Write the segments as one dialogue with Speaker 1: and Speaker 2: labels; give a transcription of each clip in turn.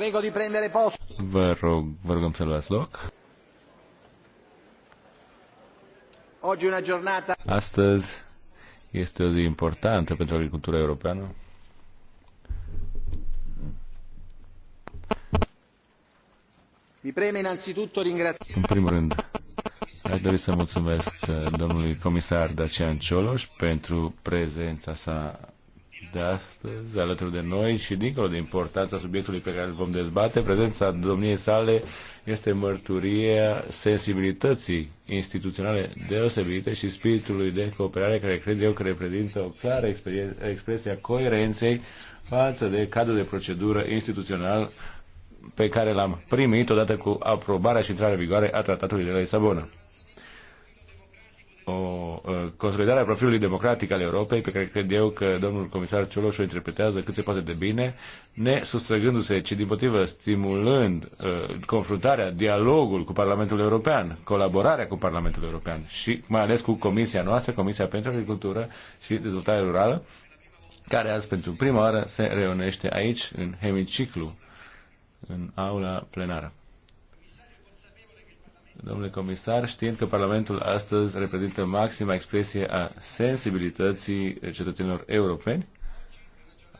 Speaker 1: Prego di prendere posto.
Speaker 2: Vă rog, vă rugăm să luați loc.
Speaker 1: Oggi una giornata.
Speaker 2: Astăzi este o zi importantă pentru agricultura europeană.
Speaker 1: Mi preme
Speaker 3: innanzitutto ringraziare.
Speaker 2: În primul rând, Aș dori să mulțumesc eh, domnului comisar Dacian Cioloș pentru prezența sa de astăzi alături de noi și dincolo de importanța subiectului pe care îl vom dezbate, prezența domniei sale este mărturie sensibilității instituționale deosebite și spiritului de cooperare care cred eu că reprezintă o clară expresie a coerenței față de cadrul de procedură instituțional pe care l-am primit odată cu aprobarea și intrarea în vigoare a Tratatului de la Lisabona o consolidare a profilului democratic al Europei, pe care cred eu că domnul comisar Cioloș o interpretează cât se poate de bine, ne sustrăgându-se, ci din potrivă stimulând uh, confruntarea, dialogul cu Parlamentul European, colaborarea cu Parlamentul European și mai ales cu Comisia noastră, Comisia pentru Agricultură și Dezvoltare Rurală, care azi pentru prima oară se reunește aici, în hemiciclu, în aula plenară domnule comisar, știind că Parlamentul astăzi reprezintă maxima expresie a sensibilității cetățenilor europeni,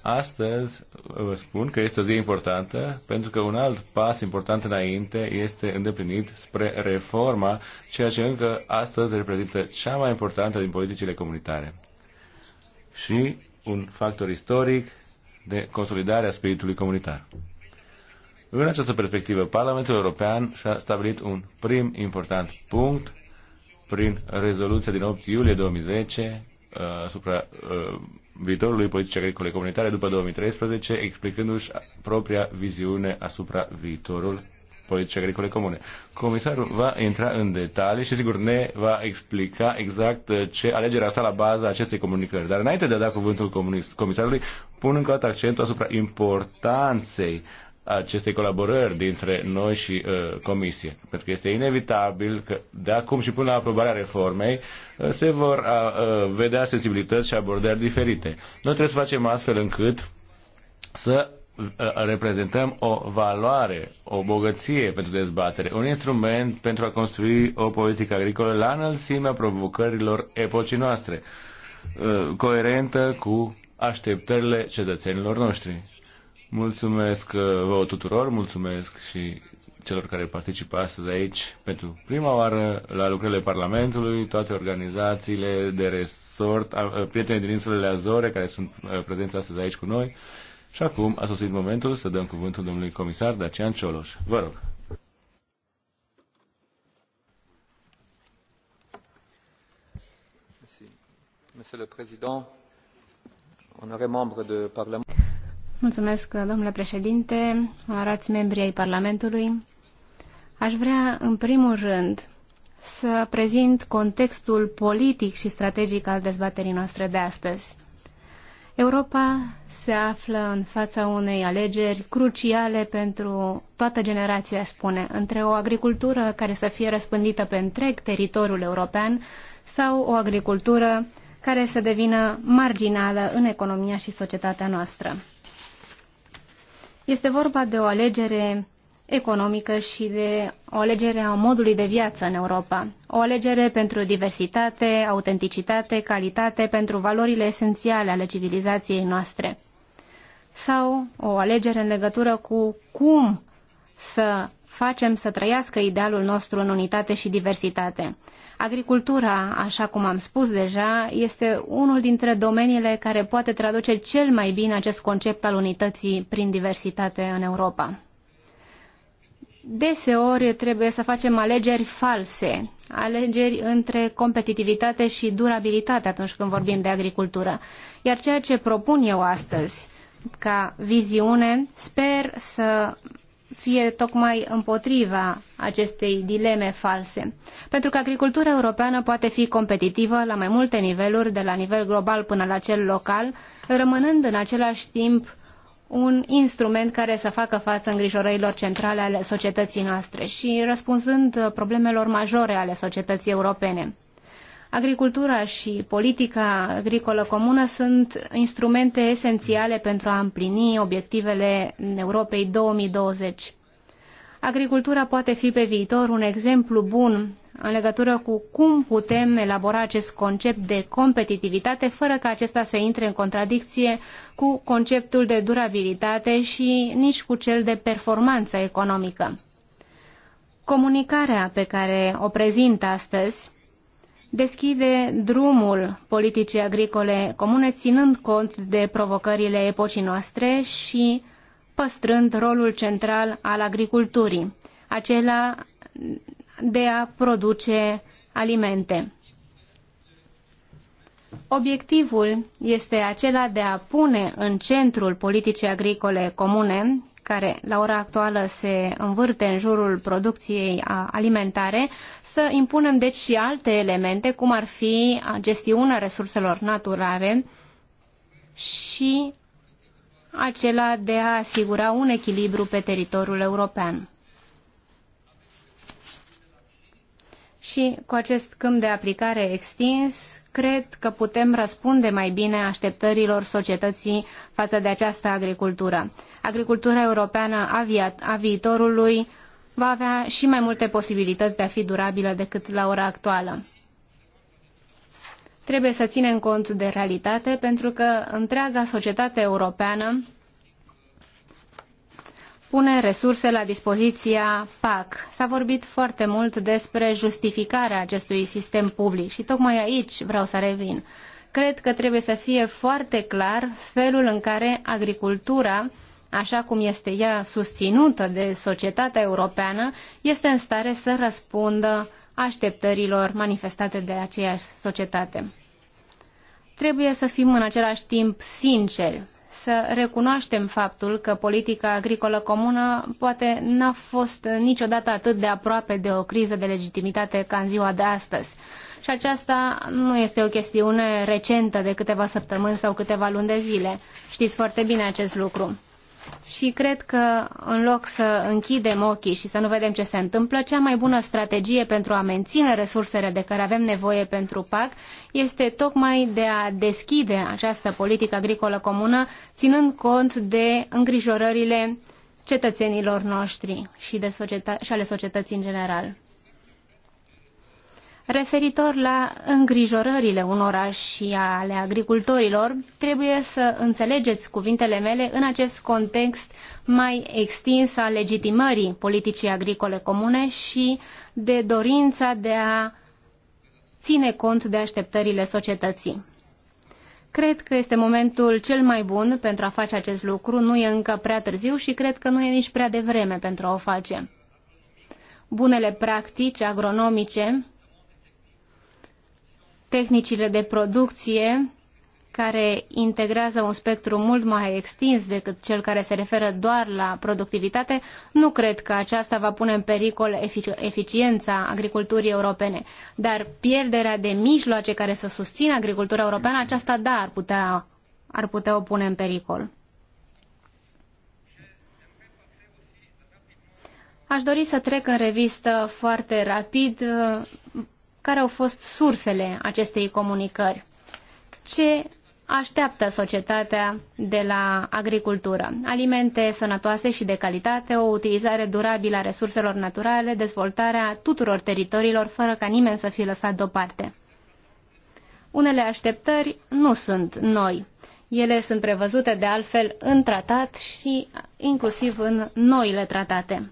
Speaker 2: Astăzi vă spun că este o zi importantă pentru că un alt pas important înainte este îndeplinit spre reforma, ceea ce încă astăzi reprezintă cea mai importantă din politicile comunitare și un factor istoric de consolidare a spiritului comunitar. În această perspectivă, Parlamentul European și-a stabilit un prim important punct prin rezoluția din 8 iulie 2010 uh, asupra uh, viitorului politicii agricole comunitare după 2013, explicându-și propria viziune asupra viitorului politicii agricole comune. Comisarul va intra în detalii și sigur ne va explica exact uh, ce alegerea asta la baza acestei comunicări. Dar înainte de a da cuvântul comisarului, pun încă o dată accentul asupra importanței acestei colaborări dintre noi și uh, Comisie. Pentru că este inevitabil că de acum și până la aprobarea reformei uh, se vor uh, uh vedea sensibilități și abordări diferite. Noi trebuie să facem astfel încât să uh, reprezentăm o valoare, o bogăție pentru dezbatere, un instrument pentru a construi o politică agricolă la înălțimea provocărilor epocii noastre, uh, coerentă cu așteptările cetățenilor noștri. Mulțumesc uh, vouă tuturor, mulțumesc și celor care participă astăzi aici pentru prima oară la lucrările Parlamentului, toate organizațiile de resort, uh, prietenii din insulele Azore care sunt uh, prezenți astăzi aici cu noi. Și acum a sosit momentul să dăm cuvântul domnului comisar Dacian Cioloș. Vă rog.
Speaker 1: Monsieur le Président, honoré membre de Parlement. Mulțumesc, domnule președinte, onorați membrii ai Parlamentului. Aș vrea, în primul rând, să prezint contextul politic și strategic al dezbaterii noastre de astăzi. Europa se află în fața unei alegeri cruciale pentru toată generația, spune, între o agricultură care să fie răspândită pe întreg teritoriul european sau o agricultură care să devină marginală în economia și societatea noastră. Este vorba de o alegere economică și de o alegere a modului de viață în Europa. O alegere pentru diversitate, autenticitate, calitate, pentru valorile esențiale ale civilizației noastre. Sau o alegere în legătură cu cum să facem să trăiască idealul nostru în unitate și diversitate. Agricultura, așa cum am spus deja, este unul dintre domeniile care poate traduce cel mai bine acest concept al unității prin diversitate în Europa. Deseori trebuie să facem alegeri false, alegeri între competitivitate și durabilitate atunci când vorbim de agricultură. Iar ceea ce propun eu astăzi ca viziune, sper să fie tocmai împotriva acestei dileme false. Pentru că agricultura europeană poate fi competitivă la mai multe niveluri, de la nivel global până la cel local, rămânând în același timp un instrument care să facă față îngrijorărilor centrale ale societății noastre și răspunzând problemelor majore ale societății europene. Agricultura și politica agricolă comună sunt instrumente esențiale pentru a împlini obiectivele Europei 2020. Agricultura poate fi pe viitor un exemplu bun în legătură cu cum putem elabora acest concept de competitivitate fără ca acesta să intre în contradicție cu conceptul de durabilitate și nici cu cel de performanță economică. Comunicarea pe care o prezint astăzi deschide drumul politicii agricole comune, ținând cont de provocările epocii noastre și păstrând rolul central al agriculturii, acela de a produce alimente. Obiectivul este acela de a pune în centrul politicii agricole comune, care la ora actuală se învârte în jurul producției alimentare, să impunem deci și alte elemente, cum ar fi gestiunea resurselor naturale și acela de a asigura un echilibru pe teritoriul european. Și cu acest câmp de aplicare extins, cred că putem răspunde mai bine așteptărilor societății față de această agricultură. Agricultura europeană a, a viitorului va avea și mai multe posibilități de a fi durabilă decât la ora actuală. Trebuie să ținem cont de realitate pentru că întreaga societate europeană pune resurse la dispoziția PAC. S-a vorbit foarte mult despre justificarea acestui sistem public și tocmai aici vreau să revin. Cred că trebuie să fie foarte clar felul în care agricultura, așa cum este ea susținută de societatea europeană, este în stare să răspundă așteptărilor manifestate de aceeași societate. Trebuie să fim în același timp sinceri să recunoaștem faptul că politica agricolă comună poate n-a fost niciodată atât de aproape de o criză de legitimitate ca în ziua de astăzi. Și aceasta nu este o chestiune recentă de câteva săptămâni sau câteva luni de zile. Știți foarte bine acest lucru și cred că în loc să închidem ochii și să nu vedem ce se întâmplă, cea mai bună strategie pentru a menține resursele de care avem nevoie pentru PAC este tocmai de a deschide această politică agricolă comună, ținând cont de îngrijorările cetățenilor noștri și, de societă- și ale societății în general. Referitor la îngrijorările unora și ale agricultorilor, trebuie să înțelegeți cuvintele mele în acest context mai extins al legitimării politicii agricole comune și de dorința de a ține cont de așteptările societății. Cred că este momentul cel mai bun pentru a face acest lucru, nu e încă prea târziu și cred că nu e nici prea devreme pentru a o face. Bunele practici agronomice tehnicile de producție care integrează un spectru mult mai extins decât cel care se referă doar la productivitate, nu cred că aceasta va pune în pericol eficiența agriculturii europene. Dar pierderea de mijloace care să susțină agricultura europeană, aceasta da, ar putea, ar putea o pune în pericol. Aș dori să trec în revistă foarte rapid care au fost sursele acestei comunicări. Ce așteaptă societatea de la agricultură. Alimente sănătoase și de calitate, o utilizare durabilă a resurselor naturale, dezvoltarea tuturor teritoriilor fără ca nimeni să fie lăsat deoparte. Unele așteptări nu sunt noi. Ele sunt prevăzute de altfel în tratat și inclusiv în noile tratate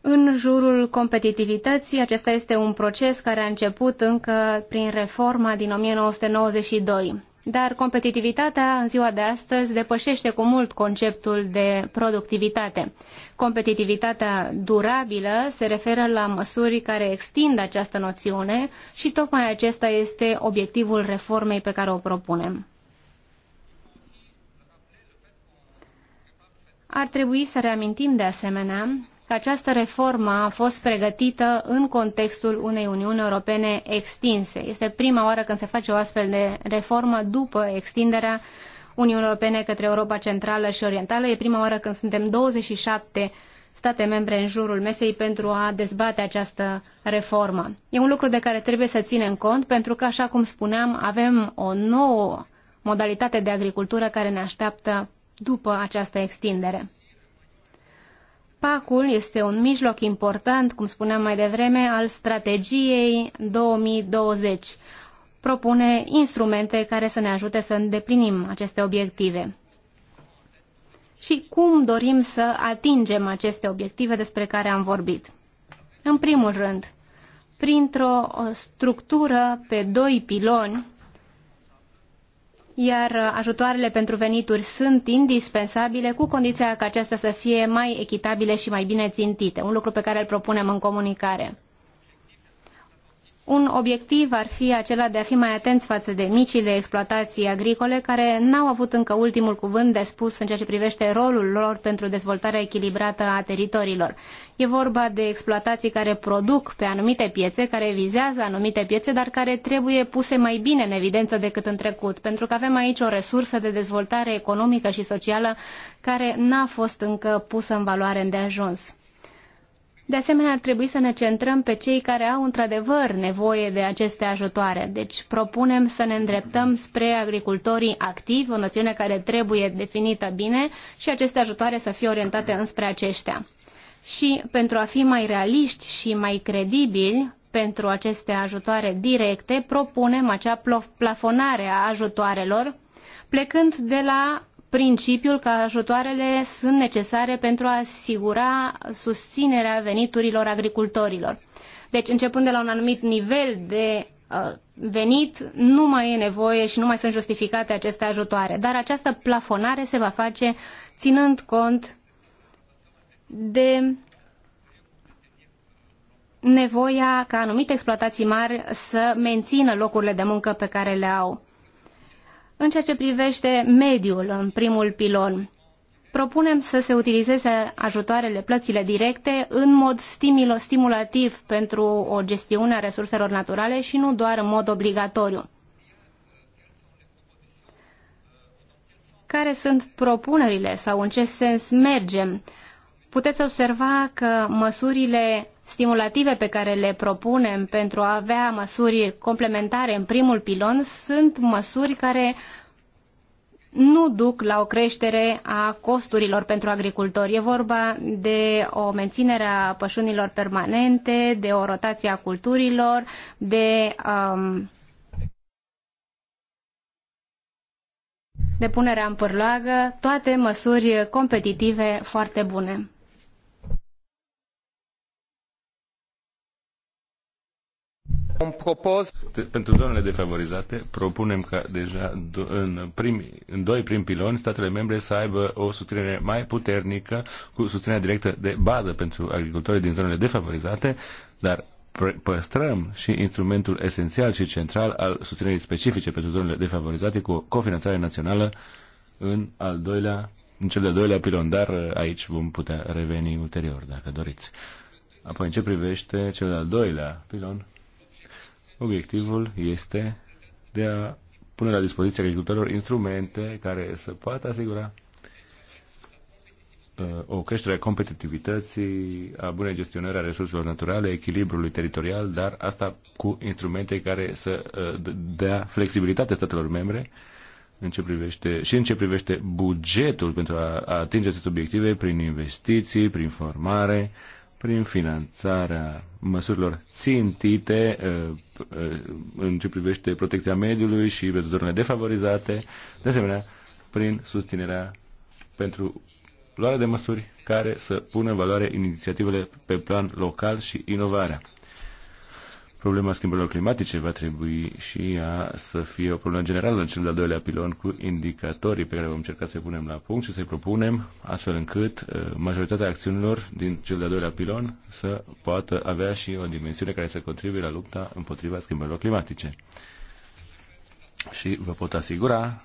Speaker 1: în jurul competitivității. Acesta este un proces care a început încă prin reforma din 1992. Dar competitivitatea în ziua de astăzi depășește cu mult conceptul de productivitate. Competitivitatea durabilă se referă la măsuri care extind această noțiune și tocmai acesta este obiectivul reformei pe care o propunem. Ar trebui să reamintim de asemenea că această reformă a fost pregătită în contextul unei Uniuni Europene extinse. Este prima oară când se face o astfel de reformă după extinderea Uniunii Europene către Europa Centrală și Orientală. E prima oară când suntem 27 state membre în jurul mesei pentru a dezbate această reformă. E un lucru de care trebuie să ținem cont pentru că, așa cum spuneam, avem o nouă modalitate de agricultură care ne așteaptă după această extindere. PAC-ul este un mijloc important, cum spuneam mai devreme, al strategiei 2020. Propune instrumente care să ne ajute să îndeplinim aceste obiective. Și cum dorim să atingem aceste obiective despre care am vorbit? În primul rând, printr-o structură pe doi piloni iar ajutoarele pentru venituri sunt indispensabile cu condiția ca acestea să fie mai echitabile și mai bine țintite, un lucru pe care îl propunem în comunicare. Un obiectiv ar fi acela de a fi mai atenți față de micile exploatații agricole care n-au avut încă ultimul cuvânt de spus în ceea ce privește rolul lor pentru dezvoltarea echilibrată a teritoriilor. E vorba de exploatații care produc pe anumite piețe, care vizează anumite piețe, dar care trebuie puse mai bine în evidență decât în trecut, pentru că avem aici o resursă de dezvoltare economică și socială care n-a fost încă pusă în valoare îndeajuns. De asemenea, ar trebui să ne centrăm pe cei care au într-adevăr nevoie de aceste ajutoare. Deci propunem să ne îndreptăm spre agricultorii activi, o noțiune care trebuie definită bine și aceste ajutoare să fie orientate înspre aceștia. Și pentru a fi mai realiști și mai credibili pentru aceste ajutoare directe, propunem acea plafonare a ajutoarelor, plecând de la principiul că ajutoarele sunt necesare pentru a asigura susținerea veniturilor agricultorilor. Deci, începând de la un anumit nivel de uh, venit, nu mai e nevoie și nu mai sunt justificate aceste ajutoare. Dar această plafonare se va face ținând cont de nevoia ca anumite exploatații mari să mențină locurile de muncă pe care le au. În ceea ce privește mediul în primul pilon, propunem să se utilizeze ajutoarele plățile directe în mod stimulativ pentru o gestiune a resurselor naturale și nu doar în mod obligatoriu. Care sunt propunerile sau în ce sens mergem? Puteți observa că măsurile stimulative pe care le propunem pentru a avea măsuri complementare în primul pilon sunt măsuri care nu duc la o creștere a costurilor pentru agricultori. E vorba de o menținere a pășunilor permanente, de o rotație a culturilor, de um, depunerea în pârloagă, toate măsuri competitive foarte bune.
Speaker 2: Propos... Pentru zonele defavorizate, propunem ca deja în, în doi prim piloni statele membre să aibă o susținere mai puternică cu susținerea directă de bază pentru agricultorii din zonele defavorizate, dar păstrăm și instrumentul esențial și central al susținerii specifice pentru zonele defavorizate cu o cofinanțare națională în al doilea în cel de-al doilea pilon, dar uh, aici vom putea reveni ulterior, dacă doriți. Apoi, în ce privește cel de-al doilea pilon, obiectivul este de a pune la dispoziția agricultorilor instrumente care să poată asigura uh, o creștere a competitivității, a bunei gestionări a resurselor naturale, echilibrului teritorial, dar asta cu instrumente care să uh, dea flexibilitate statelor membre în ce privește, și în ce privește bugetul pentru a, a atinge aceste obiective prin investiții, prin formare, uh, prin finanțarea măsurilor țintite uh, uh, în ce privește protecția mediului și zonele defavorizate, de asemenea, prin susținerea pentru luarea de măsuri care să pună în valoare inițiativele pe plan local și inovarea. Problema schimbărilor climatice va trebui și ea să fie o problemă generală în cel de-al doilea pilon cu indicatorii pe care vom încerca să-i punem la punct și să-i propunem astfel încât uh, majoritatea acțiunilor din cel de-al doilea pilon să poată avea și o dimensiune care să contribuie la lupta împotriva schimbărilor climatice. Și vă pot asigura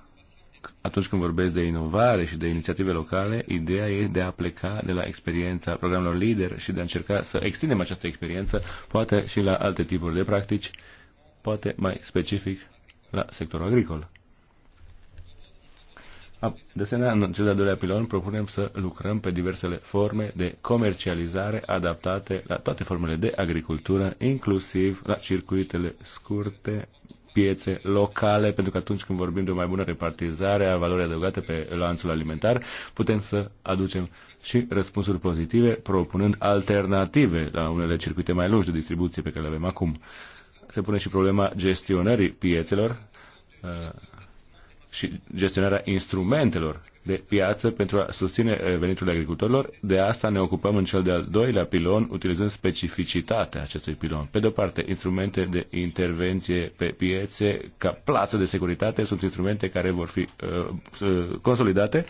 Speaker 2: atunci când vorbesc de inovare și de inițiative locale, ideea e de a pleca de la experiența programelor lider și de a încerca să extindem această experiență, poate și la alte tipuri de practici, poate mai specific la sectorul agricol. De asemenea, în cel de-al doilea pilon propunem să lucrăm pe diversele forme de comercializare adaptate la toate formele de agricultură, inclusiv la circuitele scurte piețe locale, pentru că atunci când vorbim de o mai bună repartizare a valorii adăugate pe lanțul alimentar, putem să aducem și răspunsuri pozitive, propunând alternative la unele circuite mai lungi de distribuție pe care le avem acum. Se pune și problema gestionării piețelor uh, și gestionarea instrumentelor de piață pentru a susține eh, veniturile agricultorilor. De asta ne ocupăm în cel de-al doilea pilon, utilizând specificitatea acestui pilon. Pe de-o parte, instrumente de intervenție pe piețe ca plasă de securitate sunt instrumente care vor fi uh, consolidate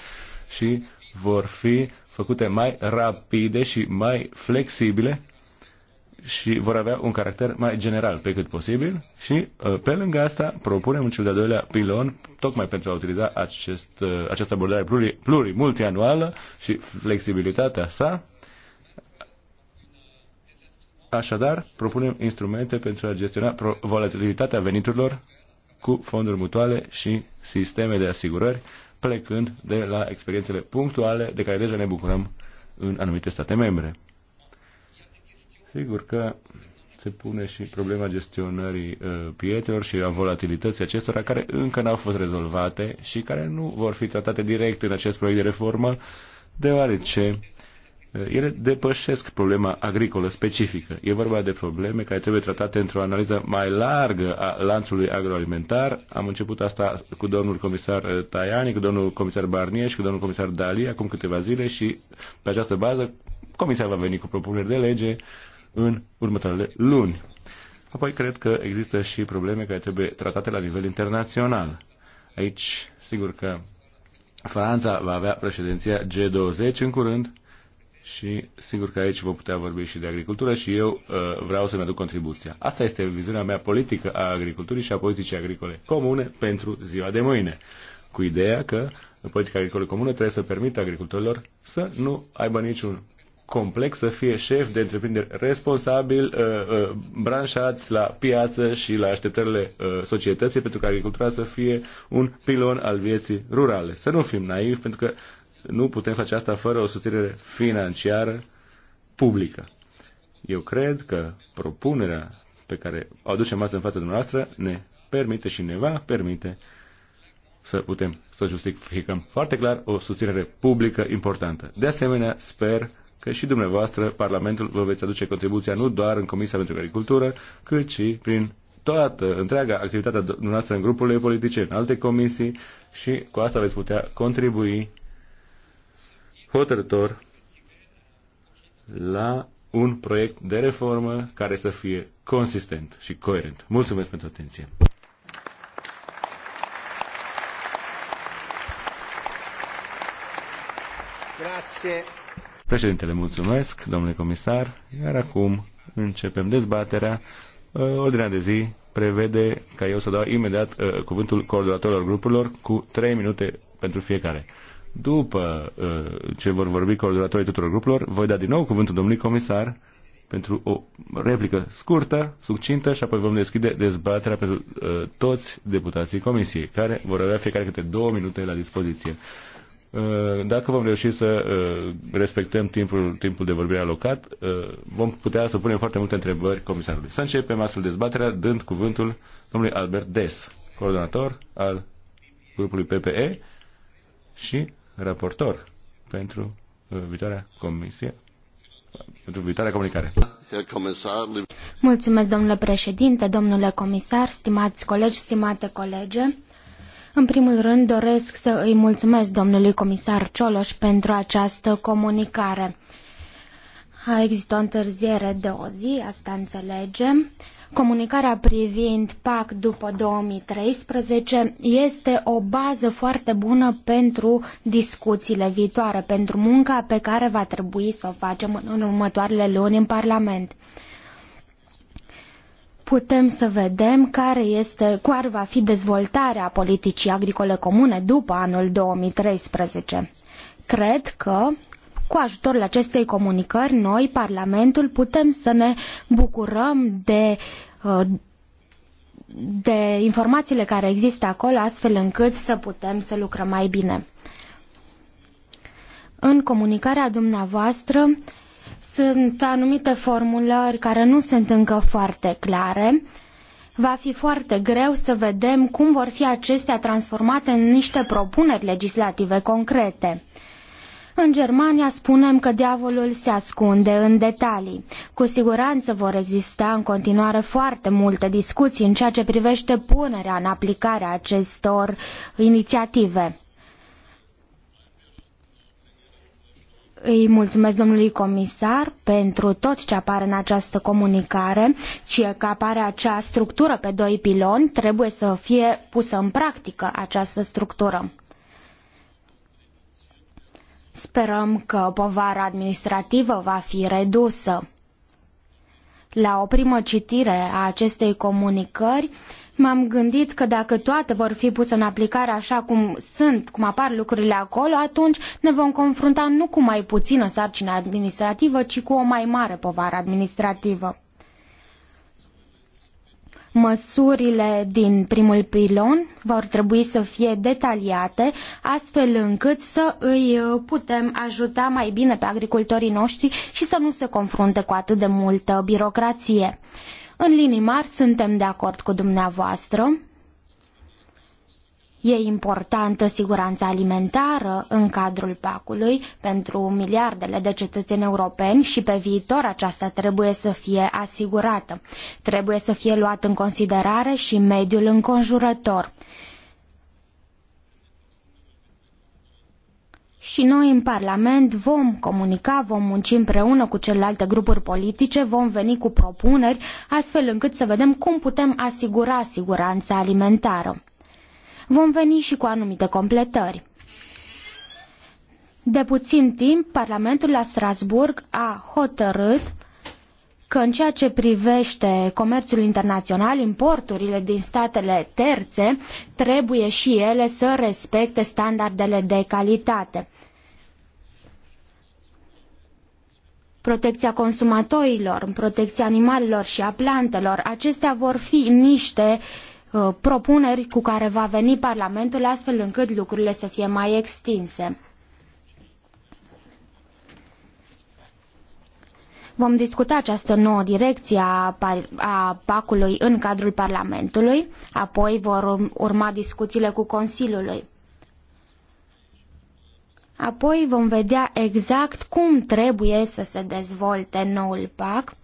Speaker 2: și vor fi făcute mai rapide și mai flexibile și vor avea un caracter mai general pe cât posibil și uh, pe lângă asta propunem un cel de-al doilea pilon tocmai pentru a utiliza acest, uh, această abordare pluri, și flexibilitatea sa. Așadar, propunem instrumente pentru a gestiona volatilitatea veniturilor cu fonduri mutuale și sisteme de asigurări, plecând de la experiențele punctuale de care deja ne bucurăm în anumite state membre. Sigur că se pune și problema gestionării uh, pietelor și a volatilității acestora care încă n-au fost rezolvate și care nu vor fi tratate direct în acest proiect de reformă, deoarece uh, ele depășesc problema agricolă specifică. E vorba de probleme care trebuie tratate într-o analiză mai largă a lanțului agroalimentar. Am început asta cu domnul comisar uh, Tajani, cu domnul comisar Barnier și cu domnul comisar Dali acum câteva zile și pe această bază comisia va veni cu propuneri de lege în următoarele luni. Apoi cred că există și probleme care trebuie tratate la nivel internațional. Aici, sigur că Franța va avea președinția G20 în curând și sigur că aici vom putea vorbi și de agricultură și eu uh, vreau să-mi aduc contribuția. Asta este viziunea mea politică a agriculturii și a politicii agricole comune pentru ziua de mâine, cu ideea că politica agricolă comună trebuie să permită agricultorilor să nu aibă niciun complex să fie șef de întreprindere responsabil, uh, uh, branșați la piață și la așteptările uh, societății pentru că agricultura să fie un pilon al vieții rurale. Să nu fim naivi pentru că nu putem face asta fără o susținere financiară publică. Eu cred că propunerea pe care o aducem astăzi în fața dumneavoastră ne permite și ne va permite să putem să justificăm foarte clar o susținere publică importantă. De asemenea, sper că și dumneavoastră, Parlamentul, vă veți aduce contribuția nu doar în Comisia pentru Agricultură, cât și prin toată, întreaga activitatea dumneavoastră în grupurile politice, în alte comisii și cu asta veți putea contribui hotărător la un proiect de reformă care să fie consistent și coerent. Mulțumesc pentru atenție! Grazie. Președintele, mulțumesc, domnule comisar, iar acum începem dezbaterea. Uh, ordinea de zi prevede ca eu să dau imediat uh, cuvântul coordonatorilor grupurilor cu 3 minute pentru fiecare. După uh, ce vor vorbi coordonatorii tuturor grupurilor, voi da din nou cuvântul domnului comisar pentru o replică scurtă, succintă și apoi vom deschide dezbaterea pentru uh, toți deputații comisiei, care vor avea fiecare câte două minute la dispoziție. Uh, Uh, dacă vom reuși să uh, respectăm timpul, timpul de vorbire alocat, uh, vom putea să punem foarte multe întrebări comisarului. Să începem astfel dezbaterea dând cuvântul domnului Albert Des, coordonator al grupului PPE și raportor pentru viitoarea comisie pentru viitoarea comunicare.
Speaker 3: Mulțumesc, domnule președinte, domnule comisar, stimați colegi, stimate colege. În primul rând doresc să îi mulțumesc domnului comisar Cioloș pentru această comunicare. A existat o întârziere de o zi, asta înțelegem. Comunicarea privind PAC după 2013 este o bază foarte bună pentru discuțiile viitoare, pentru munca pe care va trebui să o facem în următoarele luni în Parlament putem să vedem care este, care va fi dezvoltarea politicii agricole comune după anul 2013. Cred că cu ajutorul acestei comunicări, noi, Parlamentul, putem să ne bucurăm de uh, de informațiile care există acolo, astfel încât să putem să lucrăm mai bine. În comunicarea dumneavoastră, sunt anumite formulări care nu sunt încă foarte clare. Va fi foarte greu să vedem cum vor fi acestea transformate în niște propuneri legislative concrete. În Germania spunem că diavolul se ascunde în detalii. Cu siguranță vor exista în continuare foarte multe discuții în ceea ce privește punerea în aplicare a acestor inițiative. Îi mulțumesc domnului comisar pentru tot ce apare în această comunicare și că apare acea structură pe doi piloni, trebuie să fie pusă în practică această structură. Sperăm că povara administrativă va fi redusă. La o primă citire a acestei comunicări, M-am gândit că dacă toate vor fi puse în aplicare așa cum sunt, cum apar lucrurile acolo, atunci ne vom confrunta nu cu mai puțină sarcină administrativă, ci cu o mai mare povară administrativă. Măsurile din primul pilon vor trebui să fie detaliate, astfel încât să îi putem ajuta mai bine pe agricultorii noștri și să nu se confrunte cu atât de multă birocrație. În linii mari suntem de acord cu dumneavoastră. E importantă siguranța alimentară în cadrul pacului pentru miliardele de cetățeni europeni și pe viitor aceasta trebuie să fie asigurată. Trebuie să fie luat în considerare și mediul înconjurător. și noi în Parlament vom comunica, vom munci împreună cu celelalte grupuri politice, vom veni cu propuneri, astfel încât să vedem cum putem asigura siguranța alimentară. Vom veni și cu anumite completări. De puțin timp, Parlamentul la Strasbourg a hotărât că în ceea ce privește comerțul internațional, importurile din statele terțe trebuie și ele să respecte standardele de calitate. protecția consumatorilor, protecția animalelor și a plantelor, acestea vor fi niște uh, propuneri cu care va veni Parlamentul astfel încât lucrurile să fie mai extinse. Vom discuta această nouă direcție a, a PAC-ului în cadrul Parlamentului, apoi vor urma discuțiile cu Consiliului. Apoi vom vedea exact cum trebuie să se dezvolte noul PAC,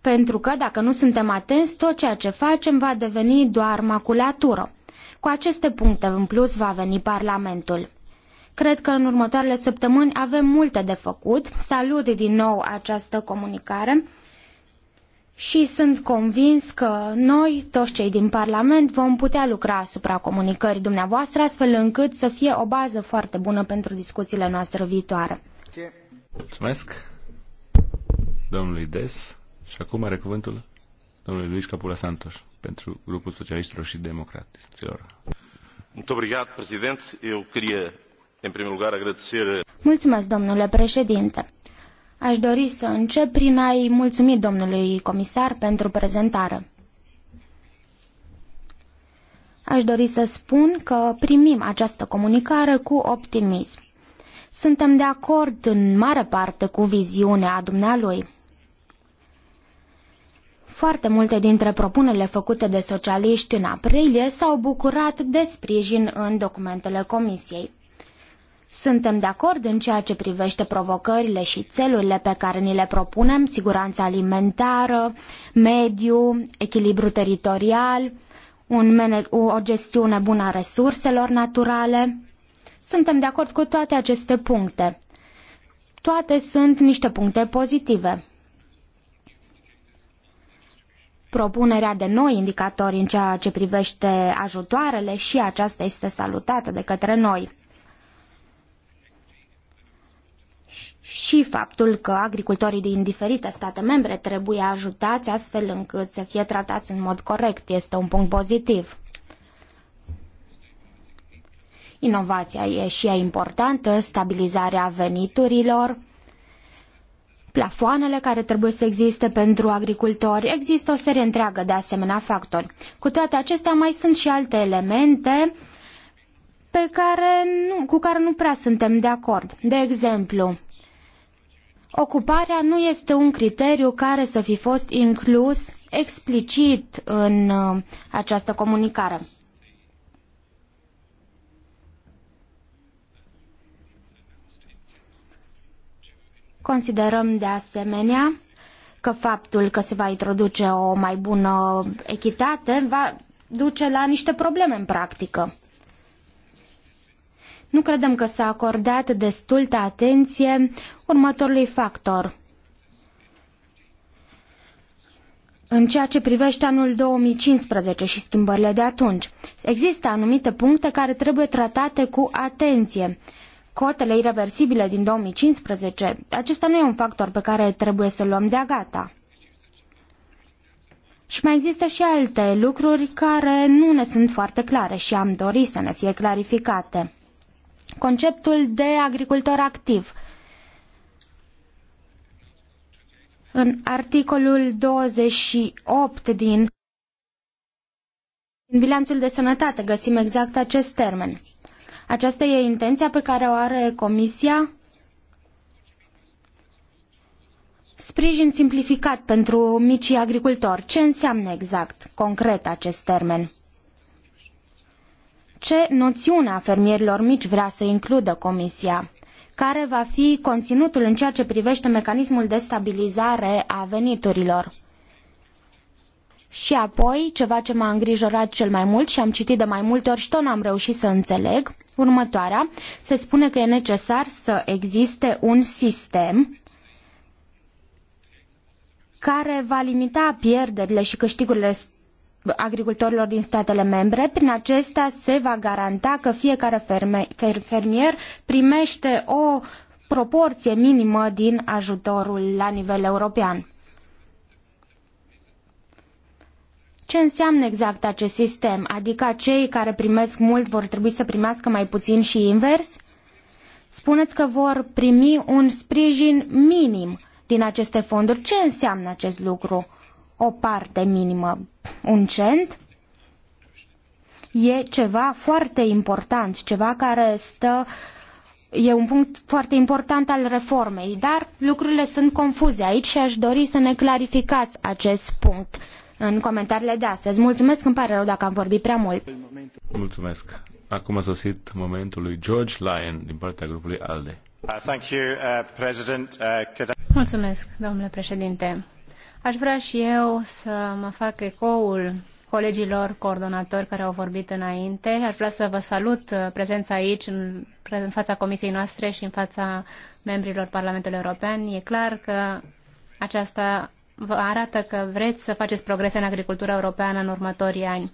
Speaker 3: pentru că dacă nu suntem atenți, tot ceea ce facem va deveni doar maculatură. Cu aceste puncte în plus va veni Parlamentul. Cred că în următoarele săptămâni avem multe de făcut. Salut din nou această comunicare și sunt convins că noi, toți cei din Parlament, vom putea lucra asupra comunicării dumneavoastră, astfel încât să fie o bază foarte bună pentru discuțiile noastre viitoare.
Speaker 2: Mulțumesc domnului Des și acum are cuvântul domnului Luis Capula Santos pentru grupul socialiștilor și democraților. Muito obrigado, Presidente. Eu queria în primul lugar,
Speaker 3: Mulțumesc, domnule președinte. Aș dori să încep prin a-i mulțumi domnului comisar pentru prezentare. Aș dori să spun că primim această comunicare cu optimism. Suntem de acord în mare parte cu viziunea dumnealui. Foarte multe dintre propunerile făcute de socialiști în aprilie s-au bucurat de sprijin în documentele comisiei. Suntem de acord în ceea ce privește provocările și țelurile pe care ni le propunem, siguranța alimentară, mediu, echilibru teritorial, un, o gestiune bună a resurselor naturale. Suntem de acord cu toate aceste puncte. Toate sunt niște puncte pozitive. Propunerea de noi indicatori în ceea ce privește ajutoarele și aceasta este salutată de către noi. și faptul că agricultorii din diferite state membre trebuie ajutați astfel încât să fie tratați în mod corect este un punct pozitiv. Inovația e și ea importantă, stabilizarea veniturilor, plafoanele care trebuie să existe pentru agricultori. Există o serie întreagă de asemenea factori. Cu toate acestea mai sunt și alte elemente pe care nu, cu care nu prea suntem de acord. De exemplu, Ocuparea nu este un criteriu care să fi fost inclus explicit în uh, această comunicare. Considerăm de asemenea că faptul că se va introduce o mai bună echitate va duce la niște probleme în practică. Nu credem că s-a acordat destultă atenție următorului factor. În ceea ce privește anul 2015 și schimbările de atunci, există anumite puncte care trebuie tratate cu atenție. Cotele irreversibile din 2015, acesta nu e un factor pe care trebuie să-l luăm de-a gata. Și mai există și alte lucruri care nu ne sunt foarte clare și am dorit să ne fie clarificate conceptul de agricultor activ. În articolul 28 din în bilanțul de sănătate găsim exact acest termen. Aceasta e intenția pe care o are Comisia? Sprijin simplificat pentru micii agricultori. Ce înseamnă exact, concret, acest termen? Ce noțiune a fermierilor mici vrea să includă Comisia? Care va fi conținutul în ceea ce privește mecanismul de stabilizare a veniturilor? Și apoi, ceva ce m-a îngrijorat cel mai mult și am citit de mai multe ori și tot n-am reușit să înțeleg, următoarea, se spune că e necesar să existe un sistem care va limita pierderile și câștigurile agricultorilor din statele membre. Prin acesta se va garanta că fiecare fermier primește o proporție minimă din ajutorul la nivel european. Ce înseamnă exact acest sistem? Adică cei care primesc mult vor trebui să primească mai puțin și invers? Spuneți că vor primi un sprijin minim din aceste fonduri. Ce înseamnă acest lucru? o parte minimă, un cent, e ceva foarte important, ceva care stă e un punct foarte important al reformei, dar lucrurile sunt confuze aici și aș dori să ne clarificați acest punct în comentariile de astăzi. Mulțumesc, îmi pare rău dacă am vorbit
Speaker 1: prea mult.
Speaker 2: Mulțumesc. Acum a sosit momentul lui George Lyon din partea grupului ALDE. Uh, uh, uh,
Speaker 1: Mulțumesc, domnule președinte. Aș vrea și eu să mă fac ecoul colegilor coordonatori care au vorbit înainte. Aș vrea să vă salut uh, prezența aici, în, în fața comisiei noastre și în fața membrilor Parlamentului European. E clar că aceasta vă arată că vreți să faceți progrese în agricultura europeană în următorii ani.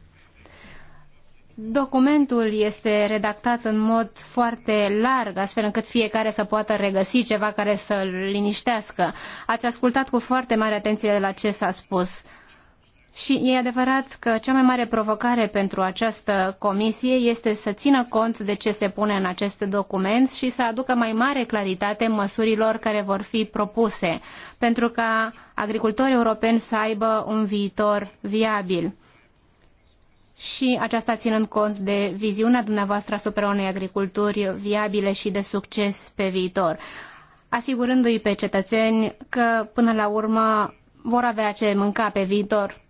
Speaker 1: Documentul este redactat în mod foarte larg, astfel încât fiecare să poată regăsi ceva care să-l liniștească. Ați ascultat cu foarte mare atenție la ce s-a spus. Și e adevărat că cea mai mare provocare pentru această comisie este să țină cont de ce se pune în acest document și să aducă mai mare claritate măsurilor care vor fi propuse, pentru ca agricultorii europeni să aibă un viitor viabil și aceasta ținând cont de viziunea dumneavoastră asupra unei agriculturi viabile și de succes pe viitor, asigurându-i pe cetățeni că până la urmă vor avea ce mânca pe viitor.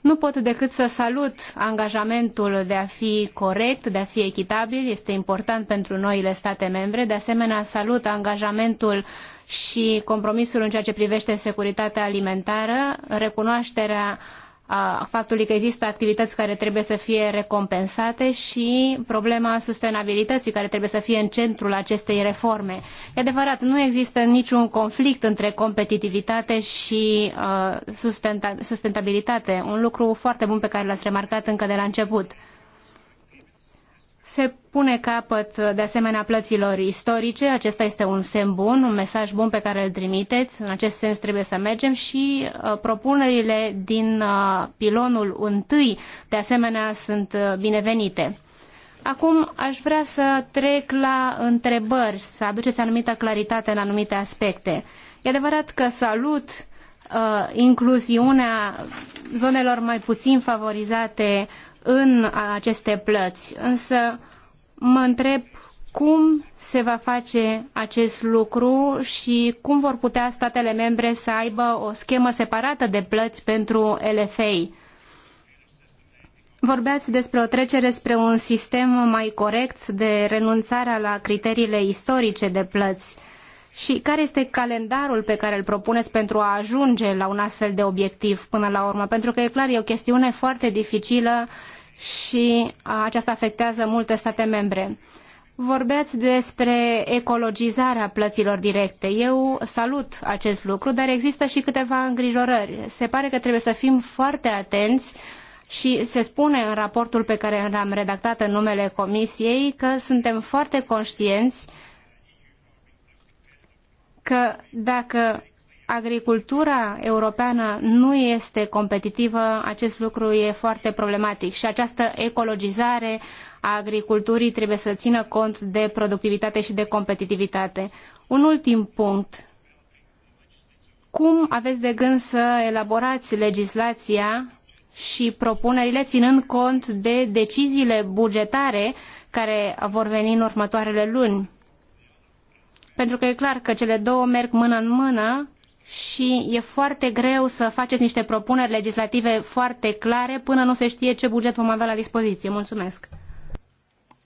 Speaker 1: Nu pot decât să salut angajamentul de a fi corect, de a fi echitabil, este important pentru noile state membre. De asemenea, salut angajamentul și compromisul în ceea ce privește securitatea alimentară, recunoașterea uh, a faptului că există activități care trebuie să fie recompensate și problema sustenabilității care trebuie să fie în centrul acestei reforme. E adevărat, nu există niciun conflict între competitivitate și uh, sustentabilitate, un lucru foarte bun pe care l-ați remarcat încă de la început. Se pune capăt de asemenea plăților istorice, acesta este un semn bun, un mesaj bun pe care îl trimiteți, în acest sens trebuie să mergem și uh, propunerile din uh, pilonul întâi de asemenea sunt uh, binevenite. Acum aș vrea să trec la întrebări, să aduceți anumită claritate în anumite aspecte. E adevărat că salut incluziunea zonelor mai puțin favorizate în aceste plăți, însă mă întreb cum se va face acest lucru și cum vor putea statele membre să aibă o schemă separată de plăți pentru LFA. Vorbeați despre o trecere spre un sistem mai corect de renunțarea la criteriile istorice de plăți. Uh, și care este calendarul pe care îl propuneți pentru a ajunge la un astfel de obiectiv până la urmă? Pentru că e clar, e o chestiune foarte dificilă și aceasta afectează multe state membre. Vorbeați despre ecologizarea plăților directe. Eu salut acest lucru, dar există și câteva îngrijorări. Se pare că trebuie să fim foarte atenți și se spune în raportul pe care l-am redactat în numele Comisiei că suntem foarte conștienți că dacă agricultura europeană nu este competitivă, acest lucru e foarte problematic și această ecologizare a agriculturii trebuie să țină cont de productivitate și de competitivitate. Un ultim punct. Cum aveți de gând să elaborați legislația și propunerile ținând cont de deciziile bugetare care vor veni în următoarele luni? Pentru că e clar că cele două merg mână în mână și e foarte greu să faceți niște propuneri legislative foarte clare până nu se știe ce buget vom avea la dispoziție. Mulțumesc!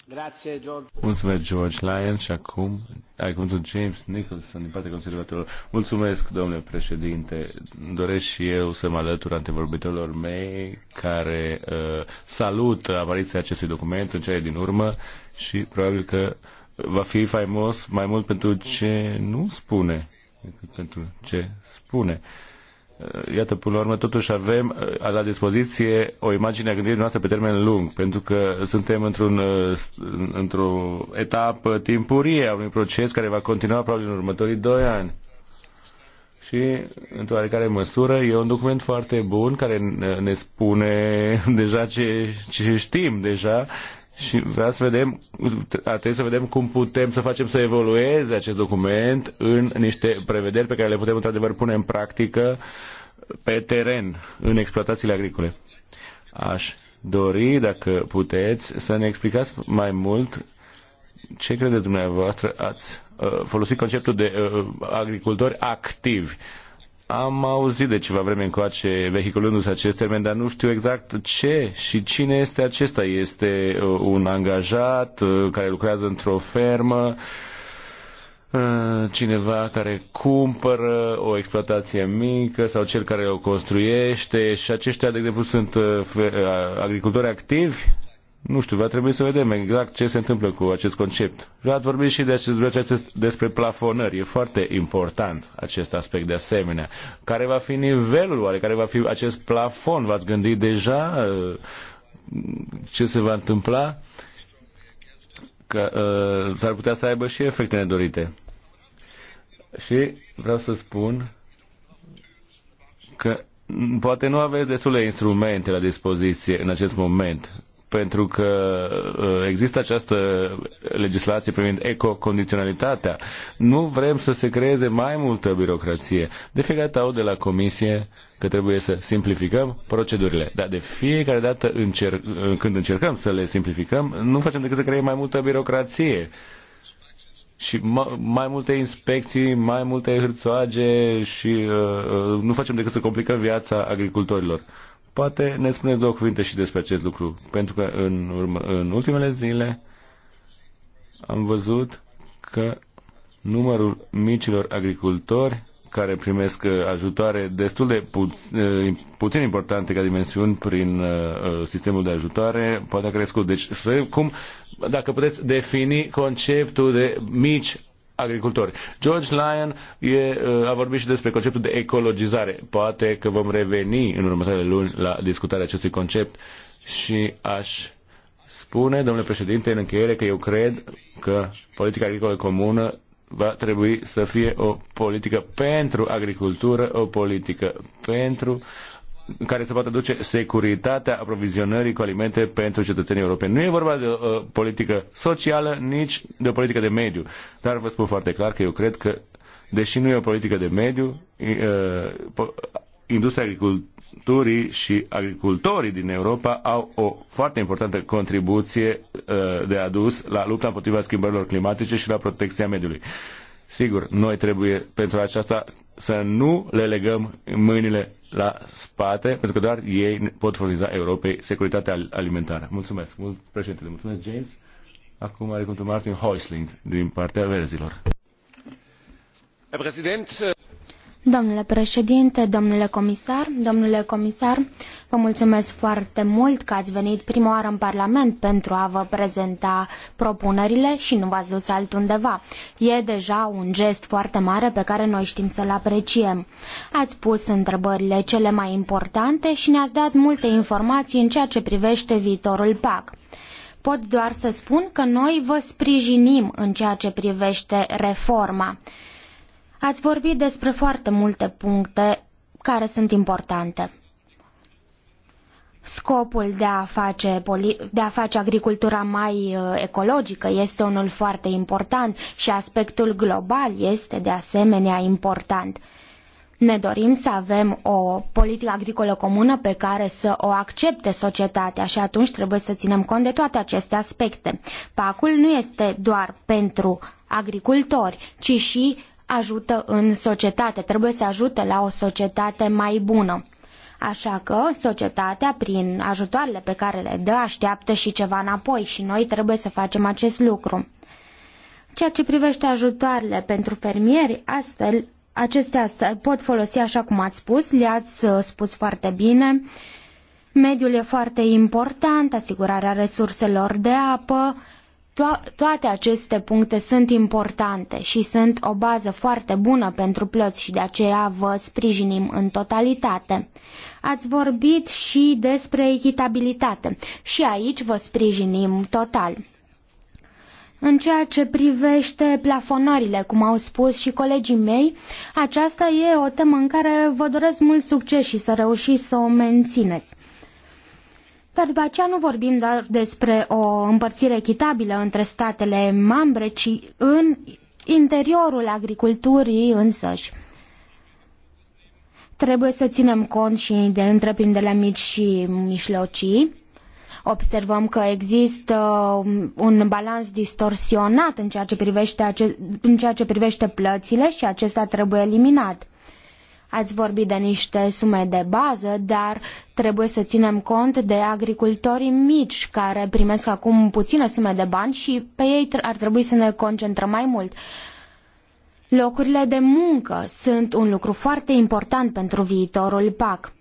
Speaker 2: Grazie, George. Mulțumesc, George Lyon. Și acum ai cuvântul James Nicholson din partea conservatorilor. Mulțumesc, domnule președinte. Doresc și eu să mă alătur antevorbitorilor mei care uh, salută apariția acestui document în cele din urmă și probabil că uh, va fi faimos mai mult pentru ce nu spune decât pentru ce spune. Uh, iată, până la urmă, totuși avem uh, la dispoziție o imagine a gândirii noastre pe termen lung, pentru că suntem într-un, uh, într-o etapă timpurie a unui proces care va continua probabil în următorii doi ani. Și, într-o oarecare măsură, e un document foarte bun care ne spune deja ce, ce știm deja și vreau să vedem, ar trebui să vedem cum putem să facem să evolueze acest document în niște prevederi pe care le putem într-adevăr pune în practică pe teren, în exploatațiile agricole. Aș dori, dacă puteți, să ne explicați mai mult ce credeți dumneavoastră ați uh, folosit conceptul de uh, agricultori activi. Uh, am auzit de ceva vreme încoace vehiculându-se acest termen, dar nu știu exact ce și cine este acesta. Este uh, un angajat uh, care lucrează într-o fermă, uh, cineva care cumpără o exploatație mică sau cel care o construiește și aceștia, de exemplu, sunt agricultori activi nu știu, va trebui să vedem exact ce se întâmplă cu acest concept. Ați vorbit și despre, despre plafonări. E foarte important acest aspect de asemenea. Care va fi nivelul oare? Care va fi acest plafon? V-ați gândit deja uh, ce se va întâmpla? Că uh, s-ar putea să aibă și efecte nedorite. Și vreau să spun că poate nu aveți destule instrumente la dispoziție în acest moment pentru că uh, există această legislație privind ecocondiționalitatea. Nu vrem să se creeze mai multă birocrație. De fiecare dată au de la comisie că trebuie să simplificăm procedurile. Dar de fiecare dată încerc, când încercăm să le simplificăm, nu facem decât să creăm mai multă birocrație și ma, mai multe inspecții, mai multe hârțoage și uh, uh nu facem decât să complicăm viața agricultorilor. Poate ne spuneți două cuvinte și despre acest lucru, pentru că în, urmă, în ultimele zile am văzut că numărul micilor agricultori care primesc uh, ajutoare destul de puțin, uh, puțin importante ca dimensiuni prin uh, sistemul de ajutoare, poate a crescut. Deci, cum, dacă puteți defini conceptul de mici agricultori. George Lyon e, uh, a vorbit și despre conceptul de ecologizare. Poate că vom reveni în următoarele luni la discutarea acestui concept și aș spune, domnule președinte, în încheiere că eu cred că politica agricolă comună va trebui să fie o politică pentru agricultură, o politică pentru care se poate duce securitatea aprovizionării cu alimente pentru cetățenii europeni. Nu e vorba de o uh, politică socială, nici de o politică de mediu. Dar vă spun foarte clar că eu cred că, deși nu e o politică de mediu, uh, industria agriculturii și agricultorii din Europa au o foarte importantă contribuție uh, de adus la lupta împotriva schimbărilor climatice și la protecția mediului. Sigur, noi trebuie pentru aceasta să nu le legăm mâinile la spate, pentru că doar ei pot furniza Europei securitatea alimentară. Mulțumesc, mult Președinte. Mulțumesc, James. Acum are cuvântul Martin Heusling din partea verzilor.
Speaker 3: Domnule președinte, domnule comisar, domnule comisar, Vă mulțumesc foarte mult că ați venit prima oară în Parlament pentru a vă prezenta propunerile și nu v-ați dus altundeva. E deja un gest foarte mare pe care noi știm să-l apreciem. Ați pus întrebările cele mai importante și ne-ați dat multe informații în ceea ce privește viitorul PAC pot doar să spun că noi vă sprijinim în ceea ce privește reforma. Ați vorbit despre foarte multe puncte care sunt importante. Scopul de a, face, de a face agricultura mai uh, ecologică este unul foarte important și aspectul global este de asemenea important. Ne dorim să avem o politică agricolă comună pe care să o accepte societatea și atunci trebuie să ținem cont de toate aceste aspecte. Pacul nu este doar pentru agricultori, ci și ajută în societate. Trebuie să ajute la o societate mai bună. Așa că societatea, prin ajutoarele pe care le dă, așteaptă și ceva înapoi și noi trebuie să facem acest lucru. Ceea ce privește ajutoarele pentru fermieri, astfel, acestea se pot folosi așa cum ați spus, le-ați uh, spus foarte bine. Mediul e foarte important, asigurarea resurselor de apă, To- toate aceste puncte sunt importante și sunt o bază foarte bună pentru plăți și de aceea vă sprijinim în totalitate. Ați vorbit și despre echitabilitate și aici vă sprijinim total. În ceea ce privește plafonările, cum au spus și colegii mei, aceasta e o temă în care vă doresc mult succes și să reușiți să o mențineți. Dar după aceea nu vorbim doar despre o împărțire echitabilă între statele membre, ci în interiorul agriculturii însăși. Trebuie să ținem cont și de întreprinderile mici și mijlocii. Observăm că există un balans distorsionat în ceea ce privește, ace- în ceea ce privește plățile și acesta trebuie eliminat. Ați vorbit de niște sume de bază, dar trebuie să ținem cont de agricultorii mici care primesc acum puține sume de bani și pe ei ar trebui să ne concentrăm mai mult. Locurile de muncă sunt un lucru foarte important pentru viitorul PAC.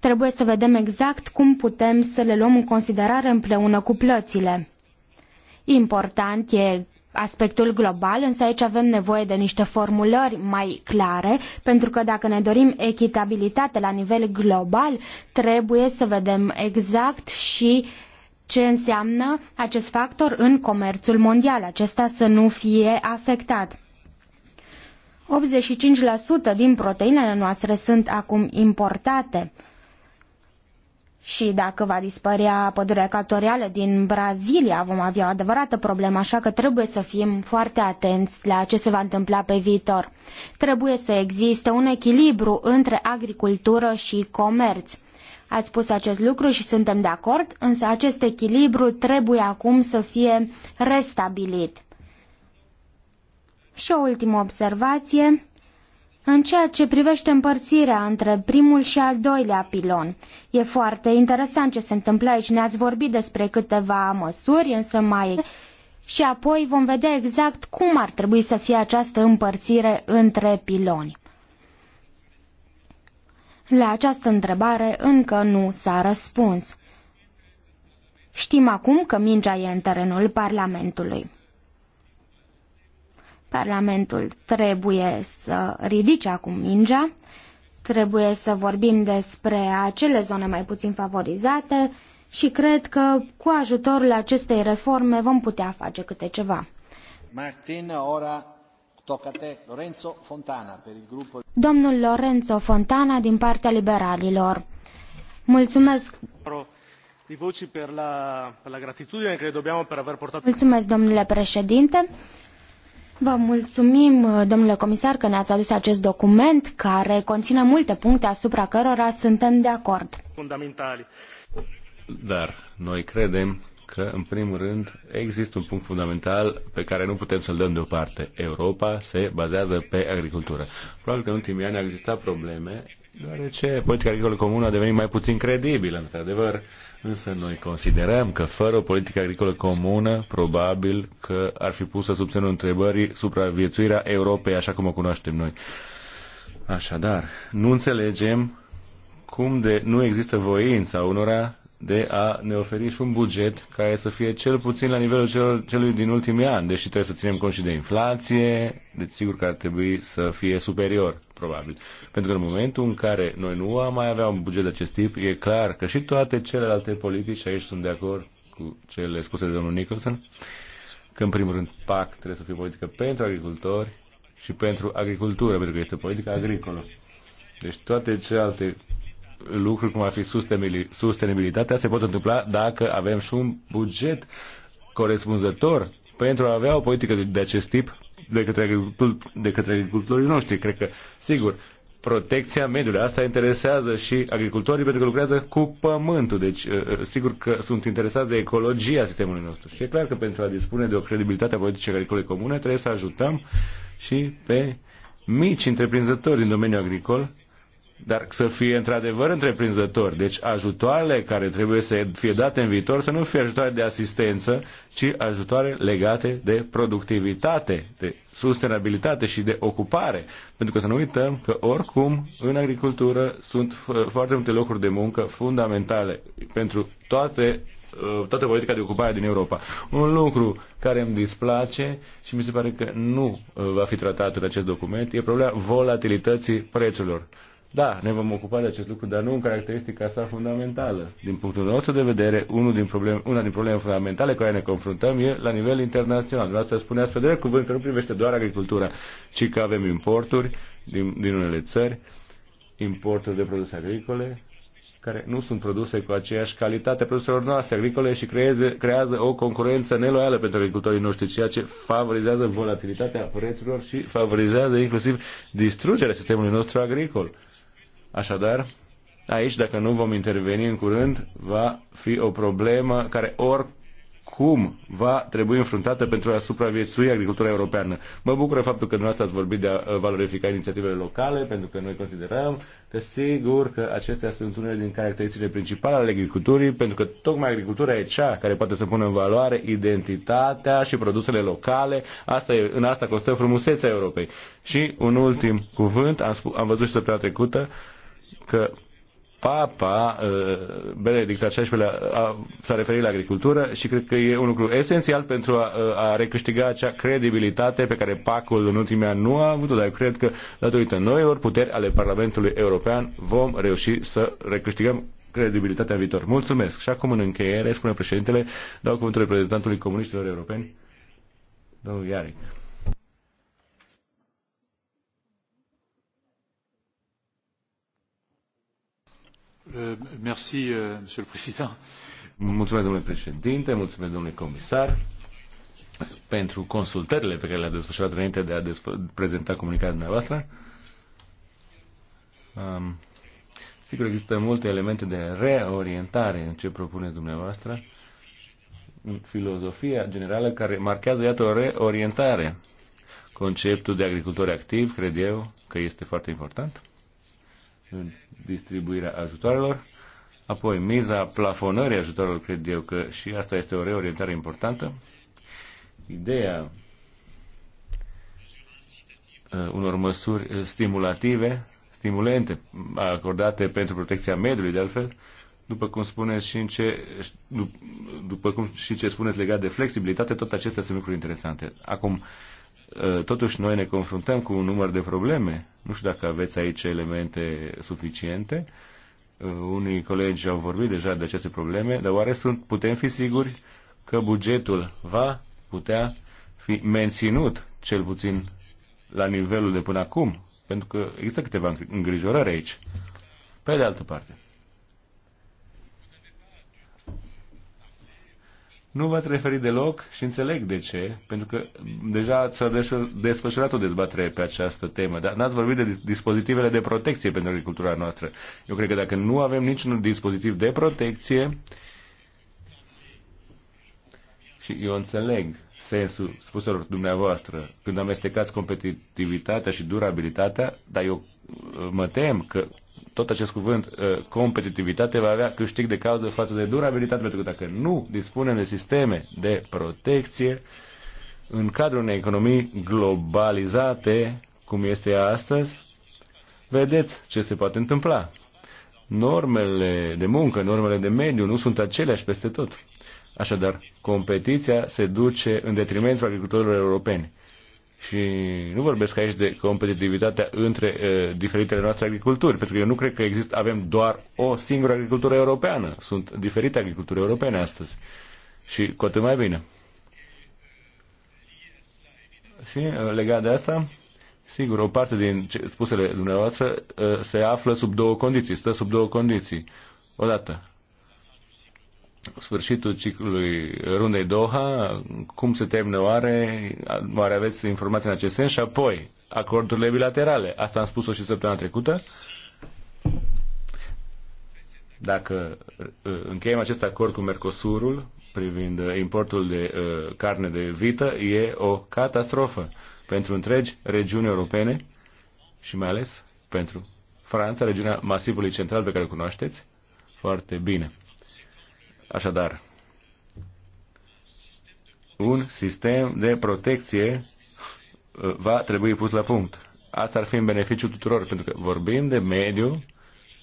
Speaker 3: Trebuie să vedem exact cum putem să le luăm în considerare împreună cu plățile. Important e aspectul global, însă aici avem nevoie de niște formulări mai clare, pentru că dacă ne dorim echitabilitate la nivel global, trebuie să vedem exact și ce înseamnă acest factor în comerțul mondial, acesta să nu fie afectat. 85% din proteinele noastre sunt acum importate și dacă va dispărea pădurea ecuatorială din Brazilia, vom avea o adevărată problemă, așa că trebuie să fim foarte atenți la ce se va întâmpla pe viitor. Trebuie să existe un echilibru între agricultură și comerț. Ați spus acest lucru și suntem de acord, însă acest echilibru trebuie acum să fie restabilit. Și o ultimă observație. În ceea ce privește împărțirea între primul și al doilea pilon, E foarte interesant ce se întâmplă aici. Ne-ați vorbit despre câteva măsuri, însă mai și apoi vom vedea exact cum ar trebui să fie această împărțire între piloni. La această întrebare încă nu s-a răspuns. Știm acum că mingea e în terenul Parlamentului. Parlamentul trebuie să ridice acum mingea Trebuie să vorbim despre acele zone mai puțin favorizate și cred că cu ajutorul acestei reforme vom putea face câte ceva. Martin, ora tocate Lorenzo Fontana per il Domnul Lorenzo Fontana din partea liberalilor. Mulțumesc. Mulțumesc, domnule președinte. Vă mulțumim, domnule comisar, că ne-ați adus acest document care conține multe puncte asupra cărora suntem de acord.
Speaker 2: Fundamentali. Dar noi credem că, în primul rând, există un punct fundamental pe care nu putem să-l dăm deoparte. Europa se bazează pe agricultură. Probabil că în ultimii ani au existat probleme, deoarece politica agricolă comună a devenit mai puțin credibilă, într-adevăr. Însă noi considerăm că fără o politică agricolă comună, probabil că ar fi pusă sub semnul întrebării supraviețuirea Europei așa cum o cunoaștem noi. Așadar, nu înțelegem cum de nu există voința unora de a ne oferi și un buget care să fie cel puțin la nivelul celor, celui din ultimii ani, deși trebuie să ținem cont și de inflație, deci sigur că ar trebui să fie superior probabil. Pentru că în momentul în care noi nu am mai avea un buget de acest tip, e clar că și toate celelalte politici, aici sunt de acord cu cele spuse de domnul Nicholson, că în primul rând PAC trebuie să fie politică pentru agricultori și pentru agricultură, pentru că este politică agricolă. Deci toate celelalte lucruri, cum ar fi sustenabilitatea, se pot întâmpla dacă avem și un buget corespunzător pentru a avea o politică de acest tip de către, de către agricultorii noștri. Cred că, sigur, protecția mediului. Asta interesează și agricultorii pentru că lucrează cu pământul. Deci, uh, uh, sigur că sunt interesați de ecologia sistemului nostru. Și e clar că pentru a dispune de o credibilitate a politicii agricole comune trebuie să ajutăm și pe mici întreprinzători în domeniul agricol dar să fie într-adevăr întreprinzători. Deci ajutoarele care trebuie să fie date în viitor să nu fie ajutoare de asistență, ci ajutoare legate de productivitate, de sustenabilitate și de ocupare. Pentru că să nu uităm că oricum în agricultură sunt foarte multe locuri de muncă fundamentale pentru toate uh, toată politica de ocupare din Europa. Un lucru care îmi displace și mi se pare că nu uh, va fi tratat în acest document e problema volatilității prețurilor. Da, ne vom ocupa de acest lucru, dar nu în caracteristica sa fundamentală. Din punctul nostru de vedere, unul din probleme, una din problemele fundamentale cu care ne confruntăm e la nivel internațional. Vreau să spuneați pe drept cuvânt că nu privește doar agricultura, ci că avem importuri din, din unele țări, importuri de produse agricole, care nu sunt produse cu aceeași calitate produselor noastre agricole și creeze, creează o concurență neloială pentru agricultorii noștri, ceea ce favorizează volatilitatea prețurilor și favorizează inclusiv distrugerea sistemului nostru agricol. Așadar, aici, dacă nu vom interveni în curând, va fi o problemă care oricum va trebui înfruntată pentru a supraviețui agricultura europeană. Mă bucură faptul că dumneavoastră ați vorbit de a valorifica inițiativele locale, pentru că noi considerăm că sigur că acestea sunt unele din caracteristicile principale ale agriculturii, pentru că tocmai agricultura e cea care poate să pună în valoare identitatea și produsele locale. Asta e, în asta constă frumusețea Europei. Și un ultim cuvânt, am, am văzut și săptămâna trecută, uh, că Papa uh, Benedict xvi s-a referit la agricultură și cred că e un lucru esențial pentru a, a recâștiga acea credibilitate pe care pacul în ultimii ani nu a avut-o, dar eu cred că datorită noilor puteri ale Parlamentului European vom reuși să recâștigăm credibilitatea în viitor. Mulțumesc! Și acum în încheiere, spune președintele, dau cuvântul reprezentantului comuniștilor europeni, domnul Iaric. Euh, euh, mulțumesc, domnule președinte, mulțumesc, domnule comisar, pentru consultările pe care le-a desfășurat înainte de a prezenta comunicarea dumneavoastră. Um, sigur, există multe elemente de reorientare în ce propune dumneavoastră, în filozofia generală care marchează, iată, o reorientare. Conceptul de agricultor activ, cred eu, că este foarte important în distribuirea ajutoarelor. Apoi, miza plafonării ajutoarelor, cred eu că și asta este o reorientare importantă. Ideea uh, unor măsuri uh, stimulative, stimulente, acordate pentru protecția mediului, de altfel, după cum spuneți și în ce, după cum și ce spuneți legat de flexibilitate, tot acestea sunt lucruri interesante. Acum, uh, totuși noi ne confruntăm cu un număr de probleme nu știu dacă aveți aici elemente suficiente. Unii colegi au vorbit deja de aceste probleme, dar oare sunt, putem fi siguri că bugetul va putea fi menținut, cel puțin la nivelul de până acum? Pentru că există câteva îngrijorări aici. Pe de altă parte, Nu v-ați referit deloc și înțeleg de ce, pentru că deja s-a desfășurat o dezbatere pe această temă, dar n-ați vorbit de dispozitivele de protecție pentru agricultura noastră. Eu cred că dacă nu avem niciun dispozitiv de protecție, și eu înțeleg sensul spuselor dumneavoastră când amestecați competitivitatea și durabilitatea, dar eu mă tem că tot acest cuvânt, uh, competitivitate, va avea câștig de cauză față de durabilitate, pentru că dacă nu dispunem de sisteme de protecție, în cadrul unei economii globalizate, cum este astăzi, vedeți ce se poate întâmpla. Normele de muncă, normele de mediu nu sunt aceleași peste tot. Așadar, competiția se duce în detrimentul agricultorilor europeni. Și nu vorbesc aici de competitivitatea între uh, diferitele noastre agriculturi, pentru că eu nu cred că există, avem doar o singură agricultură europeană. Sunt diferite agriculturi europene astăzi. Și cu atât mai bine. Și uh, legat de asta, sigur, o parte din ce spusele dumneavoastră uh, se află sub două condiții, stă sub două condiții. Odată, sfârșitul ciclului rundei Doha, cum se termină oare, oare aveți informații în acest sens și apoi acordurile bilaterale. Asta am spus-o și săptămâna trecută. Dacă uh, încheiem acest acord cu Mercosurul privind uh, importul de uh, carne de vită, e o catastrofă pentru întregi regiuni europene și mai ales pentru Franța, regiunea masivului central pe care o cunoașteți foarte bine. Așadar, un sistem de protecție uh, va trebui pus la punct. Asta ar fi în beneficiu tuturor, pentru că vorbim de mediu,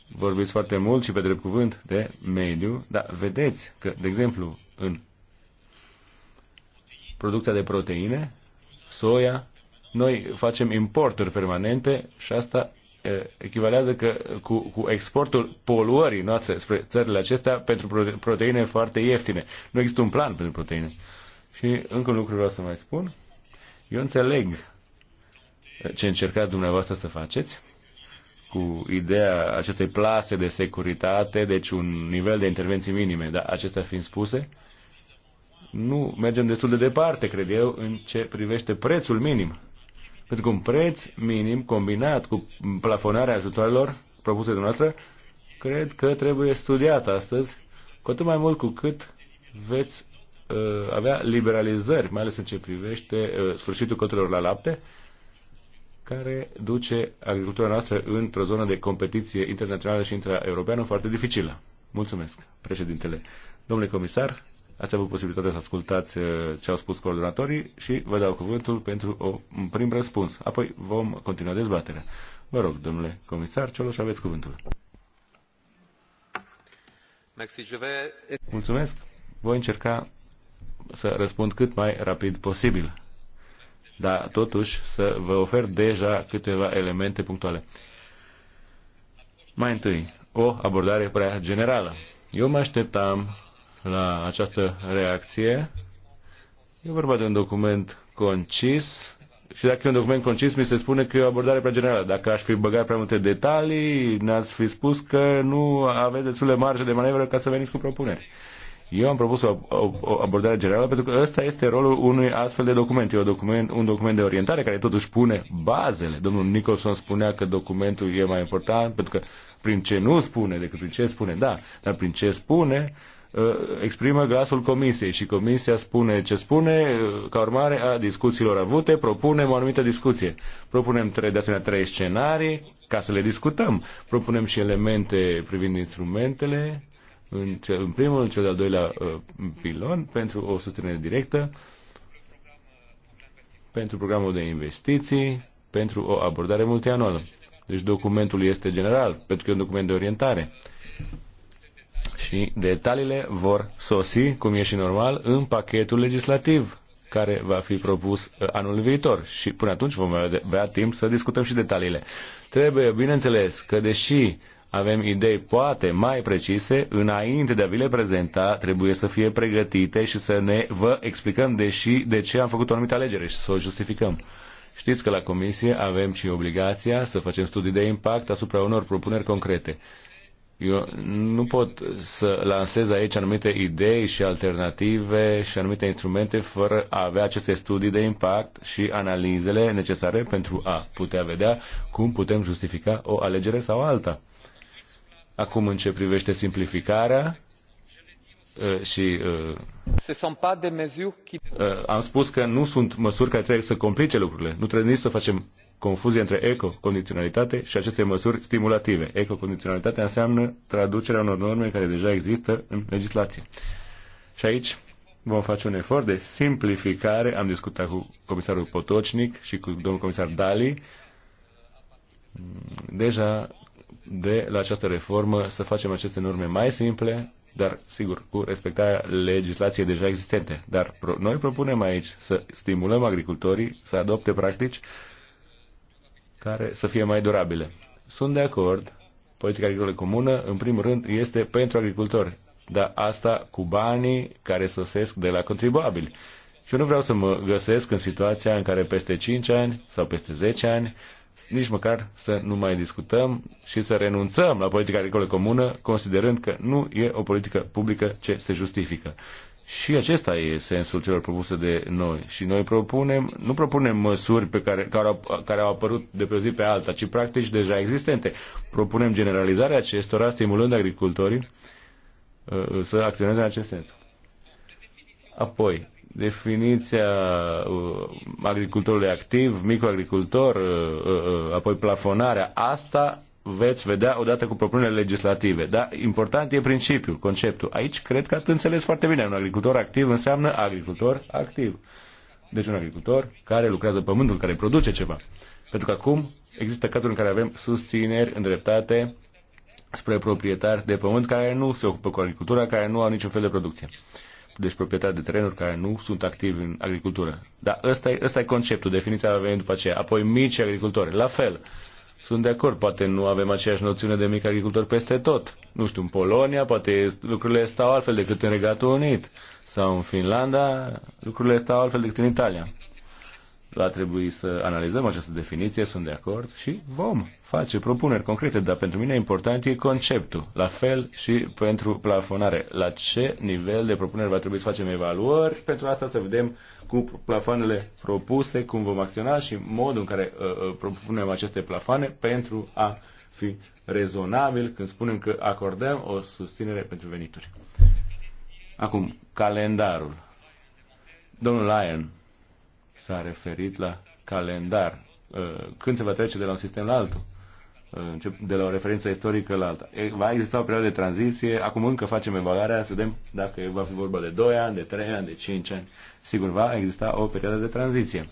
Speaker 2: vorbiți foarte mult și pe drept cuvânt de mediu, dar vedeți că, de exemplu, în producția de proteine, soia, noi facem importuri permanente și asta echivalează că, cu, cu exportul poluării noastre spre țările acestea pentru proteine foarte ieftine. Nu există un plan pentru proteine. Și încă un lucru vreau să mai spun. Eu înțeleg ce încercați dumneavoastră să faceți cu ideea acestei plase de securitate, deci un nivel de intervenții minime, dar acestea fiind spuse, nu mergem destul de departe, cred eu, în ce privește prețul minim pentru că un preț minim combinat cu plafonarea ajutoarelor propuse dumneavoastră, cred că trebuie studiat astăzi, cu atât mai mult cu cât veți uh, avea liberalizări, mai ales în ce privește uh, sfârșitul cotelor la lapte, care duce agricultura noastră într-o zonă de competiție internațională și intra-europeană foarte dificilă. Mulțumesc, președintele. Domnule comisar, Ați avut posibilitatea să ascultați uh, ce au spus coordonatorii și vă dau cuvântul pentru o, prim răspuns. Apoi vom continua dezbaterea. Vă rog, domnule comisar Cioloș, aveți cuvântul. Mulțumesc. Voi încerca să răspund cât mai rapid posibil, dar totuși să vă ofer deja câteva elemente punctuale. Mai întâi, o abordare prea generală. Eu mă așteptam la această reacție. E vorba de un document concis și dacă e un document concis, mi se spune că e o abordare prea generală. Dacă aș fi băgat prea multe detalii, ne-ați fi spus că nu aveți de marge de manevră ca să veniți cu propuneri. Eu am propus o, o, o abordare generală pentru că ăsta este rolul unui astfel de document. E un document, un document de orientare care totuși pune bazele. Domnul Nicholson spunea că documentul e mai important pentru că prin ce nu spune decât prin ce spune, da, dar prin ce spune, Uh, exprimă glasul comisiei și comisia spune ce spune uh, ca urmare a discuțiilor avute, propunem o anumită discuție. Propunem trei, de asemenea trei scenarii ca să le discutăm. Propunem și elemente privind instrumentele în, ce, în primul, în cel de-al doilea uh, pilon pentru o susținere directă, pentru programul de investiții, pentru o abordare multianuală. Deci documentul este general, pentru că e un document de orientare și detaliile vor sosi, cum e și normal, în pachetul legislativ care va fi propus uh, anul viitor și până atunci vom avea timp să discutăm și detaliile. Trebuie, bineînțeles, că deși avem idei poate mai precise, înainte de a vi le prezenta, trebuie să fie pregătite și să ne vă explicăm deși de ce am făcut o anumită alegere și să o justificăm. Știți că la Comisie avem și obligația să facem studii de impact asupra unor propuneri concrete. Eu nu pot să lansez aici anumite idei și alternative și anumite instrumente fără a avea aceste studii de impact și analizele necesare pentru a putea vedea cum putem justifica o alegere sau alta. Acum, în ce privește simplificarea, uh, și uh, uh, am spus că nu sunt măsuri care trebuie să complice lucrurile. Nu trebuie nici să facem confuzie între ecocondiționalitate și aceste măsuri stimulative. Ecocondiționalitatea înseamnă traducerea unor norme care deja există în legislație. Și aici vom face un efort de simplificare. Am discutat cu comisarul Potocnic și cu domnul comisar Dali mm, deja de la această reformă să facem aceste norme mai simple, dar sigur, cu respectarea legislației deja existente. Dar pro- noi propunem aici să stimulăm agricultorii să adopte practici care să fie mai durabile. Sunt de acord, politica agricolă comună, în primul rând, este pentru agricultori, dar asta cu banii care sosesc de la contribuabili. Și eu nu vreau să mă găsesc în situația în care peste 5 ani sau peste 10 ani nici măcar să nu mai discutăm și să renunțăm la politica agricolă comună, considerând că nu e o politică publică ce se justifică. Și acesta e sensul celor propuse de noi. Și noi propunem, nu propunem măsuri pe care, care, au, care au apărut de pe o zi pe alta, ci practici deja existente. Propunem generalizarea acestora, stimulând agricultorii uh, să acționeze în acest sens. Apoi, definiția uh, agricultorului activ, microagricultor, uh, apoi plafonarea, asta veți vedea odată cu propunerile legislative. Dar important e principiul, conceptul. Aici cred că ați înțeles foarte bine. Un agricultor activ înseamnă agricultor activ. Deci un agricultor care lucrează pământul, care produce ceva. Pentru că acum există cazuri în care avem susțineri îndreptate spre proprietari de pământ care nu se ocupă cu agricultura, care nu au niciun fel de producție. Deci proprietari de terenuri care nu sunt activi în agricultură. Dar ăsta e, ăsta e conceptul, definiția va veni după aceea. Apoi mici agricultori, la fel. Sunt de acord, poate nu avem aceeași noțiune de mic agricultor peste tot. Nu știu, în Polonia poate lucrurile stau altfel decât în Regatul Unit sau în Finlanda lucrurile stau altfel decât în Italia. Va trebui să analizăm această definiție, sunt de acord și vom face propuneri concrete, dar pentru mine important e conceptul. La fel și pentru plafonare. La ce nivel de propuneri va trebui să facem evaluări? Pentru asta să vedem cu plafoanele propuse, cum vom acționa și modul în care uh, uh, propunem aceste plafoane pentru a fi rezonabil când spunem că acordăm o susținere pentru venituri. Acum, calendarul. Domnul Lyon s-a referit la calendar. Uh, când se va trece de la un sistem la altul? de la o referință istorică la alta. Va exista o perioadă de tranziție, acum încă facem evaluarea, să vedem dacă va fi vorba de 2 ani, de 3 ani, de 5 ani. Sigur, va exista o perioadă de tranziție.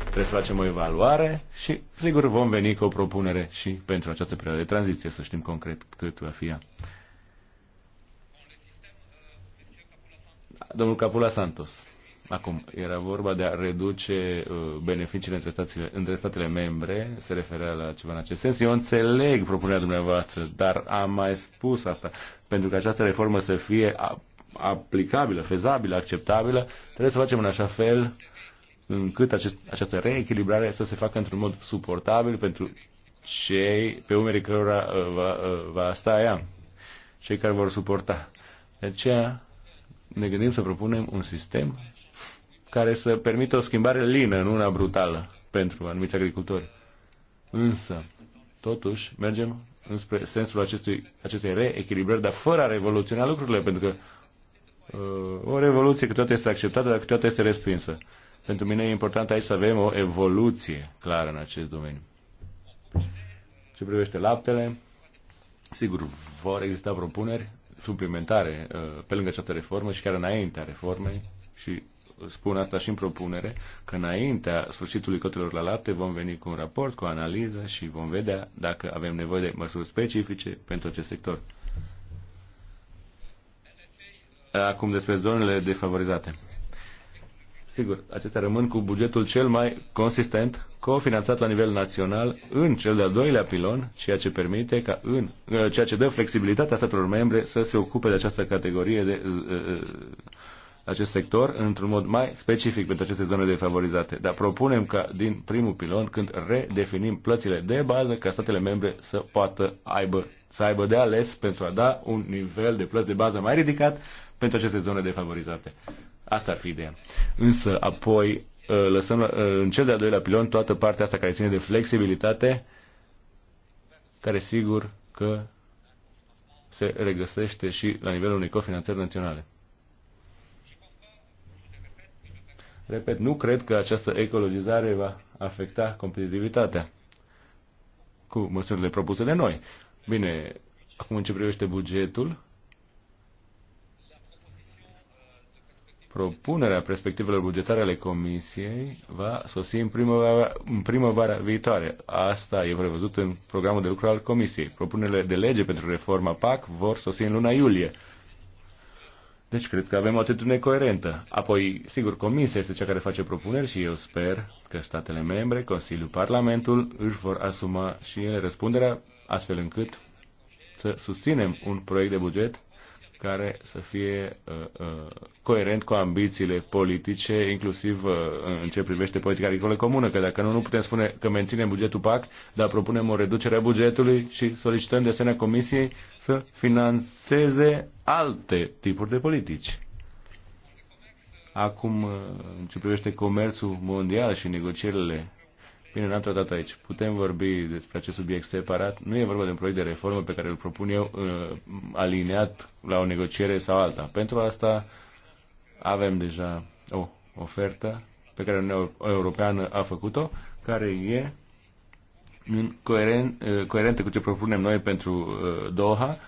Speaker 2: Trebuie să facem o evaluare și, sigur, vom veni cu o propunere și pentru această perioadă de tranziție, să știm concret cât va fi ea. Domnul Capula Santos. Acum, era vorba de a reduce uh, beneficiile între, statele, între statele membre, se referea la ceva în acest sens. Eu înțeleg propunerea dumneavoastră, dar am mai spus asta. Pentru că această reformă să fie aplicabilă, fezabilă, acceptabilă, trebuie să facem în așa fel încât acest, această reechilibrare să se facă într-un mod suportabil pentru cei pe umerii cărora uh, va, uh, va sta ea, cei care vor suporta. De aceea ne gândim să propunem un sistem care să permită o schimbare lină, nu una brutală, pentru anumiți agricultori. Însă, totuși, mergem înspre sensul acestui, acestei reechilibrări, dar fără a revoluționa lucrurile, pentru că uh, o revoluție câteodată este acceptată, dar câteodată este respinsă. Pentru mine e important aici să avem o evoluție clară în acest domeniu. Ce privește laptele, sigur, vor exista propuneri suplimentare uh, pe lângă această reformă și chiar înaintea reformei și spun asta și în propunere, că înaintea sfârșitului cotelor la lapte vom veni cu un raport, cu o analiză și vom vedea dacă avem nevoie de măsuri specifice pentru acest sector. Acum despre zonele defavorizate. Sigur, acestea rămân cu bugetul cel mai consistent, cofinanțat la nivel național în cel de-al doilea pilon, ceea ce permite ca în, ceea ce dă flexibilitatea statelor membre să se ocupe de această categorie de uh, uh, acest sector într-un mod mai specific pentru aceste zone defavorizate. Dar propunem ca din primul pilon, când redefinim plățile de bază, ca statele membre să poată aibă, să aibă de ales pentru a da un nivel de plăți de bază mai ridicat pentru aceste zone defavorizate. Asta ar fi ideea. Însă, apoi, ă, lăsăm ă, în cel de-al doilea pilon toată partea asta care ține de flexibilitate, care sigur că se regăsește și la nivelul unei cofinanțări naționale. Repet, nu cred că această ecologizare va afecta competitivitatea cu măsurile propuse de noi. Bine, acum în ce privește bugetul, propunerea perspectivelor bugetare ale Comisiei va sosi în primăvara, în primăvara viitoare. Asta e prevăzut în programul de lucru al Comisiei. Propunerile de lege pentru reforma PAC vor sosi în luna iulie. Deci cred că avem o atitudine coerentă. Apoi, sigur, Comisia este cea care face propuneri și eu sper că statele membre, Consiliul, Parlamentul își vor asuma și ele răspunderea astfel încât să susținem un proiect de buget care să fie uh, uh, coerent cu ambițiile politice, inclusiv uh, în ce privește politica agricolă comună, că dacă nu, nu putem spune că menținem bugetul PAC, dar propunem o reducere a bugetului și solicităm de asemenea Comisiei să financeze alte tipuri de politici. Acum, uh, în ce privește comerțul mondial și negocierile Bine, n-am tratat aici. Putem vorbi despre acest subiect separat. Nu e vorba de un proiect de reformă pe care îl propun eu uh, aliniat la o negociere sau alta. Pentru asta avem deja o ofertă pe care Uniunea Europeană a făcut-o, care e uh, coerentă cu ce propunem noi pentru uh, Doha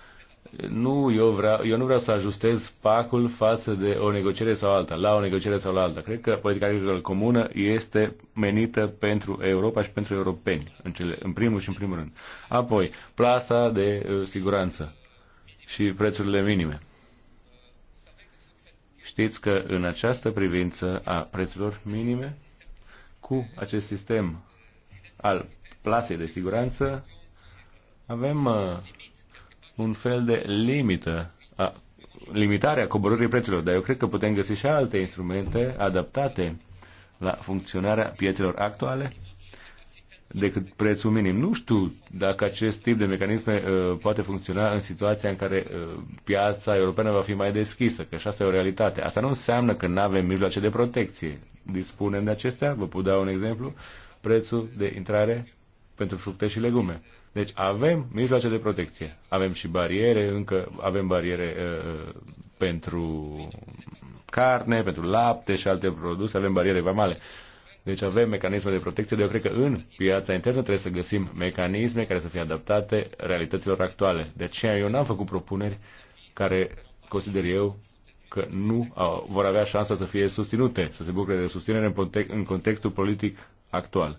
Speaker 2: nu, eu, vreau, eu nu vreau să ajustez pacul față de o negociere sau alta, la o negociere sau la alta. Cred că politica agricolă comună este menită pentru Europa și pentru europeni, în, cele, în primul și în primul rând. Apoi, plasa de uh, siguranță și prețurile minime. Știți că în această privință a prețurilor minime, cu acest sistem al plasei de siguranță, avem uh, un fel de limită a, limitarea coborârii prețurilor, dar eu cred că putem găsi și alte instrumente adaptate la funcționarea piețelor actuale decât prețul minim. Nu știu dacă acest tip de mecanisme uh, poate funcționa în situația în care uh, piața europeană va fi mai deschisă, că și asta e o realitate. Asta nu înseamnă că nu avem mijloace de protecție. Dispunem de acestea, vă pot da un exemplu, prețul de intrare pentru fructe și legume. Deci avem mijloace de protecție. Avem și bariere, încă avem bariere uh, uh, pentru carne, pentru lapte și alte produse, avem bariere vamale. Deci avem mecanisme de protecție, dar eu cred că în piața internă trebuie să găsim mecanisme care să fie adaptate realităților actuale. De aceea eu n-am făcut propuneri care consider eu că nu au, vor avea șansa să fie susținute, să se bucure de susținere în, context, în contextul politic actual.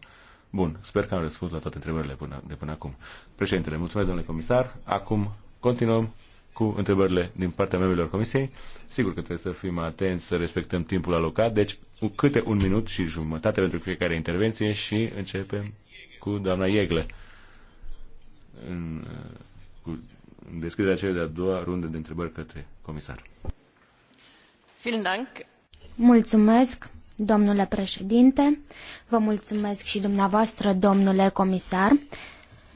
Speaker 2: Bun, sper că am răspuns la toate întrebările până, de până acum. Președintele, mulțumesc, domnule comisar. Acum continuăm cu întrebările din partea membrilor comisiei. Sigur că trebuie să fim atenți, să respectăm timpul alocat, deci cu câte un minut și jumătate pentru fiecare intervenție și începem cu doamna Iegle. În, cu deschiderea celei de-a doua runde de întrebări către comisar.
Speaker 3: Mulțumesc. Domnule președinte, vă mulțumesc și dumneavoastră, domnule comisar.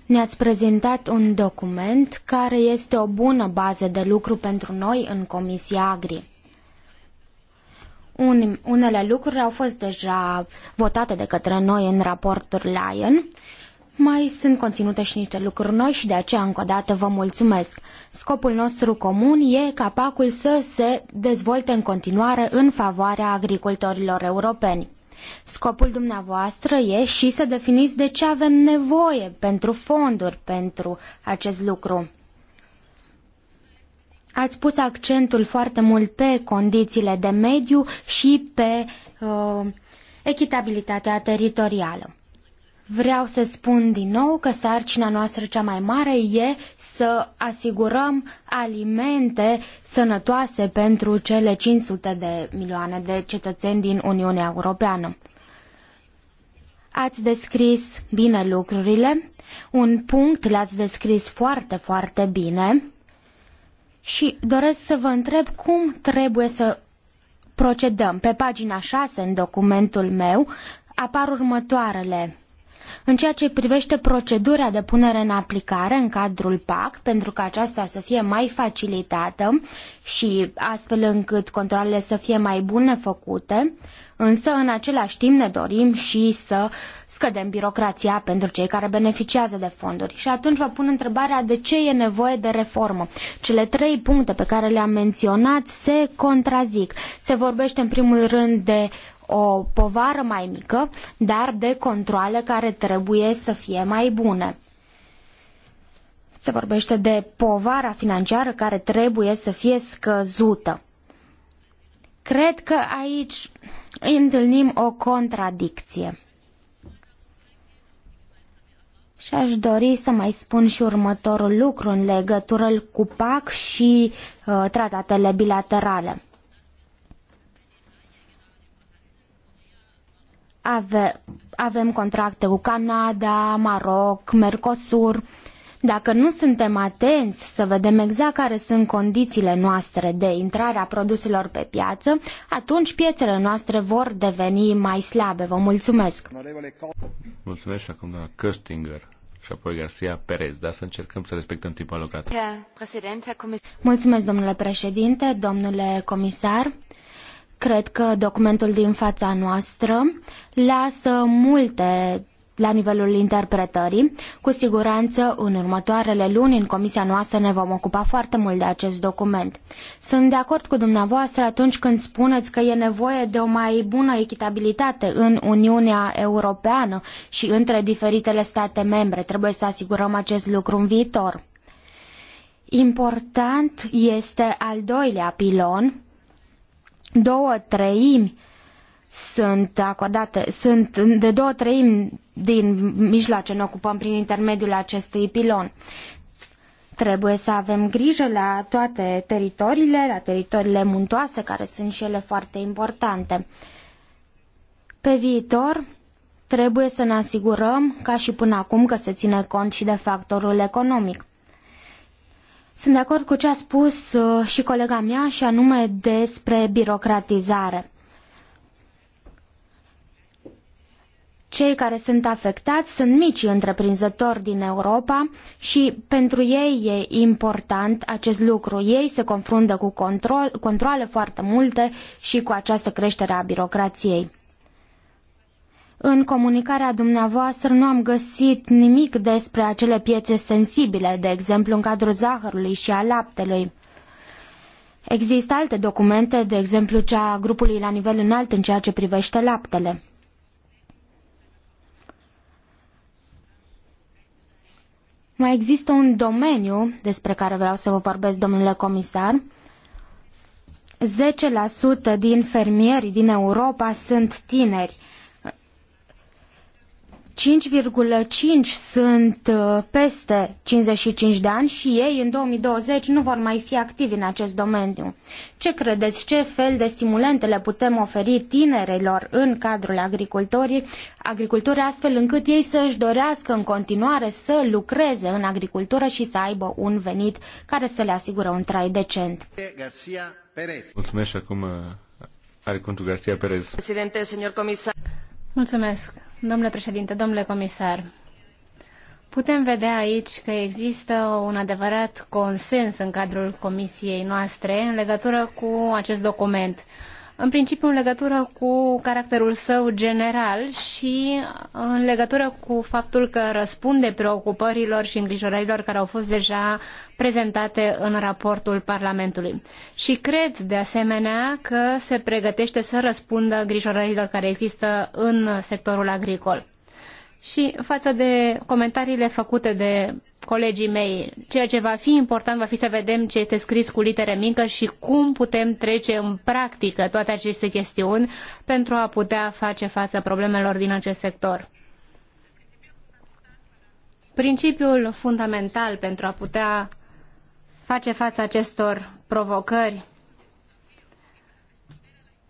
Speaker 3: Ne-ați prezentat un document care este o bună bază de lucru pentru noi în Comisia Agri. unele lucruri au fost deja votate de către noi în raportul Lyon mai sunt conținute și niște lucruri noi și de aceea încă o dată vă mulțumesc. Scopul nostru comun e ca să se dezvolte în continuare în favoarea agricultorilor europeni. Scopul dumneavoastră e și să definiți de ce avem nevoie pentru fonduri pentru acest lucru. Ați pus accentul foarte mult pe condițiile de mediu și pe uh, echitabilitatea teritorială. Vreau să spun din nou că sarcina noastră cea mai mare e să asigurăm alimente sănătoase pentru cele 500 de milioane de cetățeni din Uniunea Europeană. Ați descris bine lucrurile, un punct l-ați descris foarte, foarte bine și doresc să vă întreb cum trebuie să procedăm. Pe pagina 6 în documentul meu apar următoarele în ceea ce privește procedura de punere în aplicare în cadrul PAC, pentru ca aceasta să fie mai facilitată și astfel încât controlele să fie mai bune făcute, însă în același timp ne dorim și să scădem birocrația pentru cei care beneficiază de fonduri. Și atunci vă pun întrebarea de ce e nevoie de reformă. Cele trei puncte pe care le-am menționat se contrazic. Se vorbește în primul rând de o povară mai mică, dar de controle care trebuie să fie mai bune. Se vorbește de povara financiară care trebuie să fie scăzută. Cred că aici întâlnim o contradicție. Și aș dori să mai spun și următorul lucru în legătură cu PAC și uh, tratatele bilaterale. ave, avem contracte cu Canada, Maroc, Mercosur. Dacă nu suntem atenți să vedem exact care sunt condițiile noastre de intrare a produselor pe piață, atunci piețele noastre vor deveni mai slabe. Vă mulțumesc!
Speaker 2: Mulțumesc și acum doamna Köstinger și apoi Garcia Perez, dar să încercăm să respectăm timpul alocat.
Speaker 3: Mulțumesc, domnule președinte, domnule comisar. Cred că documentul din fața noastră lasă multe la nivelul interpretării. Cu siguranță, în următoarele luni, în comisia noastră ne vom ocupa foarte mult de acest document. Sunt de acord cu dumneavoastră atunci când spuneți că e nevoie de o mai bună echitabilitate în Uniunea Europeană și între diferitele state membre. Trebuie să asigurăm acest lucru în viitor. Important este al doilea pilon, două treimi sunt acordate, sunt de două treimi din mijloace ne ocupăm prin intermediul acestui pilon. Trebuie să avem grijă la toate teritoriile, la teritoriile muntoase, care sunt și ele foarte importante. Pe viitor, trebuie să ne asigurăm, ca și până acum, că se ține cont și de factorul economic. Sunt de acord cu ce a spus uh, și colega mea, și anume despre birocratizare. Cei care sunt afectați sunt mici întreprinzători din Europa și pentru ei e important acest lucru. Ei se confruntă cu control, controle foarte multe și cu această creștere a birocrației. În comunicarea dumneavoastră nu am găsit nimic despre acele piețe sensibile, de exemplu în cadrul zahărului și a laptelui. Există alte documente, de exemplu cea a grupului la nivel înalt în ceea ce privește laptele. Mai există un domeniu despre care vreau să vă vorbesc, domnule comisar. 10% din fermierii din Europa sunt tineri 5,5 sunt uh, peste 55 de ani și ei în 2020 nu vor mai fi activi în acest domeniu. Ce credeți, ce fel de stimulente le putem oferi tinerilor în cadrul agriculturii, agriculturii astfel încât ei să își dorească în continuare să lucreze în agricultură și să aibă un venit care să le asigure un trai decent?
Speaker 2: Mulțumesc acum uh, are contul Garcia Perez. Președinte, Comisar.
Speaker 1: Mulțumesc. Domnule președinte, domnule comisar, putem vedea aici că există un adevărat consens în cadrul comisiei noastre în legătură cu acest document. Uh, în principiu în legătură cu caracterul său general și în legătură cu faptul că răspunde preocupărilor și îngrijorărilor care au fost deja prezentate în raportul Parlamentului. Și cred, de asemenea, că se pregătește să răspundă îngrijorărilor care există în sectorul agricol și față de comentariile făcute de colegii mei. Ceea ce va fi important va fi să vedem ce este scris cu litere mică și cum putem trece în practică toate aceste chestiuni pentru a putea face față problemelor din acest sector. Principiul fundamental pentru a putea face față acestor provocări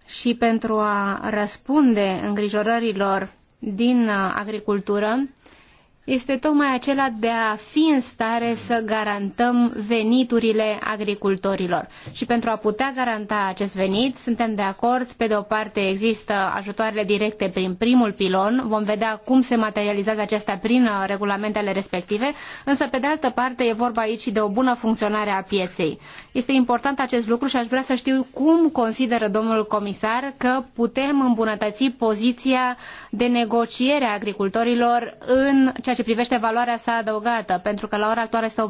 Speaker 1: și pentru a răspunde îngrijorărilor din uh, agricultură este tocmai acela de a fi în stare să garantăm veniturile agricultorilor. Și pentru a putea garanta acest venit, suntem de acord, pe de o parte există ajutoarele directe prin primul pilon, vom vedea cum se materializează acestea prin uh, regulamentele respective, însă pe de altă parte e vorba aici de o bună funcționare a pieței. Este important acest lucru și aș vrea să știu cum consideră domnul comisar că putem îmbunătăți poziția de negociere a agricultorilor în ceea ce privește valoarea sa adăugată, pentru că la ora actuală este o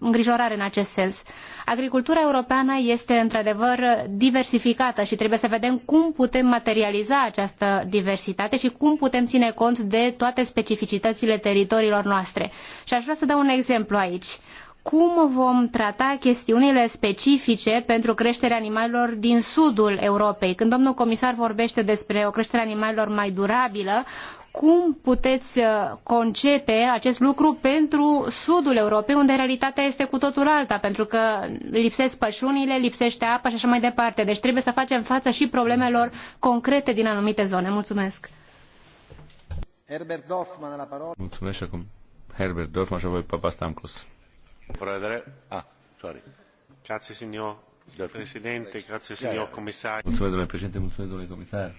Speaker 1: îngrijorare în acest sens. Agricultura europeană este într-adevăr diversificată și trebuie să vedem cum putem materializa această diversitate și cum putem ține cont de toate specificitățile teritoriilor noastre. Și aș vrea să dau un exemplu aici cum vom trata chestiunile specifice pentru creșterea animalelor din sudul Europei. Când domnul comisar vorbește despre o creștere a animalelor mai durabilă, cum puteți uh, concepe acest lucru pentru sudul Europei, unde realitatea este cu totul alta, pentru că lipsesc pășunile, lipsește apa și așa mai departe. Deci trebuie să facem față și problemelor concrete din anumite zone. Mulțumesc!
Speaker 2: Herbert Dorfman la parola. Mulțumesc acum. Herbert Dorfman și apoi Papa Stamcus. Ah, sorry. Grazie, signor Presidente, grazie, signor Comisar. Mulțumesc, domnule președinte, mulțumesc, domnule comisar.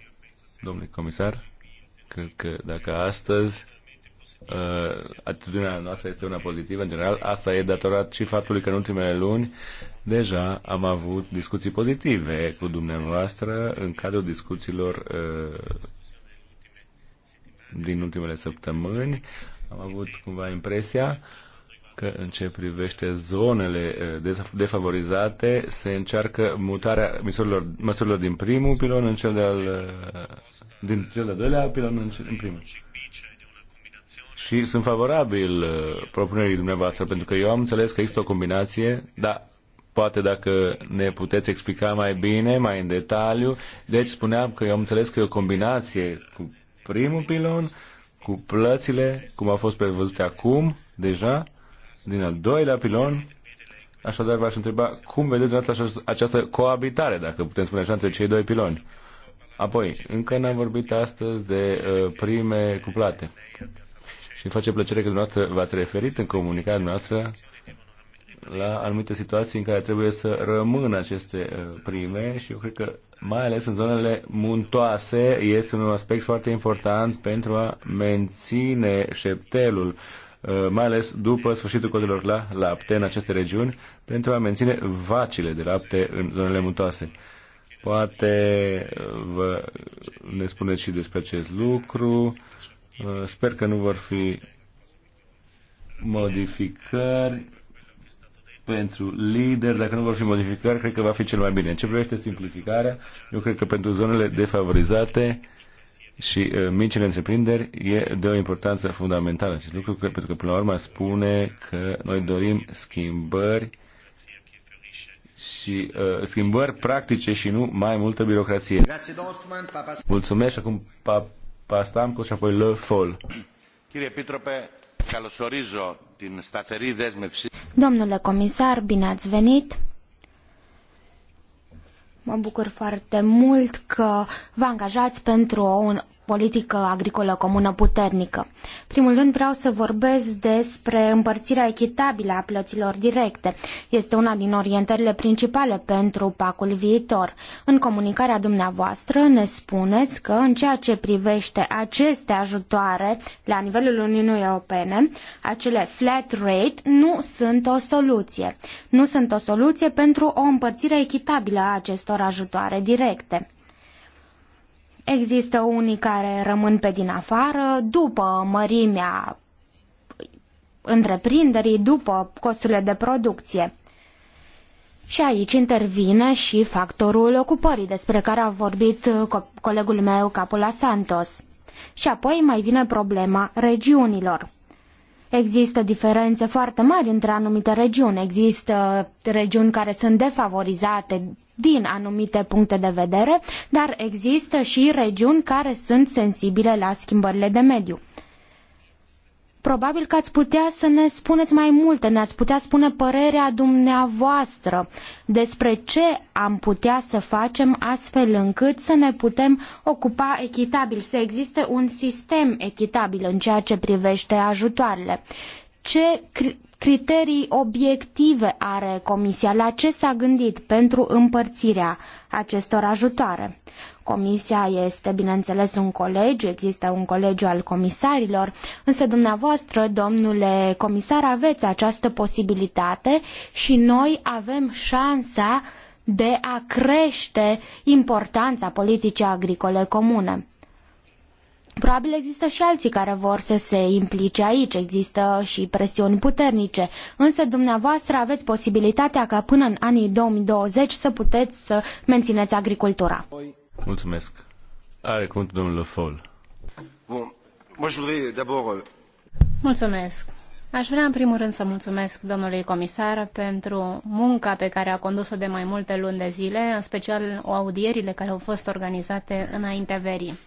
Speaker 2: Domnule comisar, Cred că dacă astăzi uh, atitudinea noastră este una pozitivă, în general, asta e datorat și faptului că în ultimele luni deja am avut discuții pozitive cu dumneavoastră în cadrul discuțiilor uh, din ultimele săptămâni. Am avut cumva impresia uh, că în ce privește zonele eh, defavorizate se încearcă mutarea măsurilor, măsurilor din primul pilon în cel de-al eh, din cel de-al doilea pilon în, în primul. Și sunt favorabil eh, propunerii dumneavoastră, pentru că eu am înțeles că există o combinație, dar poate dacă ne puteți explica mai bine, mai în detaliu. Deci spuneam că eu am înțeles că e o combinație cu primul pilon, cu plățile, cum au fost prevăzute acum, deja, din al doilea pilon. Așadar, v-aș întreba cum vedeți dumneavoastră această coabitare, dacă putem spune așa, între cei doi piloni. Apoi, încă n-am vorbit astăzi de uh, prime cuplate. Și îmi face plăcere că dumneavoastră v-ați referit în comunicarea noastră la anumite situații în care trebuie să rămână aceste uh, prime și eu cred că mai ales în zonele muntoase este un aspect foarte important pentru a menține șeptelul Uh, mai ales după sfârșitul codelor la lapte în aceste regiuni, pentru a menține vacile de lapte în zonele muntoase. Poate uh, vă ne spuneți și despre acest lucru. Uh, sper că nu vor fi modificări pentru lider, dacă nu vor fi modificări, cred că va fi cel mai bine. În ce privește simplificarea, eu cred că pentru zonele defavorizate, și uh, micile întreprinderi e de o importanță fundamentală acest lucru, că, pentru că până la urmă spune că noi dorim schimbări și uh, schimbări practice și nu mai multă birocrație. Mulțumesc acum acum Stamco și apoi Le Fol. Domnule
Speaker 3: comisar, bine ați venit! Mă bucur foarte mult că vă angajați pentru un politică agricolă comună puternică. Primul rând vreau să vorbesc despre împărțirea echitabilă a plăților directe. Este una din orientările principale pentru pacul viitor. În comunicarea dumneavoastră ne spuneți că în ceea ce privește aceste ajutoare la nivelul Uniunii Europene, acele flat rate nu sunt o soluție. Nu sunt o soluție pentru o împărțire echitabilă a acestor ajutoare directe. Există unii care rămân pe din afară după mărimea întreprinderii, după costurile de producție. Și aici intervine și factorul ocupării, despre care a vorbit uh, co colegul meu, Capula Santos. Și apoi mai vine problema regiunilor. Există diferențe foarte mari între anumite regiuni. Există regiuni care sunt defavorizate din anumite puncte de vedere, dar există și regiuni care sunt sensibile la schimbările de mediu. Probabil că ați putea să ne spuneți mai multe, ne-ați putea spune părerea dumneavoastră despre ce am putea să facem astfel încât să ne putem ocupa echitabil, să existe un sistem echitabil în ceea ce privește ajutoarele. Ce criterii obiective are Comisia? La ce s-a gândit pentru împărțirea acestor ajutoare? Comisia este, bineînțeles, un colegiu, există un colegiu al comisarilor, însă dumneavoastră, domnule comisar, aveți această posibilitate și noi avem șansa de a crește importanța politicii agricole comune. Probabil există și alții care vor să se implice aici, există și presiuni puternice, însă dumneavoastră aveți posibilitatea ca până în anii 2020 să puteți să mențineți agricultura.
Speaker 2: Mulțumesc. Are cuvântul domnul Fol. Euh,
Speaker 1: mulțumesc. Aș vrea în primul rând să mulțumesc domnului comisar pentru munca pe care a condus-o de mai multe luni de zile, în special audierile care au fost organizate înaintea verii.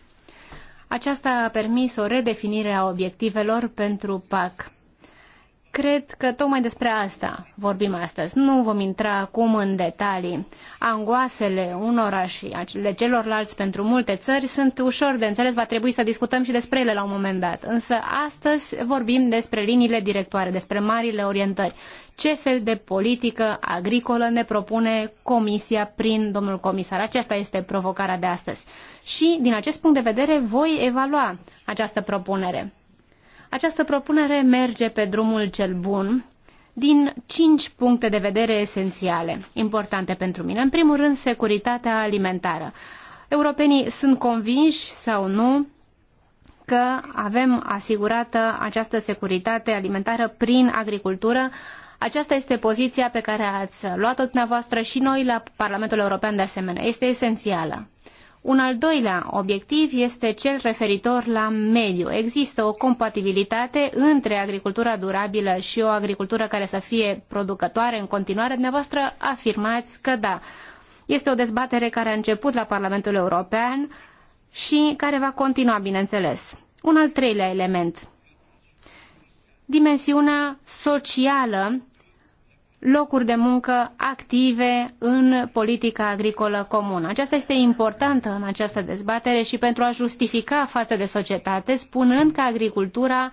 Speaker 1: Aceasta a permis o redefinire a obiectivelor pentru PAC. Cred că tocmai despre asta vorbim astăzi. Nu vom intra acum în detalii. Angoasele unora și ale celorlalți pentru multe țări sunt ușor de înțeles, va trebui să discutăm și despre ele la un moment dat. Însă astăzi vorbim despre liniile directoare, despre marile orientări. Ce fel de politică agricolă ne propune Comisia prin domnul comisar? Aceasta este provocarea de astăzi. Și din acest punct de vedere voi evalua această propunere. Această propunere merge pe drumul cel bun din cinci puncte de vedere esențiale, importante pentru mine. În primul rând, securitatea alimentară. Europenii sunt convinși sau nu că avem asigurată această securitate alimentară prin agricultură. Aceasta este poziția pe care ați luat-o dumneavoastră și noi la Parlamentul European de asemenea. Este esențială. Un al doilea obiectiv este cel referitor la mediu. Există o compatibilitate între agricultura durabilă și o agricultură care să fie producătoare în continuare. Dumneavoastră afirmați că da. Este o dezbatere care a început la Parlamentul European și care va continua, bineînțeles. Un al treilea element. Dimensiunea socială locuri de muncă active în politica agricolă comună. Aceasta este importantă în această dezbatere și pentru a justifica față de societate, spunând că agricultura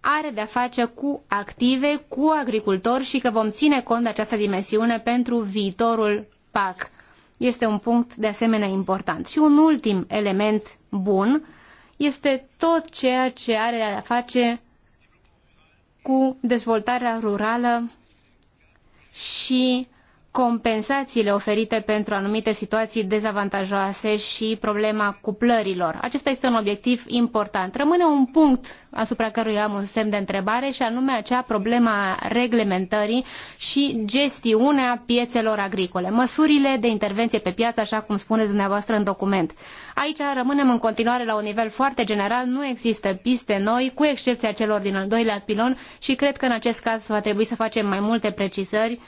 Speaker 1: are de-a face cu active, cu agricultori și că vom ține cont de această dimensiune pentru viitorul PAC. Este un punct de asemenea important. Și un ultim element bun este tot ceea ce are de-a face cu dezvoltarea rurală și compensațiile oferite pentru anumite situații dezavantajoase și problema cuplărilor. Acesta este un obiectiv important. Rămâne un punct asupra căruia am un semn de întrebare și anume acea problema reglementării și gestiunea piețelor agricole. Măsurile de intervenție pe piață, așa cum spuneți dumneavoastră în document. Aici rămânem în continuare la un nivel foarte general, nu există piste noi, cu excepția celor din al doilea pilon și cred că în acest caz va trebui să facem mai multe precizări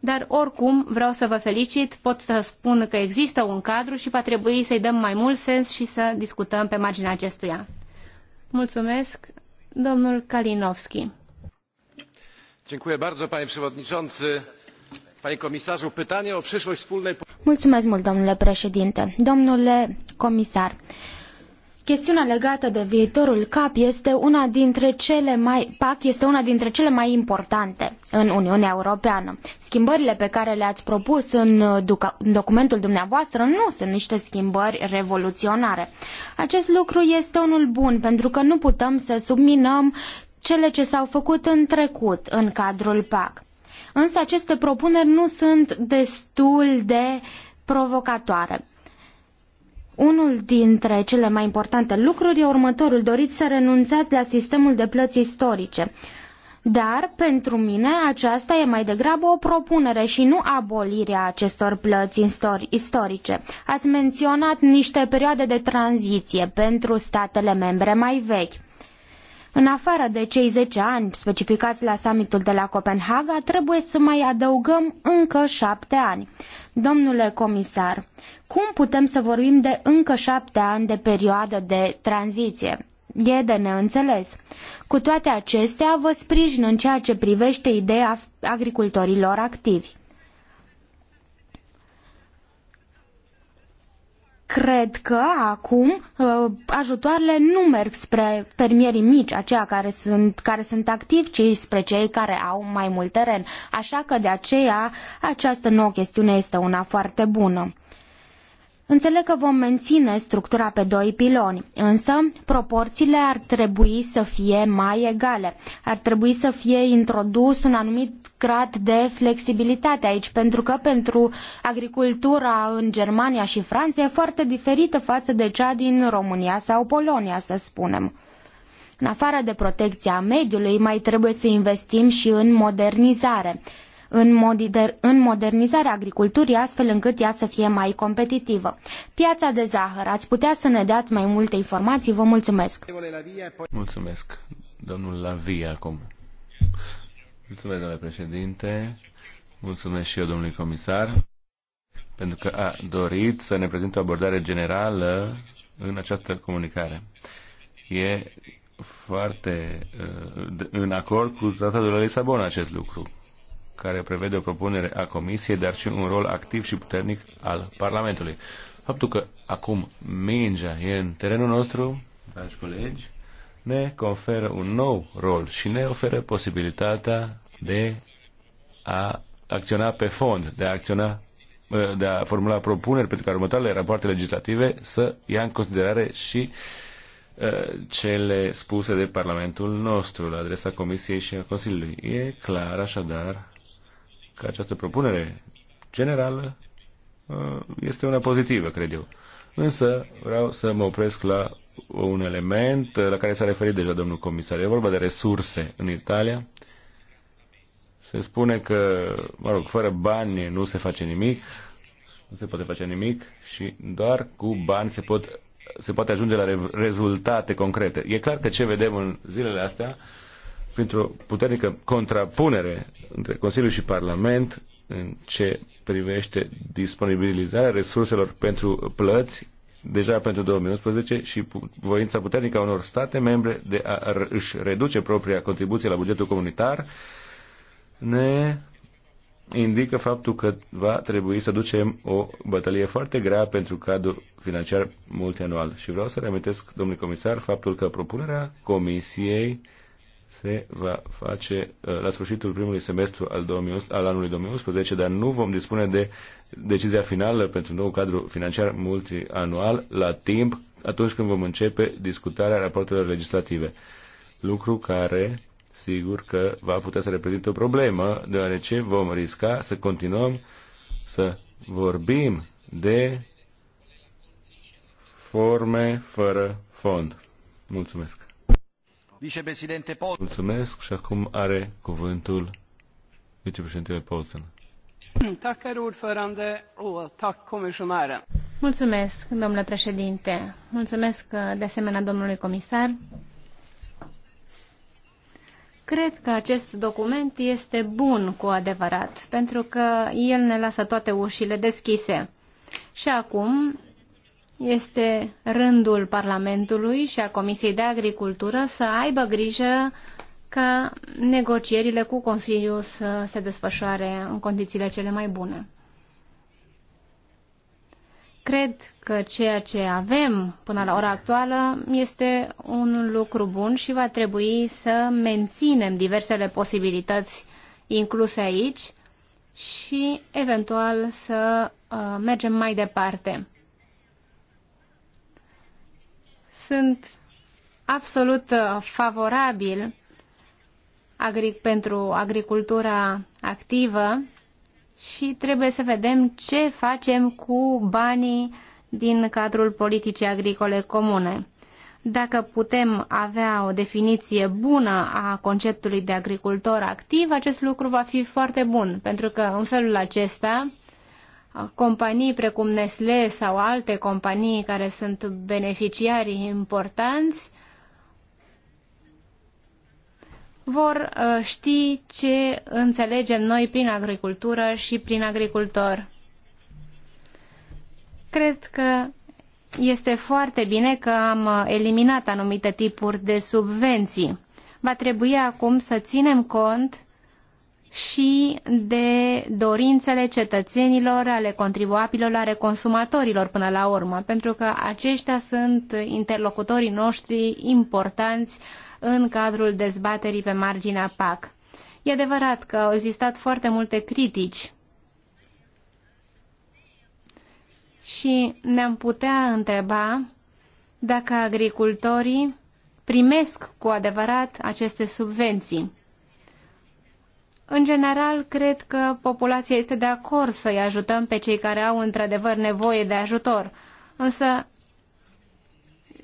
Speaker 1: dar oricum vreau să vă felicit, pot să spun că există un cadru și va trebui să-i dăm mai mult sens și să discutăm pe marginea acestuia. Mulțumesc, domnul Kalinowski.
Speaker 2: Dziękuję bardzo, panie przewodniczący. Panie komisarzu, pytanie o przyszłość wspólnej...
Speaker 1: Mulțumesc mult, domnule
Speaker 3: președinte. Domnule comisar, Chestiunea legată de viitorul CAP este una dintre cele mai, PAC este una dintre cele mai importante în Uniunea Europeană. Schimbările pe care le-ați propus în, uh, în documentul dumneavoastră nu sunt niște schimbări revoluționare. Acest lucru este unul bun pentru că nu putem să subminăm cele ce s-au făcut în trecut în cadrul PAC. Însă aceste propuneri nu sunt destul de provocatoare. Unul dintre cele mai importante lucruri e următorul. Doriți să renunțați la sistemul de plăți istorice. Dar, pentru mine, aceasta e mai degrabă o propunere și nu abolirea acestor plăți istorice. Ați menționat niște perioade de tranziție pentru statele membre mai vechi. În afară de cei zece ani specificați la summitul de la Copenhaga, trebuie să mai adăugăm încă 7 ani. Domnule comisar, cum putem să vorbim de încă șapte ani de perioadă de tranziție? E de neînțeles. Cu toate acestea, vă sprijin în ceea ce privește ideea agricultorilor activi. Cred că acum ă, ajutoarele nu merg spre fermierii mici, aceia care sunt, care sunt activi, ci spre cei care au mai mult teren. Așa că de aceea această nouă chestiune este una foarte bună. Înțeleg că vom menține structura pe doi piloni, însă proporțiile ar trebui să fie mai egale. Ar trebui să fie introdus un anumit grad de flexibilitate aici, pentru că pentru agricultura în Germania și Franța e foarte diferită față de cea din România sau Polonia, să spunem. În afară de protecția mediului, mai trebuie să investim și în modernizare în, moder- în modernizarea agriculturii, astfel încât ea să fie mai competitivă. Piața de zahăr, ați putea să ne dați mai multe informații? Vă mulțumesc!
Speaker 2: Mulțumesc, domnul Lavia, acum. Mulțumesc, domnule președinte. Mulțumesc și eu, domnului comisar, pentru că a dorit să ne prezinte o abordare generală în această comunicare. E foarte uh, în acord cu tratatul de la Lisabona acest lucru care prevede o propunere a Comisiei, dar și un rol activ și puternic al Parlamentului. Faptul că acum mingea e în terenul nostru, dragi colegi, ne conferă un nou rol și ne oferă posibilitatea de a acționa pe fond, de a acționa de a formula propuneri pentru ca următoarele rapoarte legislative să ia în considerare și uh, cele spuse de Parlamentul nostru la adresa Comisiei și a Consiliului. E clar, așadar, că această propunere generală uh, este una pozitivă, cred eu. Însă vreau să mă opresc la un element la care s-a referit deja domnul comisar. E vorba de resurse în Italia. Se spune că, mă rog, fără bani nu se face nimic, nu se poate face nimic și doar cu bani se, pot, se poate ajunge la rezultate concrete. E clar că ce vedem în zilele astea printr-o puternică contrapunere între Consiliu și Parlament în ce privește disponibilizarea resurselor pentru plăți deja pentru 2011 și voința puternică a unor state membre de a își reduce propria contribuție la bugetul comunitar ne indică faptul că va trebui să ducem o bătălie foarte grea pentru cadrul financiar multianual. Și vreau să reamintesc, domnule comisar, faptul că propunerea Comisiei se va face uh, la sfârșitul primului semestru al, 2011, al anului 2011, dar nu vom dispune de decizia finală pentru nou cadru financiar multianual la timp atunci când vom începe discutarea raportelor legislative. Lucru care, sigur că va putea să reprezinte o problemă, deoarece vom risca să continuăm să vorbim de forme fără fond. Mulțumesc!
Speaker 1: vicepreședinte Paul.
Speaker 2: Mulțumesc și acum are cuvântul vicepreședintele Paulsen.
Speaker 1: Mulțumesc, domnule președinte. Mulțumesc uh, de asemenea domnului comisar. Cred că acest document este bun cu adevărat, pentru că el ne lasă toate ușile deschise. Și acum este rândul Parlamentului și a Comisiei de Agricultură să aibă grijă ca negocierile cu Consiliul să se desfășoare în condițiile cele mai bune. Cred că ceea ce avem până la ora actuală este un lucru bun și va trebui să menținem diversele posibilități incluse aici și eventual să uh, mergem mai departe. sunt absolut uh, favorabil agric pentru agricultura activă și trebuie să vedem ce facem cu banii din cadrul politicii agricole comune. Dacă putem avea o definiție bună a conceptului de agricultor activ, acest lucru va fi foarte bun, pentru că în felul acesta companii precum Nestlé sau alte companii care sunt beneficiarii importanți vor ă, ști ce înțelegem noi prin agricultură și prin agricultor. Cred că este foarte bine că am ă, eliminat anumite tipuri de subvenții. Va trebui acum să ținem cont și de dorințele cetățenilor, ale contribuabililor, ale consumatorilor până la urmă, pentru că aceștia sunt interlocutorii noștri importanți în cadrul dezbaterii pe marginea PAC. E adevărat că au existat foarte multe critici și ne-am putea întreba dacă agricultorii primesc cu adevărat aceste subvenții. În general, cred că populația este de acord să-i ajutăm pe cei care au într-adevăr nevoie de ajutor. Însă,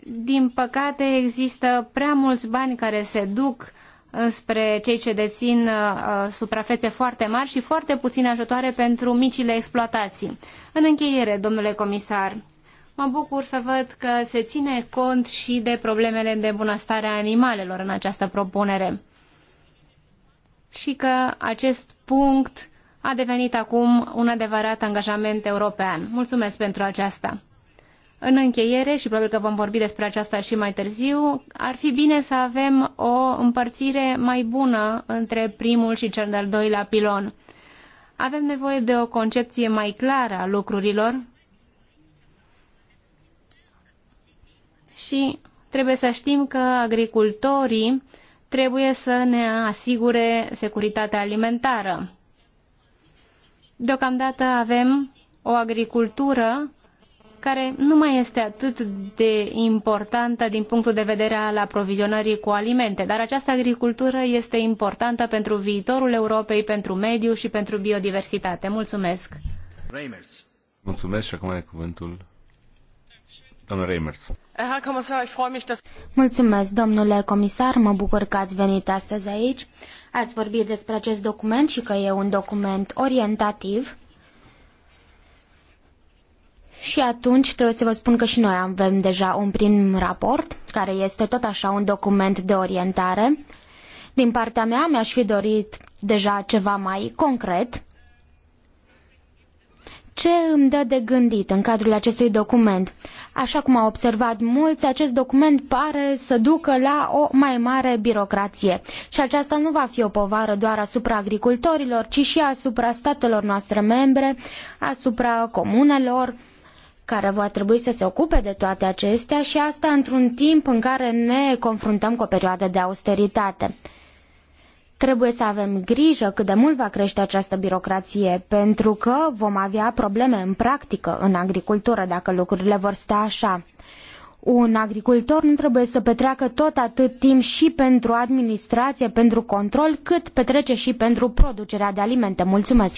Speaker 1: din păcate, există prea mulți bani care se duc uh, spre cei ce dețin uh, uh, suprafețe foarte mari și foarte puține ajutoare pentru micile exploatații. În încheiere, domnule comisar, mă bucur să văd că se ține cont și de problemele de bunăstare a animalelor în această propunere și că acest punct a devenit acum un adevărat angajament european. Mulțumesc pentru aceasta. În încheiere, și probabil că vom vorbi despre aceasta și mai târziu, ar fi bine să avem o împărțire mai bună între primul și cel de-al doilea pilon. Avem nevoie de o concepție mai clară a lucrurilor și trebuie să știm că agricultorii trebuie să ne asigure securitatea alimentară. Deocamdată avem o agricultură care nu mai este atât de importantă din punctul de vedere al aprovizionării cu alimente, dar această agricultură este importantă pentru viitorul Europei, pentru mediu și pentru biodiversitate. Mulțumesc! Reimers.
Speaker 2: Mulțumesc și acum are cuvântul doamna Reimers.
Speaker 3: Mulțumesc, domnule comisar, mă bucur că ați venit astăzi aici. Ați vorbit despre acest document și că e un document orientativ. Și atunci trebuie să vă spun că și noi avem deja un prim raport, care este tot așa un document de orientare. Din partea mea mi-aș fi dorit deja ceva mai concret. Ce îmi dă de gândit în cadrul acestui document? Așa cum au observat mulți, acest document pare să ducă la o mai mare birocrație. Și aceasta nu va fi o povară doar asupra agricultorilor, ci și asupra statelor noastre membre, asupra comunelor, care va trebui să se ocupe de toate acestea și asta într-un timp în care ne confruntăm cu o perioadă de austeritate. Trebuie să avem grijă cât de mult va crește această birocrație, pentru că vom avea probleme în practică în agricultură dacă lucrurile vor sta așa. Un agricultor nu trebuie să petreacă tot atât timp și pentru administrație, pentru control, cât petrece și pentru producerea de
Speaker 1: alimente. Mulțumesc!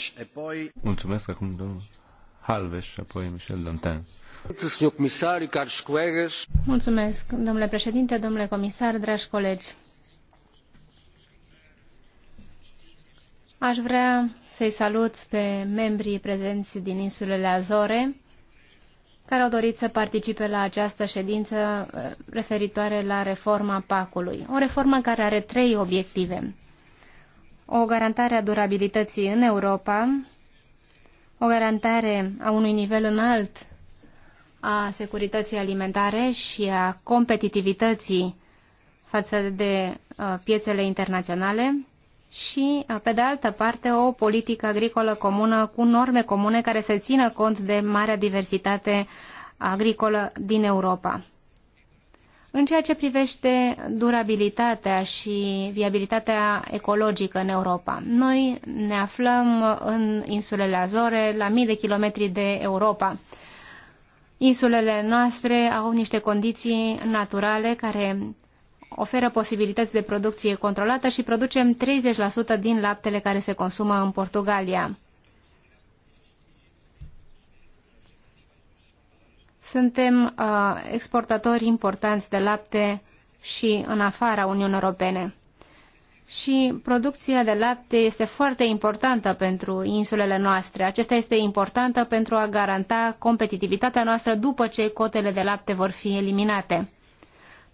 Speaker 2: Mulțumesc acum domnul Halves și apoi Michel Dantin.
Speaker 1: Mulțumesc, domnule președinte, domnule comisar, dragi colegi. Aș vrea să-i salut pe membrii prezenți din insulele Azore, care au dorit să participe la această ședință uh, referitoare la reforma PAC-ului. O reformă care are trei obiective. O garantare a durabilității în Europa, o garantare a unui nivel înalt a securității alimentare și a competitivității față de uh, piețele internaționale și, pe de altă parte, o politică agricolă comună cu norme comune care să țină cont de marea diversitate agricolă din Europa. În ceea ce privește durabilitatea și viabilitatea ecologică în Europa, noi ne aflăm în insulele Azore, la mii de kilometri de Europa. Insulele noastre au niște condiții naturale care oferă posibilități de producție controlată și producem 30% din laptele care se consumă în Portugalia. Suntem uh, exportatori importanți de lapte și în afara Uniunii Europene. Și producția de lapte este foarte importantă pentru insulele noastre. Acesta este importantă pentru a garanta competitivitatea noastră după ce cotele de lapte vor fi eliminate.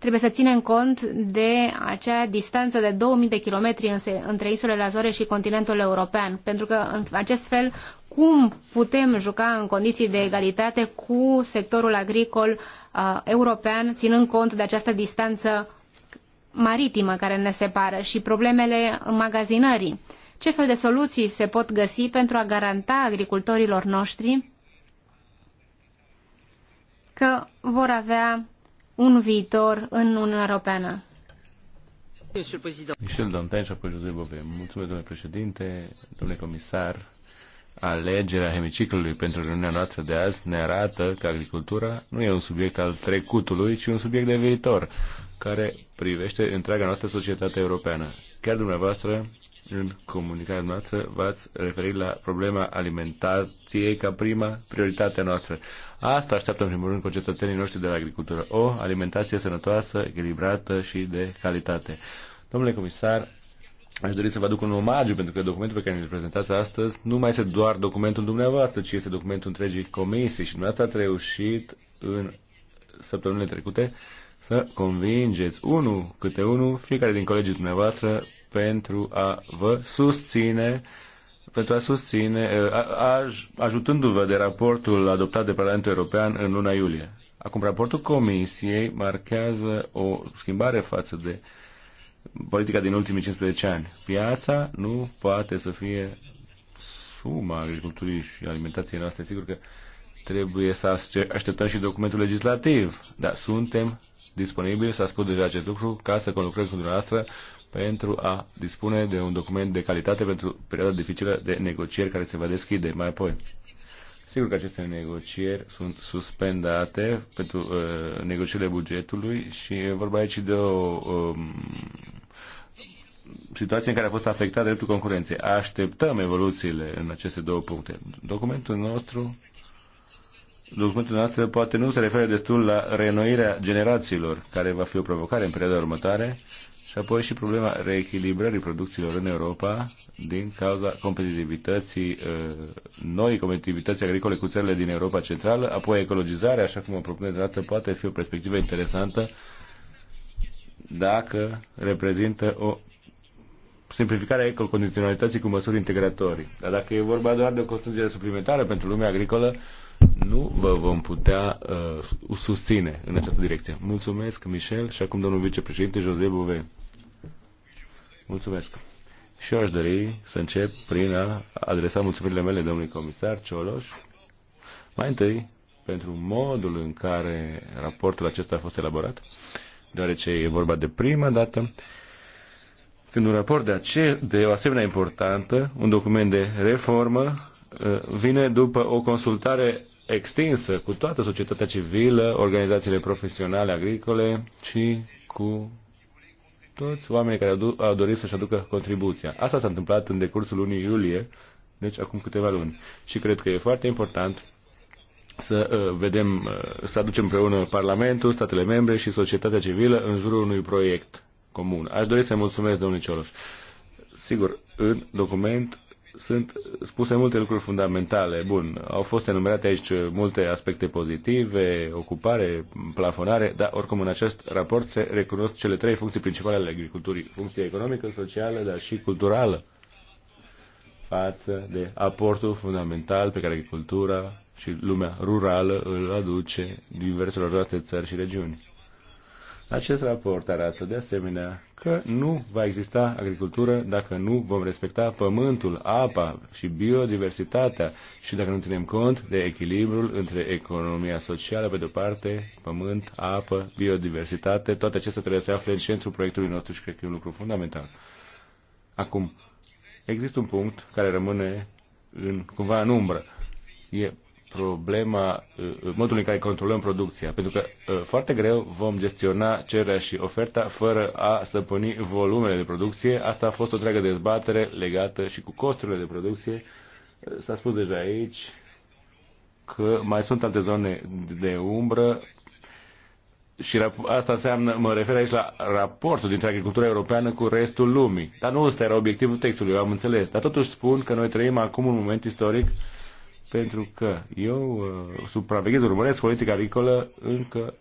Speaker 1: Trebuie să ținem cont de acea distanță de 2000 de kilometri între insulele Azore și continentul european, pentru că în acest fel cum putem juca în condiții de egalitate cu sectorul agricol uh, european, ținând cont de această distanță maritimă care ne separă și problemele magazinării? Ce fel de soluții se pot găsi pentru a garanta agricultorilor noștri că vor avea un viitor în Uniunea Europeană.
Speaker 2: Michel Dantan și apoi José Bove. Mulțumesc, domnule președinte, domnule comisar. Alegerea hemiciclului pentru reuniunea noastră de azi ne arată că agricultura nu e un subiect al trecutului, ci un subiect de viitor, care privește întreaga noastră societate europeană. Chiar dumneavoastră în comunicarea noastră v-ați referit la problema alimentației ca prima prioritate noastră. Asta așteaptă în primul rând cu cetățenii noștri de la agricultură. O alimentație sănătoasă, echilibrată și de calitate. Domnule comisar, aș dori să vă aduc un omagiu, pentru că documentul pe care îl prezentați astăzi nu mai este doar documentul dumneavoastră, ci este documentul întregii comisii și dumneavoastră ați reușit în săptămânile trecute să convingeți unul câte unul, fiecare din colegii dumneavoastră, pentru a vă susține pentru a susține, eh, ajutându-vă de raportul adoptat de Parlamentul European în luna iulie. Acum, raportul Comisiei marchează o schimbare față de politica din ultimii 15 ani. Piața nu poate să fie suma agriculturii și alimentației noastre. Sigur că trebuie să așteptăm și documentul legislativ, dar suntem disponibili să ascult deja acest lucru ca să conlucrăm cu dumneavoastră pentru a dispune de un document de calitate pentru perioada dificilă de negocieri care se va deschide mai apoi. Sigur că aceste negocieri sunt suspendate pentru uh, negocierile bugetului și e vorba aici de o um, situație în care a fost afectat dreptul concurenței. Așteptăm evoluțiile în aceste două puncte. Documentul nostru documentul nostru poate nu se referă destul la renoirea generațiilor, care va fi o provocare în perioada următoare, și apoi și problema reechilibrării producțiilor în Europa din cauza competitivității, uh, noi competitivități agricole cu țările din Europa Centrală, apoi ecologizarea, așa cum o propune de dată, poate fi o perspectivă interesantă dacă reprezintă o simplificarea ecocondiționalității cu măsuri integratorii. Dar dacă e vorba doar de o construcție suplimentară pentru lumea agricolă, nu vă vom putea uh, susține în această direcție. Mulțumesc, Michel, și acum domnul vicepreședinte José Bove. Mulțumesc. Și eu aș dori să încep prin a adresa mulțumirile mele domnului comisar Cioloș. Mai întâi, pentru modul în care raportul acesta a fost elaborat, deoarece e vorba de prima dată când un raport de, ace- de o asemenea importantă, un document de reformă, uh, vine după o consultare extinsă cu toată societatea civilă, organizațiile profesionale agricole și cu toți oamenii care au, dorit să-și aducă contribuția. Asta s-a întâmplat în decursul lunii iulie, deci acum câteva luni. Și cred că e foarte important să uh, vedem, uh, să aducem împreună Parlamentul, statele membre și societatea civilă în jurul unui proiect comun. Aș dori să mulțumesc, domnule Cioloș. Sigur, în document sunt spuse multe lucruri fundamentale. Bun, au fost enumerate aici multe aspecte pozitive, ocupare, plafonare, dar oricum în acest raport se recunosc cele trei funcții principale ale agriculturii. Funcție economică, socială, dar și culturală față de aportul fundamental pe care agricultura și lumea rurală îl aduce diverselor toate țări și regiuni. Acest raport arată de asemenea că nu va exista agricultură dacă nu vom respecta pământul, apa și biodiversitatea și dacă nu ținem cont de echilibrul între economia socială, pe de-o parte, pământ, apă, biodiversitate, toate acestea trebuie să se afle în centrul proiectului nostru și cred că e un lucru fundamental. Acum, există un punct care rămâne în, cumva în umbră. E problema uh, uh, modului în care controlăm producția, pentru că uh, foarte greu vom gestiona cererea și oferta fără a stăpâni volumele de producție. Asta a fost o întreagă dezbatere legată și cu costurile de producție. S-a spus deja aici că mai sunt alte zone de umbră și asta înseamnă, mă refer aici la raportul dintre agricultura europeană cu restul lumii. Dar nu ăsta era obiectivul textului, eu am înțeles. Dar totuși spun că noi trăim acum un moment istoric uh, pentru că eu uh, supraveghez, urmăresc politica agricolă încă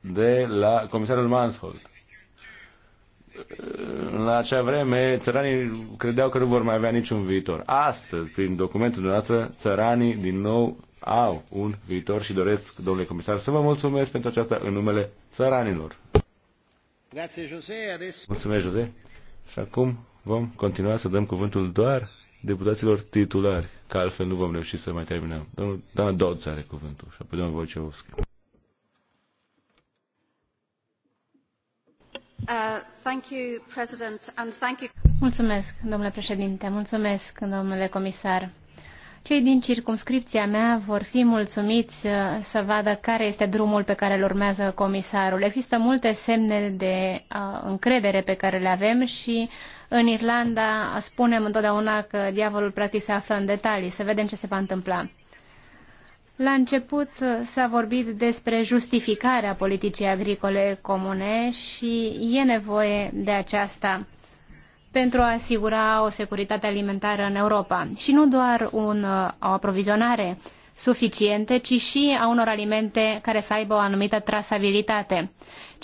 Speaker 2: de la comisarul Manshold. Uh, la acea vreme, țăranii credeau că nu vor mai avea niciun viitor. Astăzi, prin documentul dumneavoastră, țăranii din nou au un viitor și doresc, domnule comisar, să vă mulțumesc pentru aceasta în numele țăranilor. Mulțumesc, Jose. Și acum vom continua să dăm cuvântul doar deputaților titulari, că altfel nu vom reuși să mai terminăm. Domnul Dan Dodds are cuvântul și apoi domnul Wojciechowski. Uh,
Speaker 1: mulțumesc, domnule președinte, mulțumesc, domnule comisar. Cei din circumscripția mea vor fi mulțumiți uh, să vadă care este drumul pe care îl urmează comisarul. Există multe semne de uh, încredere pe care le avem și în Irlanda spunem întotdeauna că diavolul practic se află în detalii, să vedem ce se va întâmpla. La început uh, s-a vorbit despre justificarea politicii agricole comune și e nevoie de aceasta pentru a asigura o securitate alimentară în Europa. Și nu doar un, uh, o aprovizionare suficientă, ci și a unor alimente care să aibă o anumită trasabilitate.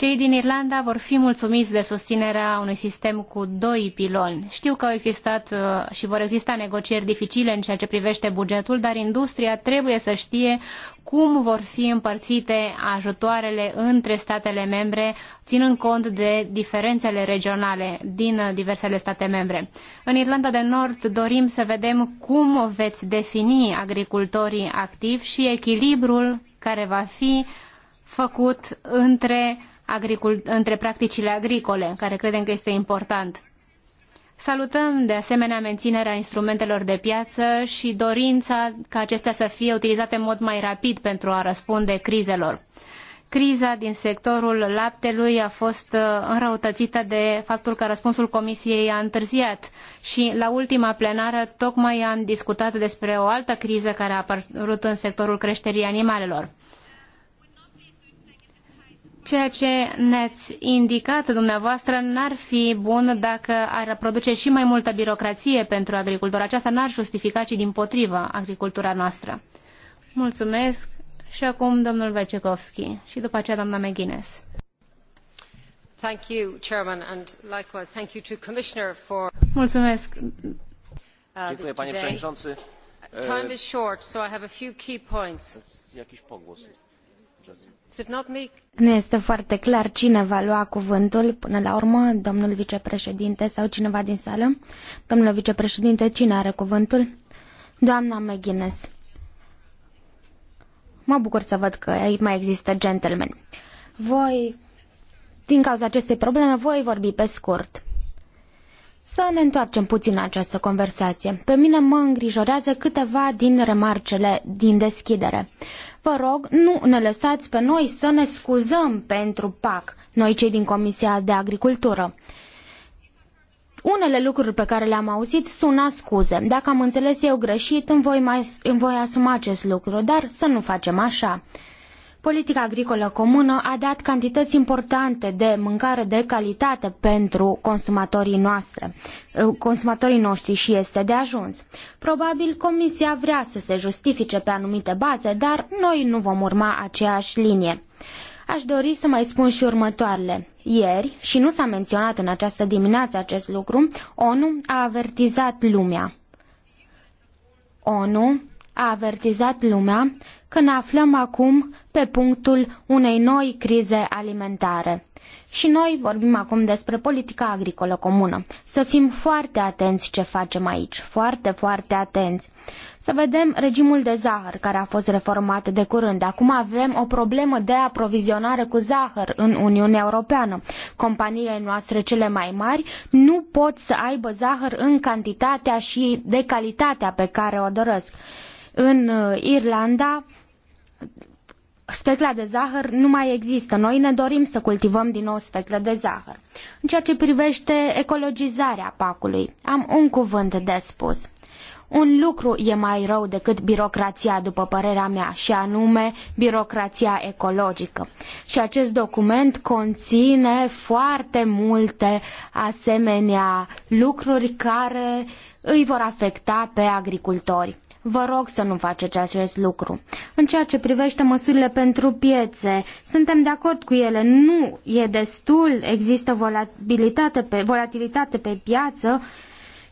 Speaker 1: Cei din Irlanda vor fi mulțumiți de susținerea unui sistem cu doi piloni. Știu că au existat uh, și vor exista negocieri dificile în ceea ce privește bugetul, dar industria trebuie să știe cum vor fi împărțite ajutoarele între statele membre, ținând cont de diferențele regionale din uh, diversele state membre. În Irlanda de Nord dorim să vedem cum veți defini agricultorii activi și echilibrul care va fi făcut între între practicile agricole, care credem că este important. Salutăm de asemenea menținerea instrumentelor de piață și dorința ca acestea să fie utilizate în mod mai rapid pentru a răspunde crizelor. Criza din sectorul laptelui a fost uh, înrăutățită de faptul că răspunsul Comisiei a întârziat și la ultima plenară tocmai am discutat despre o altă criză care a apărut în sectorul creșterii animalelor. Ceea ce ne-ați indicat dumneavoastră n-ar fi bun dacă ar produce și mai multă birocrație pentru agricultori. Aceasta n-ar justifica, ci din potrivă, agricultura noastră. Mulțumesc și acum domnul Vecekovski și după aceea doamna McGuinness. Thank you, Chairman, and likewise thank you to Commissioner for... Mulțumesc. Uh, Dziękuję, panie przewodniczący. Time is short, so I have a few key points. Jakiś pogłos jest.
Speaker 3: Nu este foarte clar cine va lua cuvântul până la urmă, domnul vicepreședinte sau cineva din sală. Domnule vicepreședinte, cine are cuvântul? Doamna McGuinness. Mă bucur să văd că aici mai există gentlemen. Voi, din cauza acestei probleme, voi vorbi pe scurt. Să ne întoarcem puțin la această conversație. Pe mine mă îngrijorează câteva din remarcele din deschidere. Vă rog, nu ne lăsați pe noi să ne scuzăm pentru PAC, noi cei din Comisia de Agricultură. Unele lucruri pe care le-am auzit sună scuze. Dacă am înțeles eu greșit, îmi voi, mai, îmi voi asuma acest lucru, dar să nu facem așa. Politica agricolă comună a dat cantități importante de mâncare de calitate pentru consumatorii, noastre, eh, consumatorii noștri și este de ajuns. Probabil Comisia vrea să se justifice pe anumite baze, dar noi nu vom urma aceeași linie. Aș dori să mai spun și următoarele. Ieri, și nu s-a menționat în această dimineață acest lucru, ONU a avertizat lumea. ONU a avertizat lumea că ne aflăm acum pe punctul unei noi crize alimentare. Și noi vorbim acum despre politica agricolă comună. Să fim foarte atenți ce facem aici, foarte, foarte atenți. Să vedem regimul de zahăr care a fost reformat de curând. Acum avem o problemă de aprovizionare cu zahăr în Uniunea Europeană. Companiile noastre cele mai mari nu pot să aibă zahăr în cantitatea și de calitatea pe care o doresc. În uh, Irlanda, Sfecla de zahăr nu mai există. Noi ne dorim să cultivăm din nou sfeclă de zahăr. În ceea ce privește ecologizarea pacului, am un cuvânt de spus. Un lucru e mai rău decât birocrația, după părerea mea, și anume birocrația ecologică. Și acest document conține foarte multe asemenea lucruri care uh, îi vor afecta pe agricultori. Vă rog să nu faceți acest lucru. În ceea ce privește măsurile pentru piețe, suntem de acord cu ele. Nu e destul, există volatilitate pe, volatilitate pe piață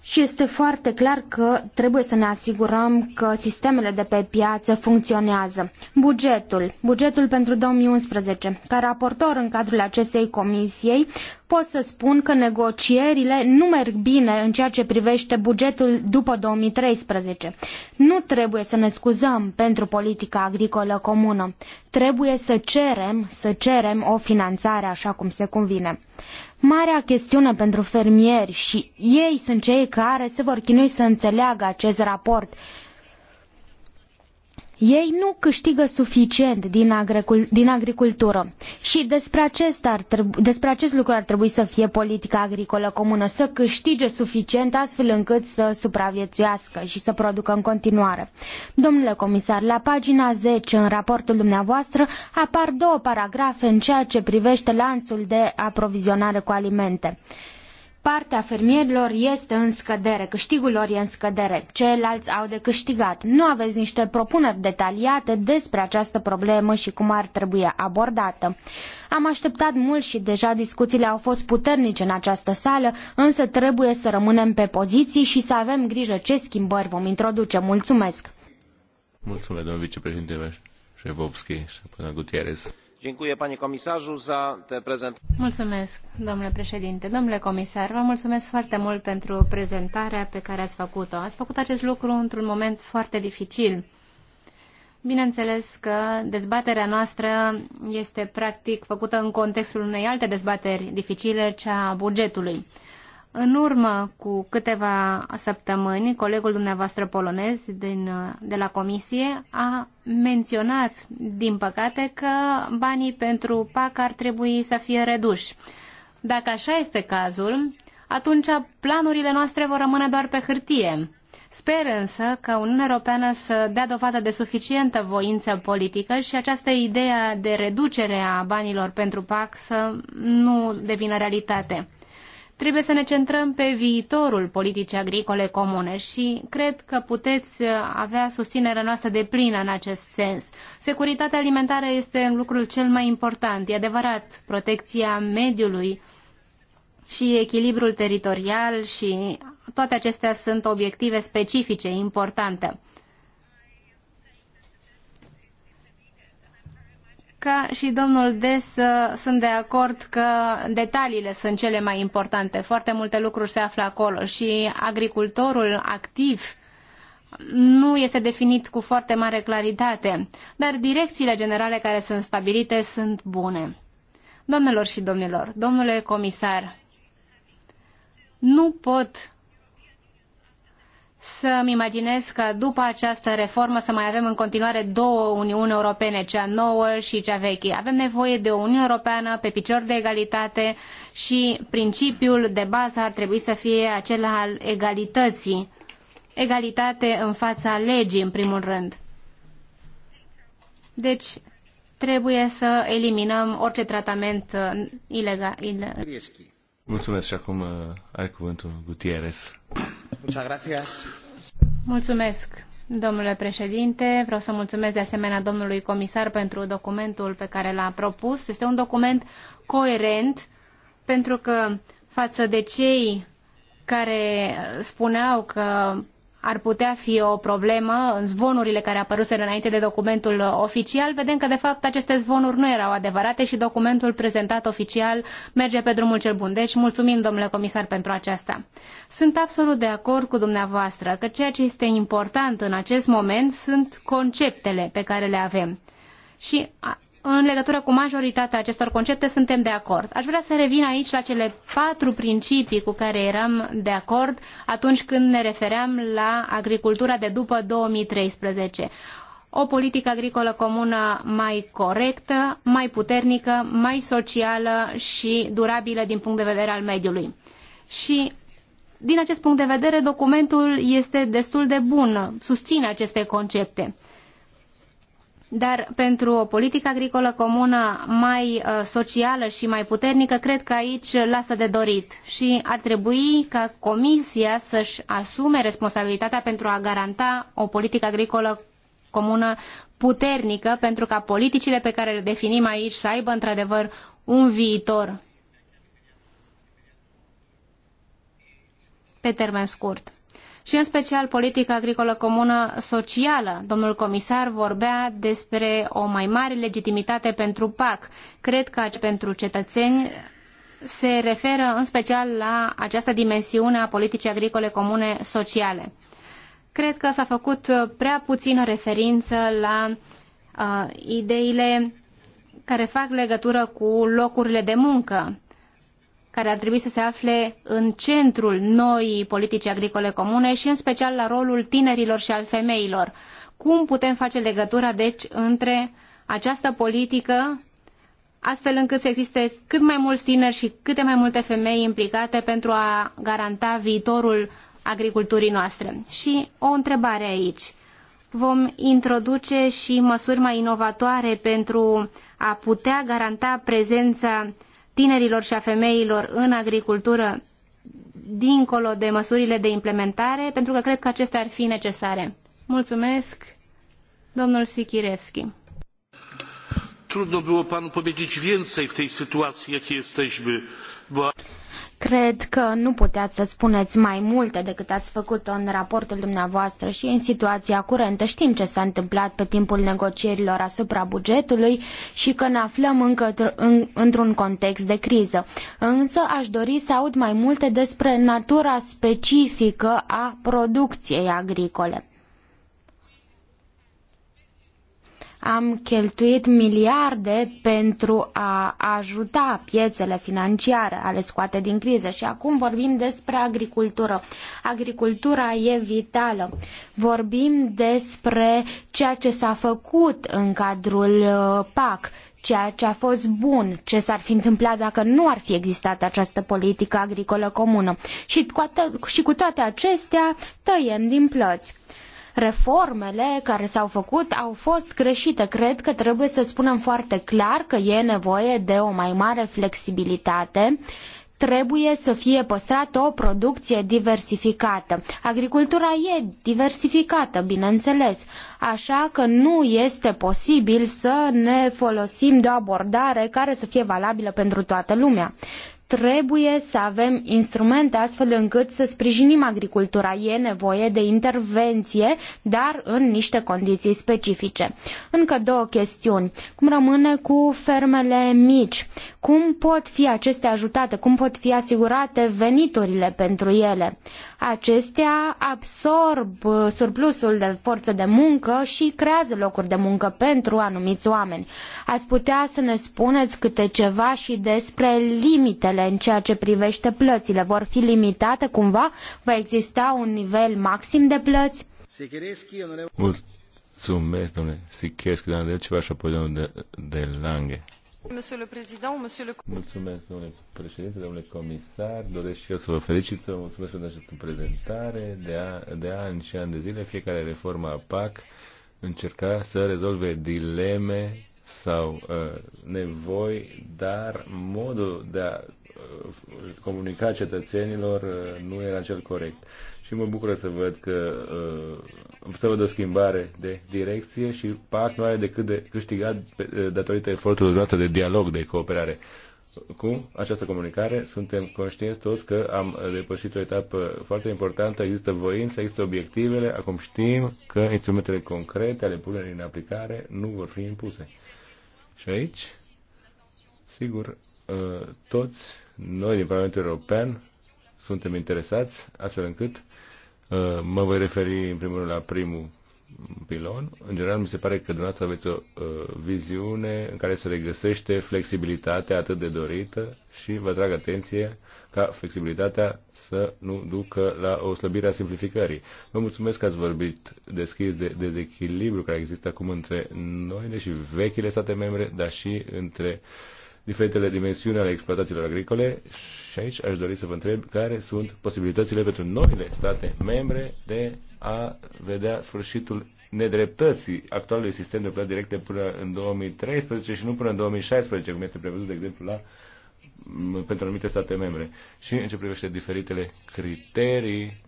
Speaker 3: și este foarte clar că trebuie să ne asigurăm că sistemele de pe piață funcționează. Bugetul, bugetul pentru 2011, ca raportor în cadrul acestei comisiei, pot să spun că negocierile nu merg bine în ceea ce privește bugetul după 2013. Nu trebuie să ne scuzăm pentru politica agricolă comună. Trebuie să cerem, să cerem o finanțare așa cum se convine. Marea chestiune pentru fermieri și ei sunt cei care se vor chinui să înțeleagă acest raport ei nu câștigă suficient din, agricul, din agricultură și despre acest, ar despre acest lucru ar trebui să fie politica agricolă comună, să câștige suficient astfel încât să supraviețuiască și să producă în continuare. Domnule comisar, la pagina 10 în raportul dumneavoastră apar două paragrafe în ceea ce privește lanțul de aprovizionare cu alimente. Partea fermierilor este în scădere, câștigul lor e în scădere, ceilalți au de câștigat. Nu aveți niște propuneri detaliate despre această problemă și cum ar trebui abordată. Am așteptat mult și deja discuțiile au fost puternice în această sală, însă trebuie să rămânem pe poziții și să avem grijă ce schimbări vom introduce. Mulțumesc!
Speaker 2: Mulțumesc, domnul vicepreședinte Șevovski și până Gutierrez.
Speaker 1: Mulțumesc, domnule președinte. Domnule comisar, vă mulțumesc foarte mult pentru prezentarea pe care ați făcut-o. Ați făcut acest lucru într-un moment foarte dificil. Bineînțeles că dezbaterea noastră este practic făcută în contextul unei alte dezbateri dificile, cea a bugetului. În urmă cu câteva săptămâni, colegul dumneavoastră polonez din, de la comisie a menționat, din păcate, că banii pentru PAC ar trebui să fie reduși. Dacă așa este cazul, atunci planurile noastre vor rămâne doar pe hârtie. Sper însă că Uniunea Europeană să dea dovadă de suficientă voință politică și această idee de reducere a banilor pentru PAC să nu devină realitate. Trebuie să ne centrăm pe viitorul politicii agricole comune și cred că puteți avea susținerea noastră de plină în acest sens. Securitatea alimentară este lucrul cel mai important. E adevărat, protecția mediului și echilibrul teritorial și toate acestea sunt obiective specifice, importante. ca și domnul Des sunt de acord că detaliile sunt cele mai importante. Foarte multe lucruri se află acolo și agricultorul activ nu este definit cu foarte mare claritate, dar direcțiile generale care sunt stabilite sunt bune. Doamnelor și domnilor, domnule comisar, nu pot să-mi imaginez că după această reformă să mai avem în continuare două Uniuni Europene, cea nouă și cea veche. Avem nevoie de o Uniune Europeană pe picior de egalitate și principiul de bază ar trebui să fie acela al egalității. Egalitate în fața legii, în primul rând. Deci, trebuie să eliminăm orice tratament uh, ilegal.
Speaker 2: Mulțumesc și acum uh, are cuvântul Gutierrez
Speaker 1: domnule președinte. Vreau să mulumesc de asemenea domnului comisar pentru documentul pe care l-a propus. Este un document coerent pentru că față de cei care spuneau că ar putea fi o problemă în zvonurile care apăruseră înainte de documentul oficial, vedem că de fapt aceste zvonuri nu erau adevărate și documentul prezentat oficial merge pe drumul cel bun. Deci mulțumim, domnule comisar, pentru aceasta. Sunt absolut de acord cu dumneavoastră că ceea ce este important în acest moment sunt conceptele pe care le avem. Și în legătură cu majoritatea acestor concepte suntem de acord. Aș vrea să revin aici la cele patru principii cu care eram de acord atunci când ne refeream la agricultura de după 2013. O politică agricolă comună mai corectă, mai puternică, mai socială și durabilă din punct de vedere al mediului. Și din acest punct de vedere, documentul este destul de bun, susține aceste concepte. Dar pentru o politică agricolă comună mai uh, socială și mai puternică, cred că aici lasă de dorit și ar trebui ca Comisia să-și asume responsabilitatea pentru a garanta o politică agricolă comună puternică, pentru ca politicile pe care le definim aici să aibă într-adevăr un viitor pe termen scurt și în special politica agricolă comună socială. Domnul comisar vorbea despre o mai mare legitimitate pentru PAC. Cred că pentru cetățeni se referă în special la această dimensiune a politicii agricole comune sociale. Cred că s-a făcut prea puțină referință la uh, ideile care fac legătură cu locurile de muncă care ar trebui să se afle în centrul noii politici agricole comune și în special la rolul tinerilor și al femeilor. Cum putem face legătura, deci, între această politică astfel încât să existe cât mai mulți tineri și câte mai multe femei implicate pentru a garanta viitorul agriculturii noastre. Și o întrebare aici. Vom introduce și măsuri mai inovatoare pentru a putea garanta prezența tinerilor și a femeilor în agricultură dincolo de măsurile de implementare, pentru că cred că acestea ar fi necesare. Mulțumesc, domnul Sikirevski.
Speaker 2: Trudno było panu powiedzieć więcej w tej sytuacji, jakiej jesteśmy. Bo...
Speaker 3: Cred că nu puteți să spuneți mai multe decât ați făcut-o în raportul dumneavoastră și în situația curentă. Știm ce s-a întâmplat pe timpul negocierilor asupra bugetului și că ne aflăm încă într-un context de criză. Însă aș dori să aud mai multe despre natura specifică a producției agricole. am cheltuit miliarde pentru a ajuta piețele financiare ale scoate din criză și acum vorbim despre agricultură. Agricultura e vitală. Vorbim despre ceea ce s-a făcut în cadrul uh, PAC, ceea ce a fost bun, ce s-ar fi întâmplat dacă nu ar fi existat această politică agricolă comună. Și cu, și cu toate acestea tăiem din plăți reformele care s-au făcut au fost greșite. Cred că trebuie să spunem foarte clar că e nevoie de o mai mare flexibilitate trebuie să fie păstrată o producție diversificată. Agricultura e diversificată, bineînțeles, așa că nu este posibil să ne folosim de o abordare care să fie valabilă pentru toată lumea trebuie să avem instrumente astfel încât să sprijinim agricultura. E nevoie de intervenție, dar în niște condiții specifice. Încă două chestiuni. Cum rămâne cu fermele mici? Cum pot fi acestea ajutate? Cum pot fi asigurate veniturile pentru ele? Acestea absorb uh, surplusul de forță de muncă și creează locuri de muncă pentru anumiți oameni. Ați putea să ne spuneți câte ceva și despre limitele în ceea ce privește plățile. Vor fi limitate cumva? Va exista un nivel maxim de plăți?
Speaker 2: Mulțumesc, domnule Sicherescu, doamne Delceva și apoi domnul de, de Lange. Mulțumesc, domnule președinte, domnule comisar. Doresc și eu să vă felicit, să vă mulțumesc pentru această prezentare. De, a, de ani și ani de zile, fiecare reformă a PAC încerca să rezolve dileme sau uh, nevoi, dar modul de a uh, comunica cetățenilor uh, nu era cel corect și mă bucură să văd că uh, să văd o schimbare de direcție și PAC nu are decât de câștigat uh, datorită efortului noastre de dialog, de cooperare. Cu această comunicare suntem conștienți toți că am depășit o etapă foarte importantă, există voință, există obiectivele, acum știm că instrumentele concrete ale punerii în aplicare nu vor fi impuse. Și aici, sigur, uh, toți noi din Parlamentul European suntem interesați astfel încât Uh, mă voi referi în primul rând la primul pilon. În general, mi se pare că dumneavoastră aveți o uh, viziune în care se regăsește flexibilitatea atât de dorită și vă trag atenție ca flexibilitatea să nu ducă la o slăbire a simplificării. Vă mulțumesc că ați vorbit deschis de dezechilibru care există acum între noile și vechile state membre, dar și între diferitele dimensiuni ale exploatațiilor agricole și aici aș dori să vă întreb care sunt posibilitățile pentru noile state membre de a vedea sfârșitul nedreptății actualului sistem de plăți directe până în 2013 și nu până în 2016, cum este prevăzut, de exemplu, la pentru anumite state membre. Și în ce privește diferitele criterii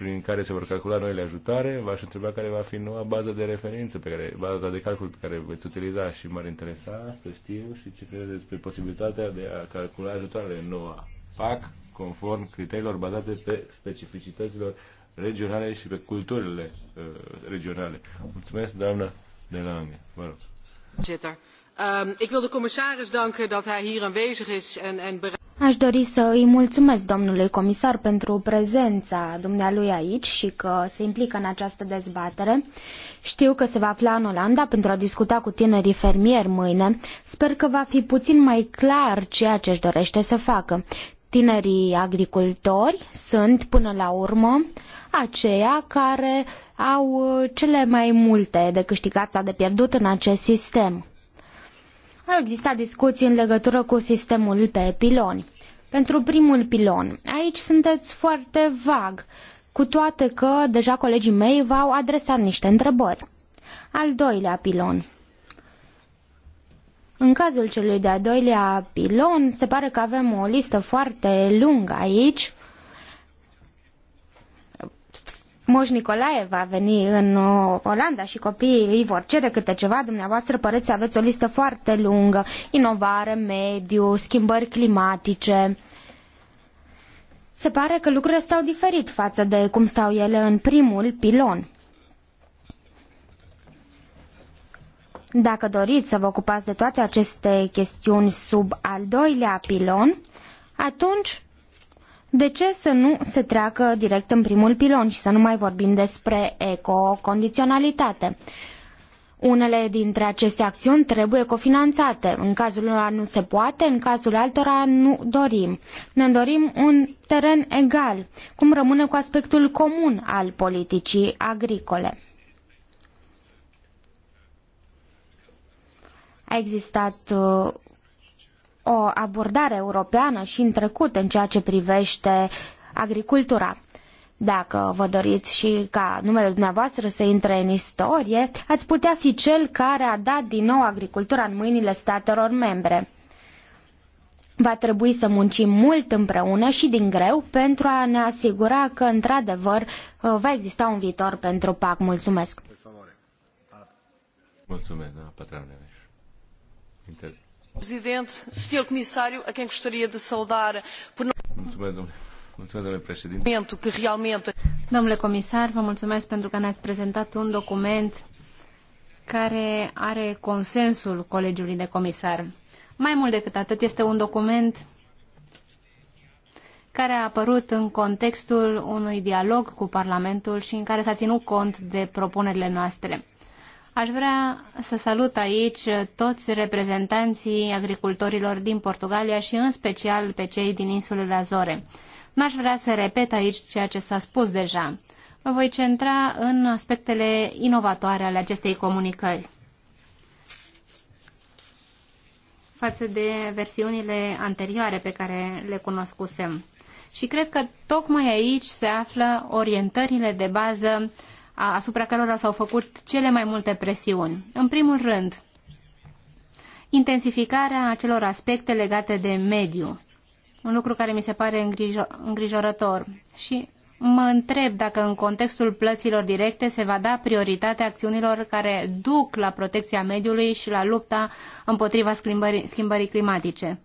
Speaker 2: prin care se vor calcula noile ajutare, v-aș întreba care va fi noua bază de referință, pe care, baza de calcul pe care veți utiliza și m-ar interesa să știu și ce credeți despre posibilitatea de a calcula ajutoarele în noua PAC conform criteriilor bazate pe specificităților regionale și pe culturile uh, regionale. Mulțumesc, doamna de Lange. Vă rog.
Speaker 3: um, ik wil de commissaris danken dat hij hier aanwezig is en, en bereid Aș dori să îi mulțumesc domnului comisar pentru prezența dumnealui aici și că se implică în această dezbatere. Știu că se va afla în Olanda pentru a discuta cu tinerii fermieri mâine. Sper că va fi puțin mai clar ceea ce își dorește să facă. Tinerii agricultori sunt, până la urmă, aceia care au cele mai multe de câștigat sau de pierdut în acest sistem. Au existat discuții în legătură cu sistemul pe piloni. Pentru primul pilon, aici sunteți foarte vag, cu toate că deja colegii mei v-au adresat niște întrebări. Al doilea pilon. În cazul celui de-al doilea pilon, se pare că avem o listă foarte lungă aici Moș Nicolae va veni în uh, Olanda și copiii îi vor cere câte ceva. Dumneavoastră păreți să aveți o listă foarte lungă. Inovare, mediu, schimbări climatice. Se pare că lucrurile stau diferit față de cum stau ele în primul pilon. Dacă doriți să vă ocupați de toate aceste chestiuni sub al doilea pilon, atunci de ce să nu se treacă direct în primul pilon și să nu mai vorbim despre ecocondiționalitate? Unele dintre aceste acțiuni trebuie cofinanțate. În cazul unora nu se poate, în cazul altora nu dorim. Ne dorim un teren egal, cum rămâne cu aspectul comun al politicii agricole. A existat uh, o abordare europeană și în trecut în ceea ce privește agricultura. Dacă vă doriți și ca numele dumneavoastră să intre în istorie, ați putea fi cel care a dat din nou agricultura în mâinile statelor membre. Va trebui să muncim mult împreună și din greu pentru a ne asigura că, într-adevăr, va exista un viitor pentru PAC. Mulțumesc!
Speaker 2: Mulțumesc, doamna a quem gostaria de saudar por... domnule.
Speaker 1: președinte. Domnule comisar, vă mulțumesc pentru că ne-ați prezentat un document care are consensul Colegiului de Comisar. Mai mult decât atât, este un document care a apărut în contextul unui dialog cu Parlamentul și în care s-a ținut cont de propunerile noastre. Aș vrea să salut aici toți reprezentanții agricultorilor din Portugalia și în special pe cei din insulele Azore. N-aș vrea să repet aici ceea ce s-a spus deja. Mă voi centra în aspectele inovatoare ale acestei comunicări. față de versiunile anterioare pe care le cunoscusem. Și cred că tocmai aici se află orientările de bază uh, asupra cărora s-au făcut cele mai multe presiuni. În primul rând, intensificarea acelor aspecte legate de mediu, un lucru care mi se pare îngrijo îngrijorător și mă întreb dacă în contextul plăților directe se va da prioritate acțiunilor care duc la protecția mediului și la lupta împotriva schimbării, schimbării climatice.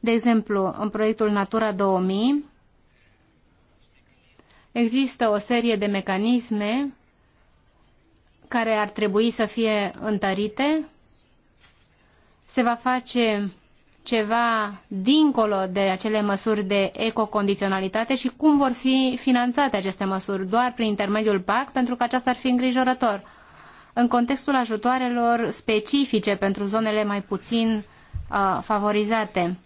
Speaker 1: De exemplu, în proiectul Natura 2000, Există o serie de mecanisme care ar trebui să fie întărite. Se va face ceva dincolo de acele măsuri de ecocondiționalitate și cum vor fi finanțate aceste măsuri, doar prin intermediul PAC, pentru că aceasta ar fi îngrijorător. În contextul ajutoarelor specifice pentru zonele mai puțin uh, favorizate.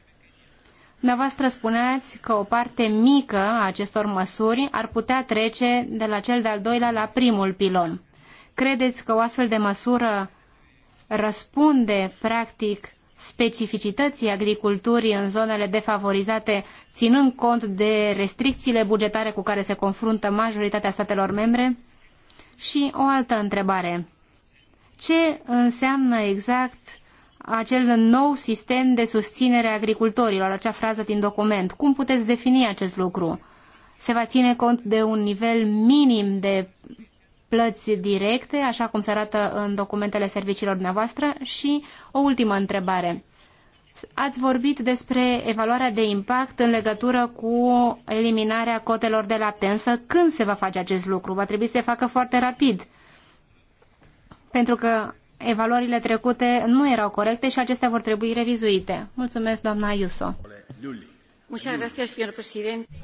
Speaker 1: Dumneavoastră spuneați că o parte mică a acestor măsuri ar putea trece de la cel de-al doilea la primul pilon. Credeți că o astfel de măsură răspunde, practic, specificității agriculturii în zonele defavorizate, ținând cont de restricțiile bugetare cu care se confruntă majoritatea statelor membre? Și o altă întrebare. Ce înseamnă exact acel nou sistem de susținere a agricultorilor, acea frază din document. Cum puteți defini acest lucru? Se va ține cont de un nivel minim de plăți directe, așa cum se arată în documentele serviciilor dumneavoastră? Și o ultimă întrebare. Ați vorbit despre evaluarea de impact în legătură cu eliminarea cotelor de lapte, însă când se va face acest lucru? Va trebui să se facă foarte rapid. Pentru că evaluările trecute nu erau corecte și acestea vor trebui revizuite. Mulțumesc, doamna Ayuso.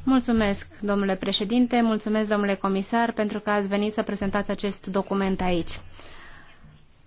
Speaker 1: Mulțumesc, domnule președinte, mulțumesc, domnule comisar, pentru că ați venit să prezentați acest document aici.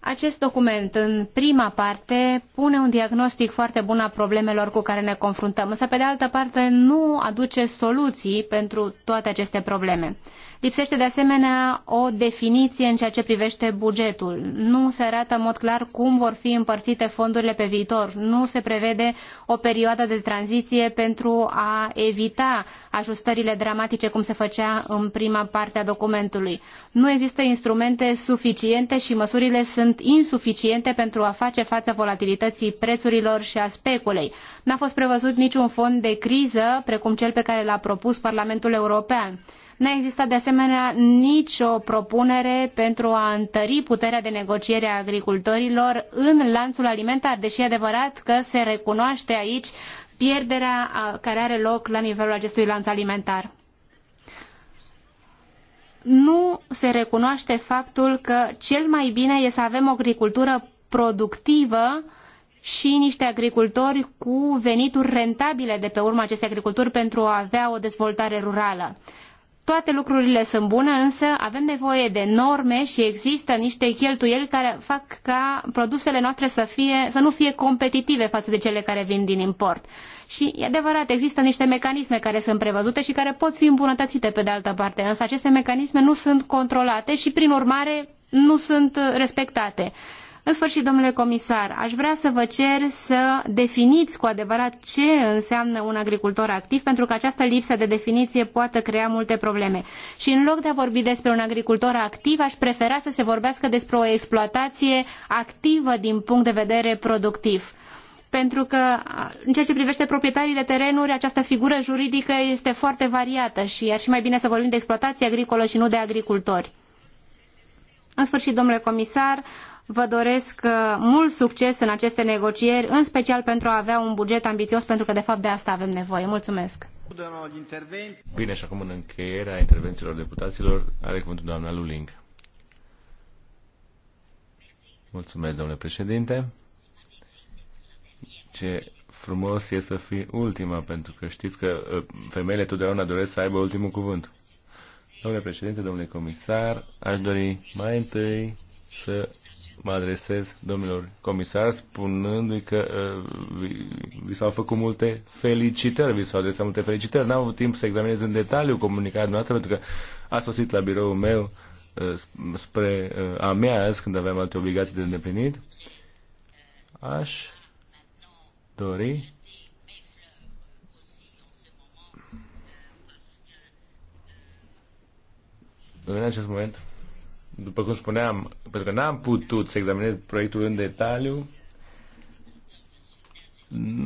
Speaker 1: Acest document, în prima parte, pune un diagnostic foarte bun a problemelor cu care ne confruntăm, însă, pe de altă parte, nu aduce soluții pentru toate aceste probleme. Lipsește de asemenea o definiție în ceea ce privește bugetul. Nu se arată în mod clar cum vor fi împărțite fondurile pe viitor. Nu se prevede o perioadă de tranziție pentru a evita ajustările dramatice cum se făcea în prima parte a documentului. Nu există instrumente suficiente și măsurile sunt insuficiente pentru a face față volatilității prețurilor și a speculei. N-a fost prevăzut niciun fond de criză precum cel pe care l-a propus Parlamentul European. N-a existat de asemenea nicio propunere pentru a întări puterea de negociere a agricultorilor în lanțul alimentar, deși e adevărat că se recunoaște aici pierderea care are loc la nivelul acestui lanț alimentar nu se recunoaște faptul că cel mai bine este să avem o agricultură productivă și niște agricultori cu venituri rentabile de pe urma acestei agriculturi pentru a avea o dezvoltare rurală. Toate lucrurile sunt bune, însă avem nevoie de norme și există niște cheltuieli care fac ca produsele noastre să, fie, să nu fie competitive față de cele care vin din import. Și e adevărat, există niște mecanisme care sunt prevăzute și care pot fi îmbunătățite pe de altă parte, însă aceste mecanisme nu sunt controlate și prin urmare nu sunt respectate. În sfârșit, domnule comisar, aș vrea să vă cer să definiți cu adevărat ce înseamnă un agricultor activ, pentru că această lipsă de definiție poate crea multe probleme. Și în loc de a vorbi despre un agricultor activ, aș prefera să se vorbească despre o exploatație activă din punct de vedere productiv pentru că în ceea ce privește proprietarii de terenuri, această figură juridică este foarte variată și ar fi mai bine să vorbim de exploatație agricolă și nu de agricultori. În sfârșit, domnule comisar, Vă doresc uh, mult succes în aceste negocieri, în special pentru a avea un buget ambițios, pentru că de fapt de asta avem nevoie. Mulțumesc!
Speaker 2: Bine, și acum în încheierea intervențiilor deputaților are cuvântul doamna Luling. Mulțumesc, domnule președinte. Ce frumos e să fii ultima, pentru că știți că uh, femeile totdeauna doresc să aibă ultimul cuvânt. Domnule președinte, domnule comisar, aș dori mai întâi să mă adresez domnilor comisari, spunându-i că uh, vi s-au făcut multe felicitări, vi s-au adresat multe felicitări. N-am avut timp să examinez în detaliu comunicarea noastră pentru că a sosit la biroul meu uh, spre uh, amiaz când aveam alte obligații de îndeplinit. Aș dori în acest moment după cum spuneam, pentru că n-am putut să examinez proiectul în detaliu,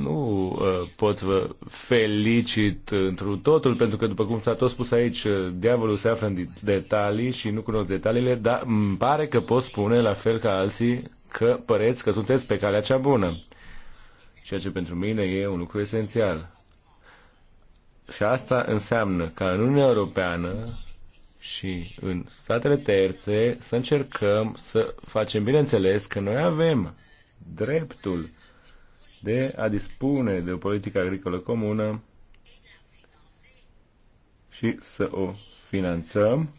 Speaker 2: nu uh, pot să vă felicit întru totul, pentru că, după cum s-a tot spus aici, ă, diavolul se află în detalii și nu cunosc detaliile, dar îmi pare că pot spune, la fel ca alții, că păreți că sunteți pe calea cea bună. Ceea ce pentru mine e un lucru esențial. Și asta înseamnă că în Uniunea Europeană și în statele terțe să încercăm să facem bineînțeles că noi avem dreptul de a dispune de o politică agricolă comună și să o finanțăm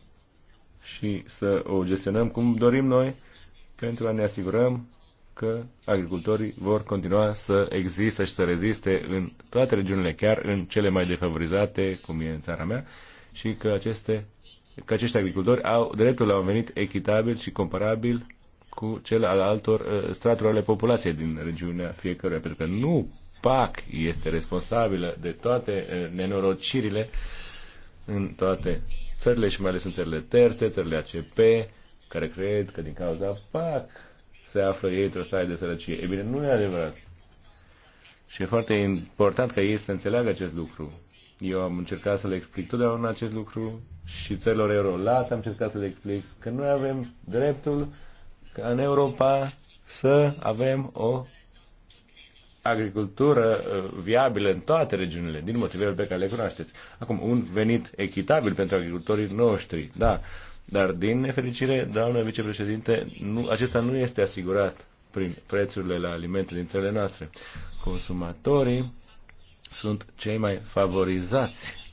Speaker 2: și să o gestionăm cum dorim noi pentru a ne asigurăm că agricultorii vor continua să existe și să reziste în toate regiunile, chiar în cele mai defavorizate, cum e în țara mea, și că aceste că acești agricultori au dreptul la un venit echitabil și comparabil cu cel al altor uh, straturi ale populației din regiunea fiecăruia, pentru că nu PAC este responsabilă de toate uh, nenorocirile în toate țările și mai ales în țările terțe, țările ACP, care cred că din cauza PAC se află ei într-o stare de sărăcie. E bine, nu e adevărat. Și e foarte important ca ei să înțeleagă acest lucru. Eu am încercat să le explic totdeauna acest lucru și țărilor eurolate, am încercat să le explic că noi avem dreptul ca în Europa să avem o agricultură uh, viabilă în toate regiunile, din motivele pe care le cunoașteți. Acum, un venit echitabil pentru agricultorii noștri, da, dar din nefericire, doamnă vicepreședinte, nu, acesta nu este asigurat prin prețurile la alimente din țările noastre. Consumatorii sunt cei mai favorizați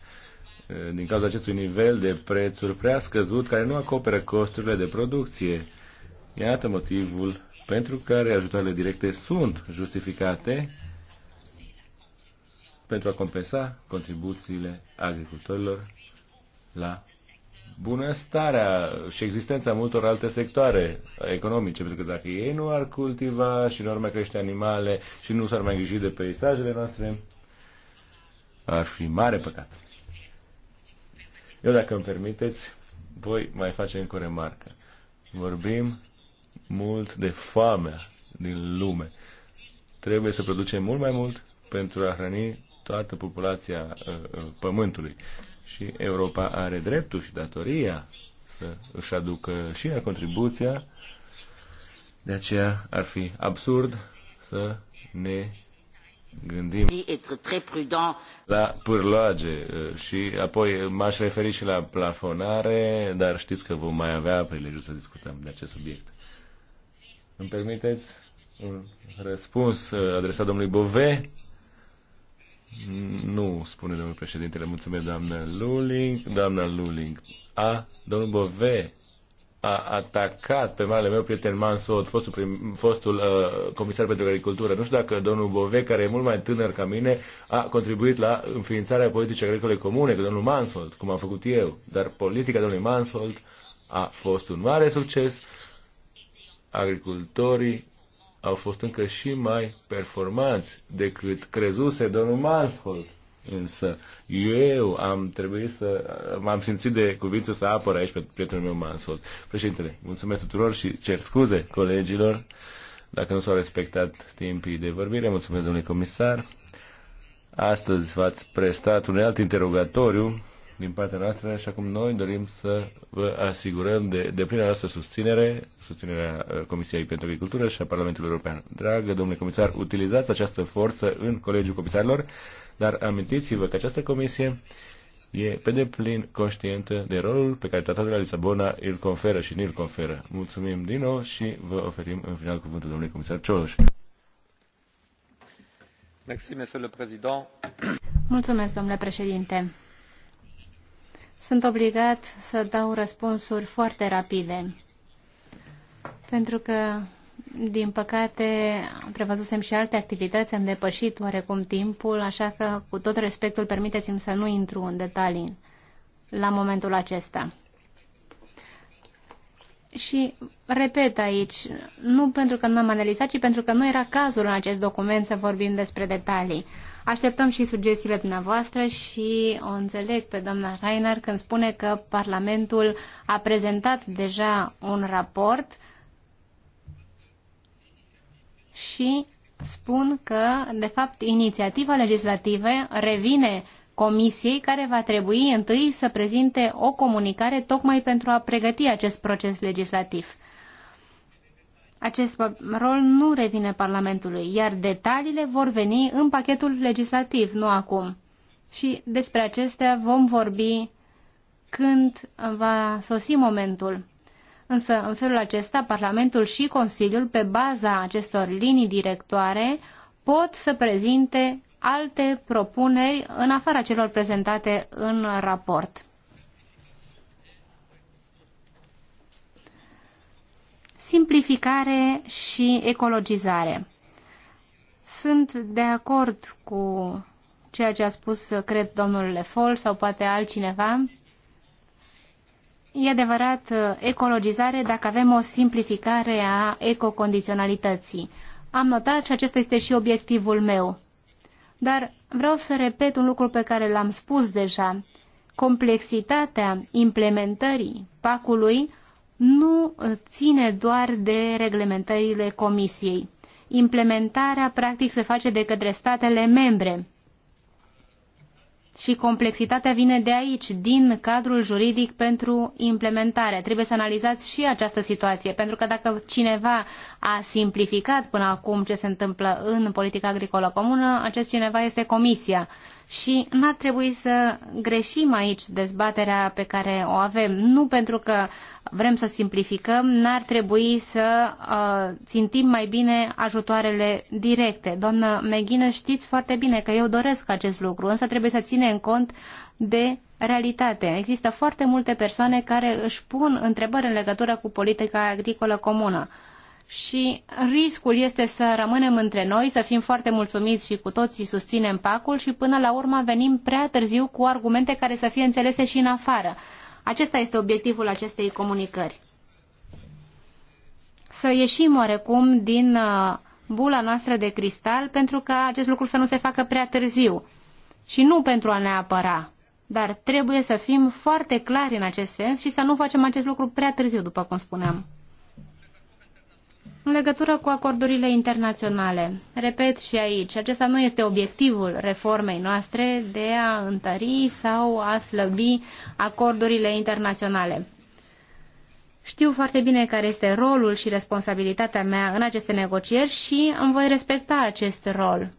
Speaker 2: din cauza acestui nivel de prețuri prea scăzut care nu acoperă costurile de producție. Iată motivul pentru care ajutoarele directe sunt justificate pentru a compensa contribuțiile agricultorilor la bunăstarea și existența multor alte sectoare economice, pentru că dacă ei nu ar cultiva și nu ar mai crește animale și nu s-ar mai îngriji de peisajele noastre, ar fi mare păcat. Eu, dacă îmi permiteți, voi mai face încă o remarcă. Vorbim mult de foamea din lume. Trebuie să producem mult mai mult pentru a hrăni toată populația uh, uh, Pământului. Și Europa are dreptul și datoria să își aducă și ea contribuția. De aceea ar fi absurd să ne gândim la pârloage uh, și apoi m-aș referi și la plafonare, dar știți că vom mai avea prilejul să discutăm de acest subiect. Îmi permiteți un răspuns uh, adresat domnului Bove? Nu, spune domnul președintele. Mulțumesc, doamna Luling. Doamna Luling. A, domnul Bove a atacat pe marele meu prieten Mansot, fostul, prim, fostul uh, comisar pentru agricultură. Nu știu dacă domnul Bove, care e mult mai tânăr ca mine, a contribuit la înființarea politicii agricole comune cu domnul Mansfield, cum am făcut eu. Dar politica domnului Mansfield a fost un mare succes. Agricultorii au fost încă și mai performanți decât crezuse domnul Mansfield. Însă eu am trebuit să, m-am simțit de cuvință să apăr aici pe prietenul meu Mansol. Președintele, mulțumesc tuturor și cer scuze colegilor dacă nu s-au respectat timpii de vorbire. Mulțumesc, domnule comisar. Astăzi v-ați prestat un alt interogatoriu din partea noastră și acum noi dorim să vă asigurăm de, de plină noastră susținere, susținerea uh, Comisiei pentru Agricultură și a Parlamentului European. Dragă domnule comisar, utilizați această forță în Colegiul Comisarilor dar amintiți-vă că această comisie e pe deplin conștientă de rolul pe care tratatul de la Lisabona îl conferă și ne-l conferă. Mulțumim din nou și vă oferim în final cuvântul domnului comisar Cioloș.
Speaker 1: Mulțumesc, domnule președinte. Sunt obligat să dau răspunsuri foarte rapide, pentru că din păcate, prevăzusem și alte activități, am depășit oarecum timpul, așa că, cu tot respectul, permiteți-mi să nu intru în detalii la momentul acesta. Și repet aici, nu pentru că nu am analizat, ci pentru că nu era cazul în acest document să vorbim despre detalii. Așteptăm și sugestiile dumneavoastră și o înțeleg pe doamna Rainer când spune că Parlamentul a prezentat deja un raport uh, și spun că, de fapt, inițiativa legislativă revine Comisiei care va trebui întâi să prezinte o comunicare tocmai pentru a pregăti acest proces legislativ. Acest rol nu revine Parlamentului, iar detaliile vor veni în pachetul legislativ, nu acum. Și despre acestea vom vorbi când va sosi momentul. Însă, în felul acesta, Parlamentul și Consiliul, pe baza acestor linii directoare, pot să prezinte alte propuneri în afara celor prezentate în raport. Simplificare și ecologizare. Sunt de acord cu ceea ce a spus, cred, domnul Lefol sau poate altcineva, E adevărat uh, ecologizare dacă avem o simplificare a ecocondiționalității. Am notat și acesta este și obiectivul meu. Dar vreau să repet un lucru pe care l-am spus deja. Complexitatea implementării pacului nu uh, ține doar de reglementările Comisiei. Implementarea practic se face de către statele membre. Și complexitatea vine de aici, din cadrul juridic pentru implementare. Trebuie să analizați și această situație, pentru că dacă cineva a simplificat până acum ce se întâmplă în politica agricolă comună, acest cineva este Comisia și n-ar trebui să greșim aici dezbaterea pe care o avem. Nu pentru că vrem să simplificăm, n-ar trebui să uh, țintim mai bine ajutoarele directe. Doamnă Meghină, știți foarte bine că eu doresc acest lucru, însă trebuie să ținem cont de realitate. Există foarte multe persoane care își pun întrebări în legătură cu politica agricolă comună și riscul este să rămânem între noi, să fim foarte mulțumiți și cu toții susținem pacul și până la urmă venim prea târziu cu argumente care să fie înțelese și în afară. Acesta este obiectivul acestei comunicări. Să ieșim oarecum din uh, bula noastră de cristal pentru ca acest lucru să nu se facă prea târziu și nu pentru a ne apăra, dar trebuie să fim foarte clari în acest sens și să nu facem acest lucru prea târziu, după cum spuneam. În legătură cu acordurile internaționale, repet și aici, acesta nu este obiectivul reformei noastre de a întări sau a slăbi acordurile internaționale. Știu foarte bine care este rolul și responsabilitatea mea în aceste negocieri și îmi voi respecta acest rol.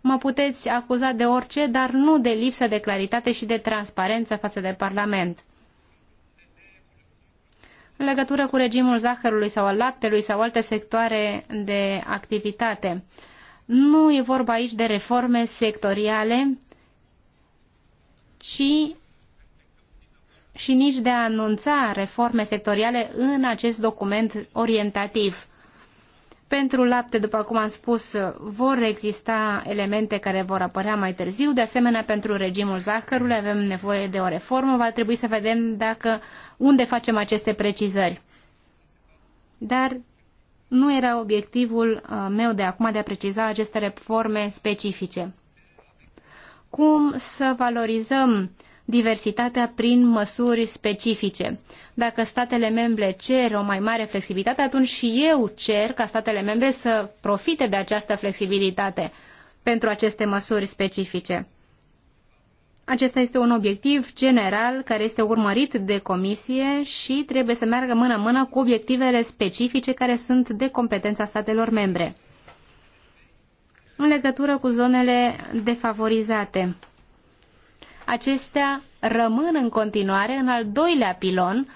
Speaker 1: Mă puteți acuza de orice, dar nu de lipsă de claritate și de transparență față de Parlament în legătură cu regimul zahărului sau al laptelui sau alte sectoare de activitate. Nu e vorba aici de reforme sectoriale, ci și nici de a anunța reforme sectoriale în acest document orientativ. Pentru lapte, după cum am spus, vor exista elemente care vor apărea mai târziu. De asemenea, pentru regimul zahărului avem nevoie de o reformă. Va trebui să vedem dacă unde facem aceste precizări. Dar nu era obiectivul uh, meu de acum de a preciza aceste reforme specifice. Cum să valorizăm diversitatea prin măsuri specifice? Dacă statele membre cer o mai mare flexibilitate, atunci și eu cer ca statele membre să profite de această flexibilitate pentru aceste măsuri specifice. Acesta este un obiectiv general care este urmărit de comisie și trebuie să meargă mână-mână cu obiectivele specifice care sunt de competența statelor membre. În legătură cu zonele defavorizate, acestea rămân în continuare în al doilea pilon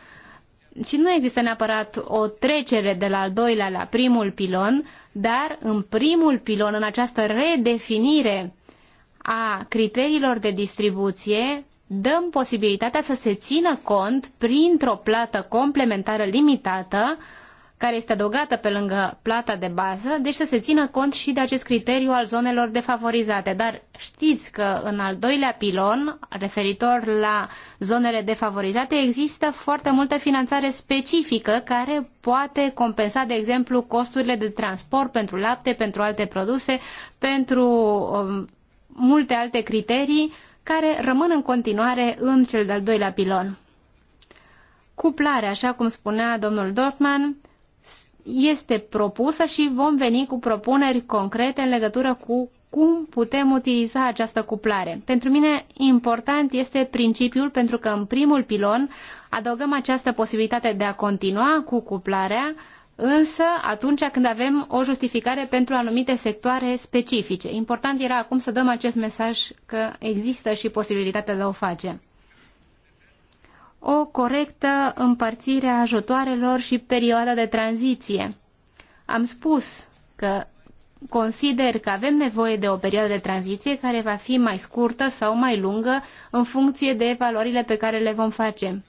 Speaker 1: și nu există neapărat o trecere de la al doilea la primul pilon, dar în primul pilon, în această redefinire a criteriilor de distribuție dăm posibilitatea să se țină cont printr-o plată complementară limitată care este adăugată pe lângă plata de bază, deci să se țină cont și de acest criteriu al zonelor defavorizate. Dar știți că în al doilea pilon, referitor la zonele defavorizate, există foarte multă finanțare specifică care poate compensa, de exemplu, costurile de transport pentru lapte, pentru alte produse, pentru um, multe alte criterii care rămân în continuare în cel de-al doilea pilon. Cuplarea, așa cum spunea domnul Dortman, este propusă și vom veni cu propuneri concrete în legătură cu cum putem utiliza această cuplare. Pentru mine important este principiul pentru că în primul pilon adăugăm această posibilitate de a continua cu cuplarea însă atunci când avem o justificare pentru anumite sectoare specifice. Important era acum să dăm acest mesaj că există și posibilitatea de a o face. O corectă împărțire a ajutoarelor și perioada de tranziție. Am spus că consider că avem nevoie de o perioadă de tranziție care va fi mai scurtă sau mai lungă în funcție de valorile pe care le vom face.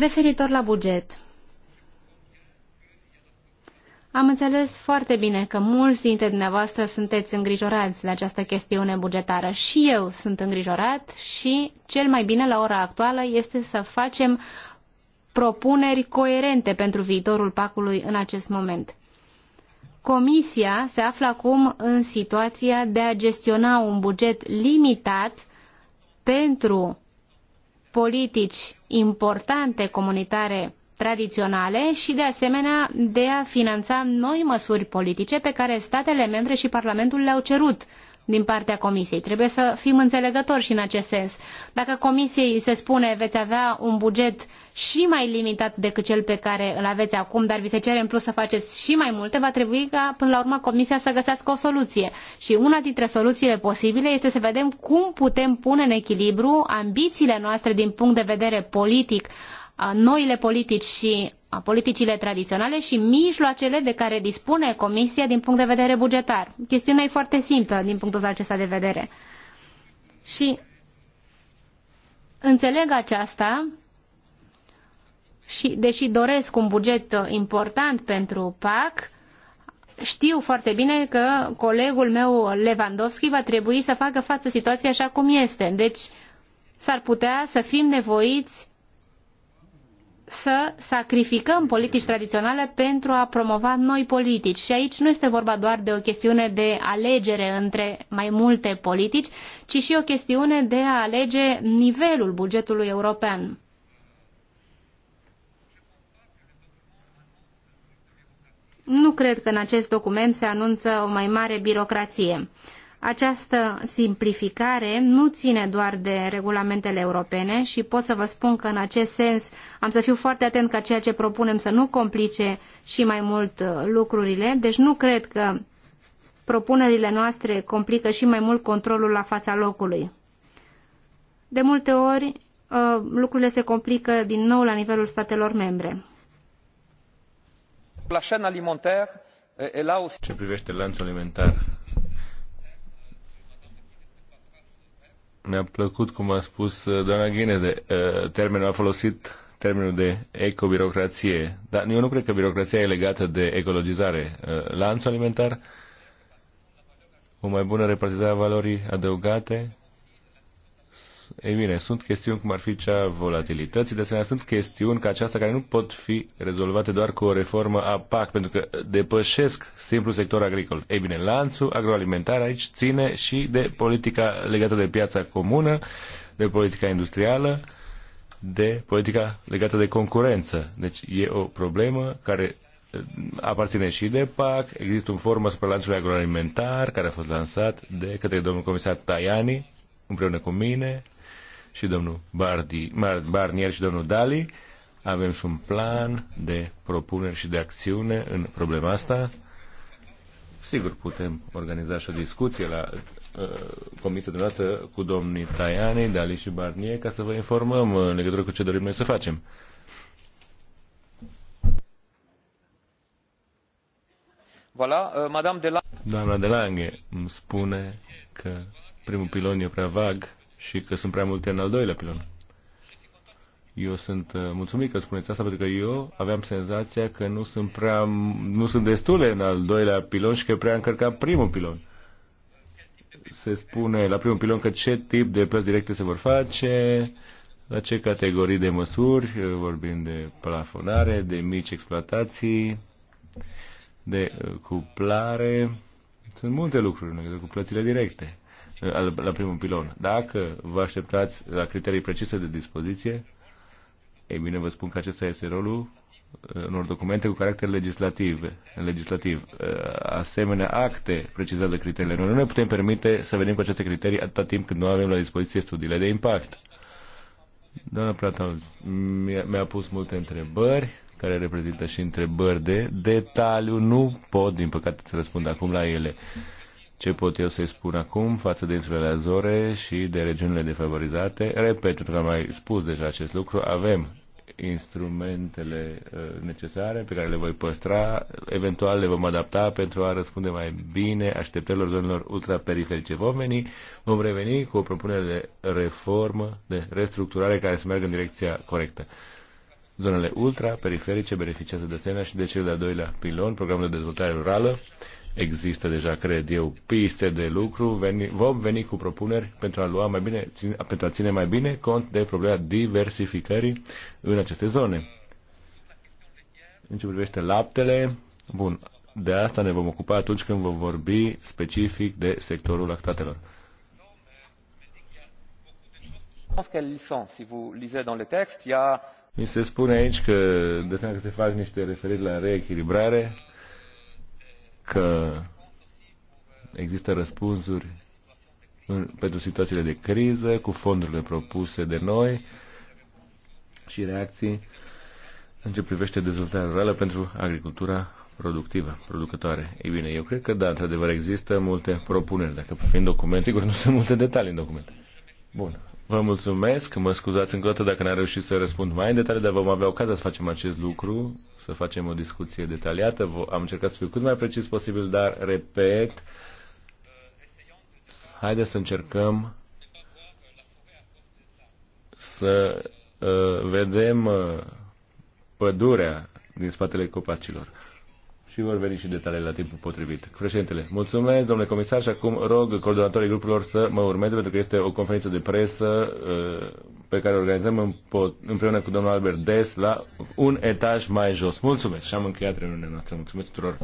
Speaker 1: Referitor la buget, am înțeles foarte bine că mulți dintre dumneavoastră sunteți îngrijorați de această chestiune bugetară. Și eu sunt îngrijorat și cel mai bine la ora actuală este să facem propuneri coerente pentru viitorul pacului în acest moment. Comisia se află acum în situația de a gestiona un buget limitat pentru politici importante comunitare tradiționale și, de asemenea, de a finanța noi măsuri politice pe care statele membre și Parlamentul le-au cerut din partea Comisiei. Trebuie să fim înțelegători și în acest sens. Dacă Comisiei se spune veți avea un buget și mai limitat decât cel pe care îl aveți acum, dar vi se cere în plus să faceți și mai multe, va trebui ca până la urmă Comisia să găsească o soluție. Și una dintre soluțiile posibile este să vedem cum putem pune în echilibru ambițiile noastre din punct de vedere politic, noile politici și politicile tradiționale și mijloacele de care dispune Comisia din punct de vedere bugetar. Chestiunea e foarte simplă din punctul acesta de vedere. Și înțeleg aceasta, și deși doresc un buget uh, important pentru PAC, știu foarte bine că colegul meu Lewandowski va trebui să facă față situației așa cum este. Deci s-ar putea să fim nevoiți să sacrificăm politici tradiționale pentru a promova noi politici. Și aici nu este vorba doar de o chestiune de alegere între mai multe politici, ci și o chestiune de a alege nivelul bugetului european. Nu cred că în acest document se anunță o mai mare birocrație. Această simplificare nu ține doar de regulamentele europene și pot să vă spun că în acest sens am să fiu foarte atent ca ceea ce propunem să nu complice și mai mult uh, lucrurile, deci nu cred că propunerile noastre complică și mai mult controlul la fața locului. De multe ori uh, lucrurile se complică din nou la nivelul statelor membre.
Speaker 2: La chaîne alimentaire, e là aussi... Ce privește lanțul alimentar, mi-a plăcut cum a spus uh, doamna Ghineze, uh, termenul a folosit termenul de ecobirocrație, dar eu nu cred că birocrația e legată de ecologizare. Uh, lanțul alimentar, o mai bună repartizare a valorii adăugate, ei bine, sunt chestiuni cum ar fi cea volatilității, de asemenea sunt chestiuni ca aceasta care nu pot fi rezolvate doar cu o reformă a PAC, pentru că depășesc simplu sector agricol. Ei bine, lanțul agroalimentar aici ține și de politica legată de piața comună, de politica industrială, de politica legată de concurență. Deci e o problemă care eh, aparține și de PAC, există un formă asupra lanțului agroalimentar care a fost lansat de către domnul comisar Tajani împreună cu mine și domnul Bardi, Barnier și domnul Dali avem și un plan de propuneri și de acțiune în problema asta. Sigur, putem organiza și o discuție la uh, comisia dumneavoastră cu domnii Taiani, Dali și Barnier ca să vă informăm uh, în legătură cu ce dorim noi să facem. Voilà, uh, Madame de la... Doamna de Lange îmi spune că primul pilon e prea vag și că sunt prea multe în al doilea pilon. Eu sunt uh, mulțumit că spuneți asta pentru că eu aveam senzația că nu sunt, prea, nu sunt destule în al doilea pilon și că prea încărcat primul pilon. Se spune la primul pilon că ce tip de plăți directe se vor face, la ce categorii de măsuri, uh, vorbim de plafonare, de mici exploatații, de uh, cuplare. Sunt multe lucruri în legătură cu plățile directe la primul pilon. Dacă vă așteptați la criterii precise de dispoziție, ei bine, vă spun că acesta este rolul uh, unor documente cu caracter legislativ. legislativ. Uh, asemenea, acte precizează criteriile. Noi nu ne putem permite să venim cu aceste criterii atâta timp când nu avem la dispoziție studiile de impact. Doamna Plata mi-a, pus multe întrebări, care reprezintă și întrebări de detaliu. Nu pot, din păcate, să răspund acum la ele ce pot eu să-i spun acum față de insulele Azore și de regiunile defavorizate. Repet, pentru că am mai spus deja acest lucru, avem instrumentele uh, necesare pe care le voi păstra, eventual le vom adapta pentru a răspunde mai bine așteptărilor zonelor ultraperiferice. Vom veni, vom reveni cu o propunere de reformă, de restructurare care să meargă în direcția corectă. Zonele ultraperiferice beneficiază de asemenea și de cel de-al doilea pilon, programul de dezvoltare rurală, Există deja, cred eu, piste de lucru. Veni, vom veni cu propuneri pentru a lua mai bine, pentru a ține mai bine cont de problema diversificării în aceste zone. În ce privește laptele, bun, de asta ne vom ocupa atunci când vom vorbi specific de sectorul lactatelor. Mi se spune aici că de că se fac niște referiri la reechilibrare, că există răspunsuri pentru situațiile de criză, cu fondurile propuse de noi și reacții în ce privește dezvoltarea rurală pentru agricultura productivă, producătoare. Ei bine, eu cred că da, într-adevăr există multe propuneri, dacă fiind document, sigur nu sunt multe detalii în document. Bun, Vă mulțumesc, mă scuzați încă o dată dacă n-am reușit să răspund mai în detaliu, dar vom avea ocazia să facem acest lucru, să facem o discuție detaliată. Am încercat să fiu cât mai precis posibil, dar, repet, haideți să încercăm să uh, vedem uh, pădurea din spatele copacilor și vor veni și detalii la timpul potrivit. Președintele, mulțumesc, domnule comisar, și acum rog coordonatorii grupurilor să mă urmeze, pentru că este o conferință de presă uh, pe care o organizăm împreună cu domnul Albert Des la un etaj mai jos. Mulțumesc și am încheiat reuniunea noastră. Mulțumesc tuturor!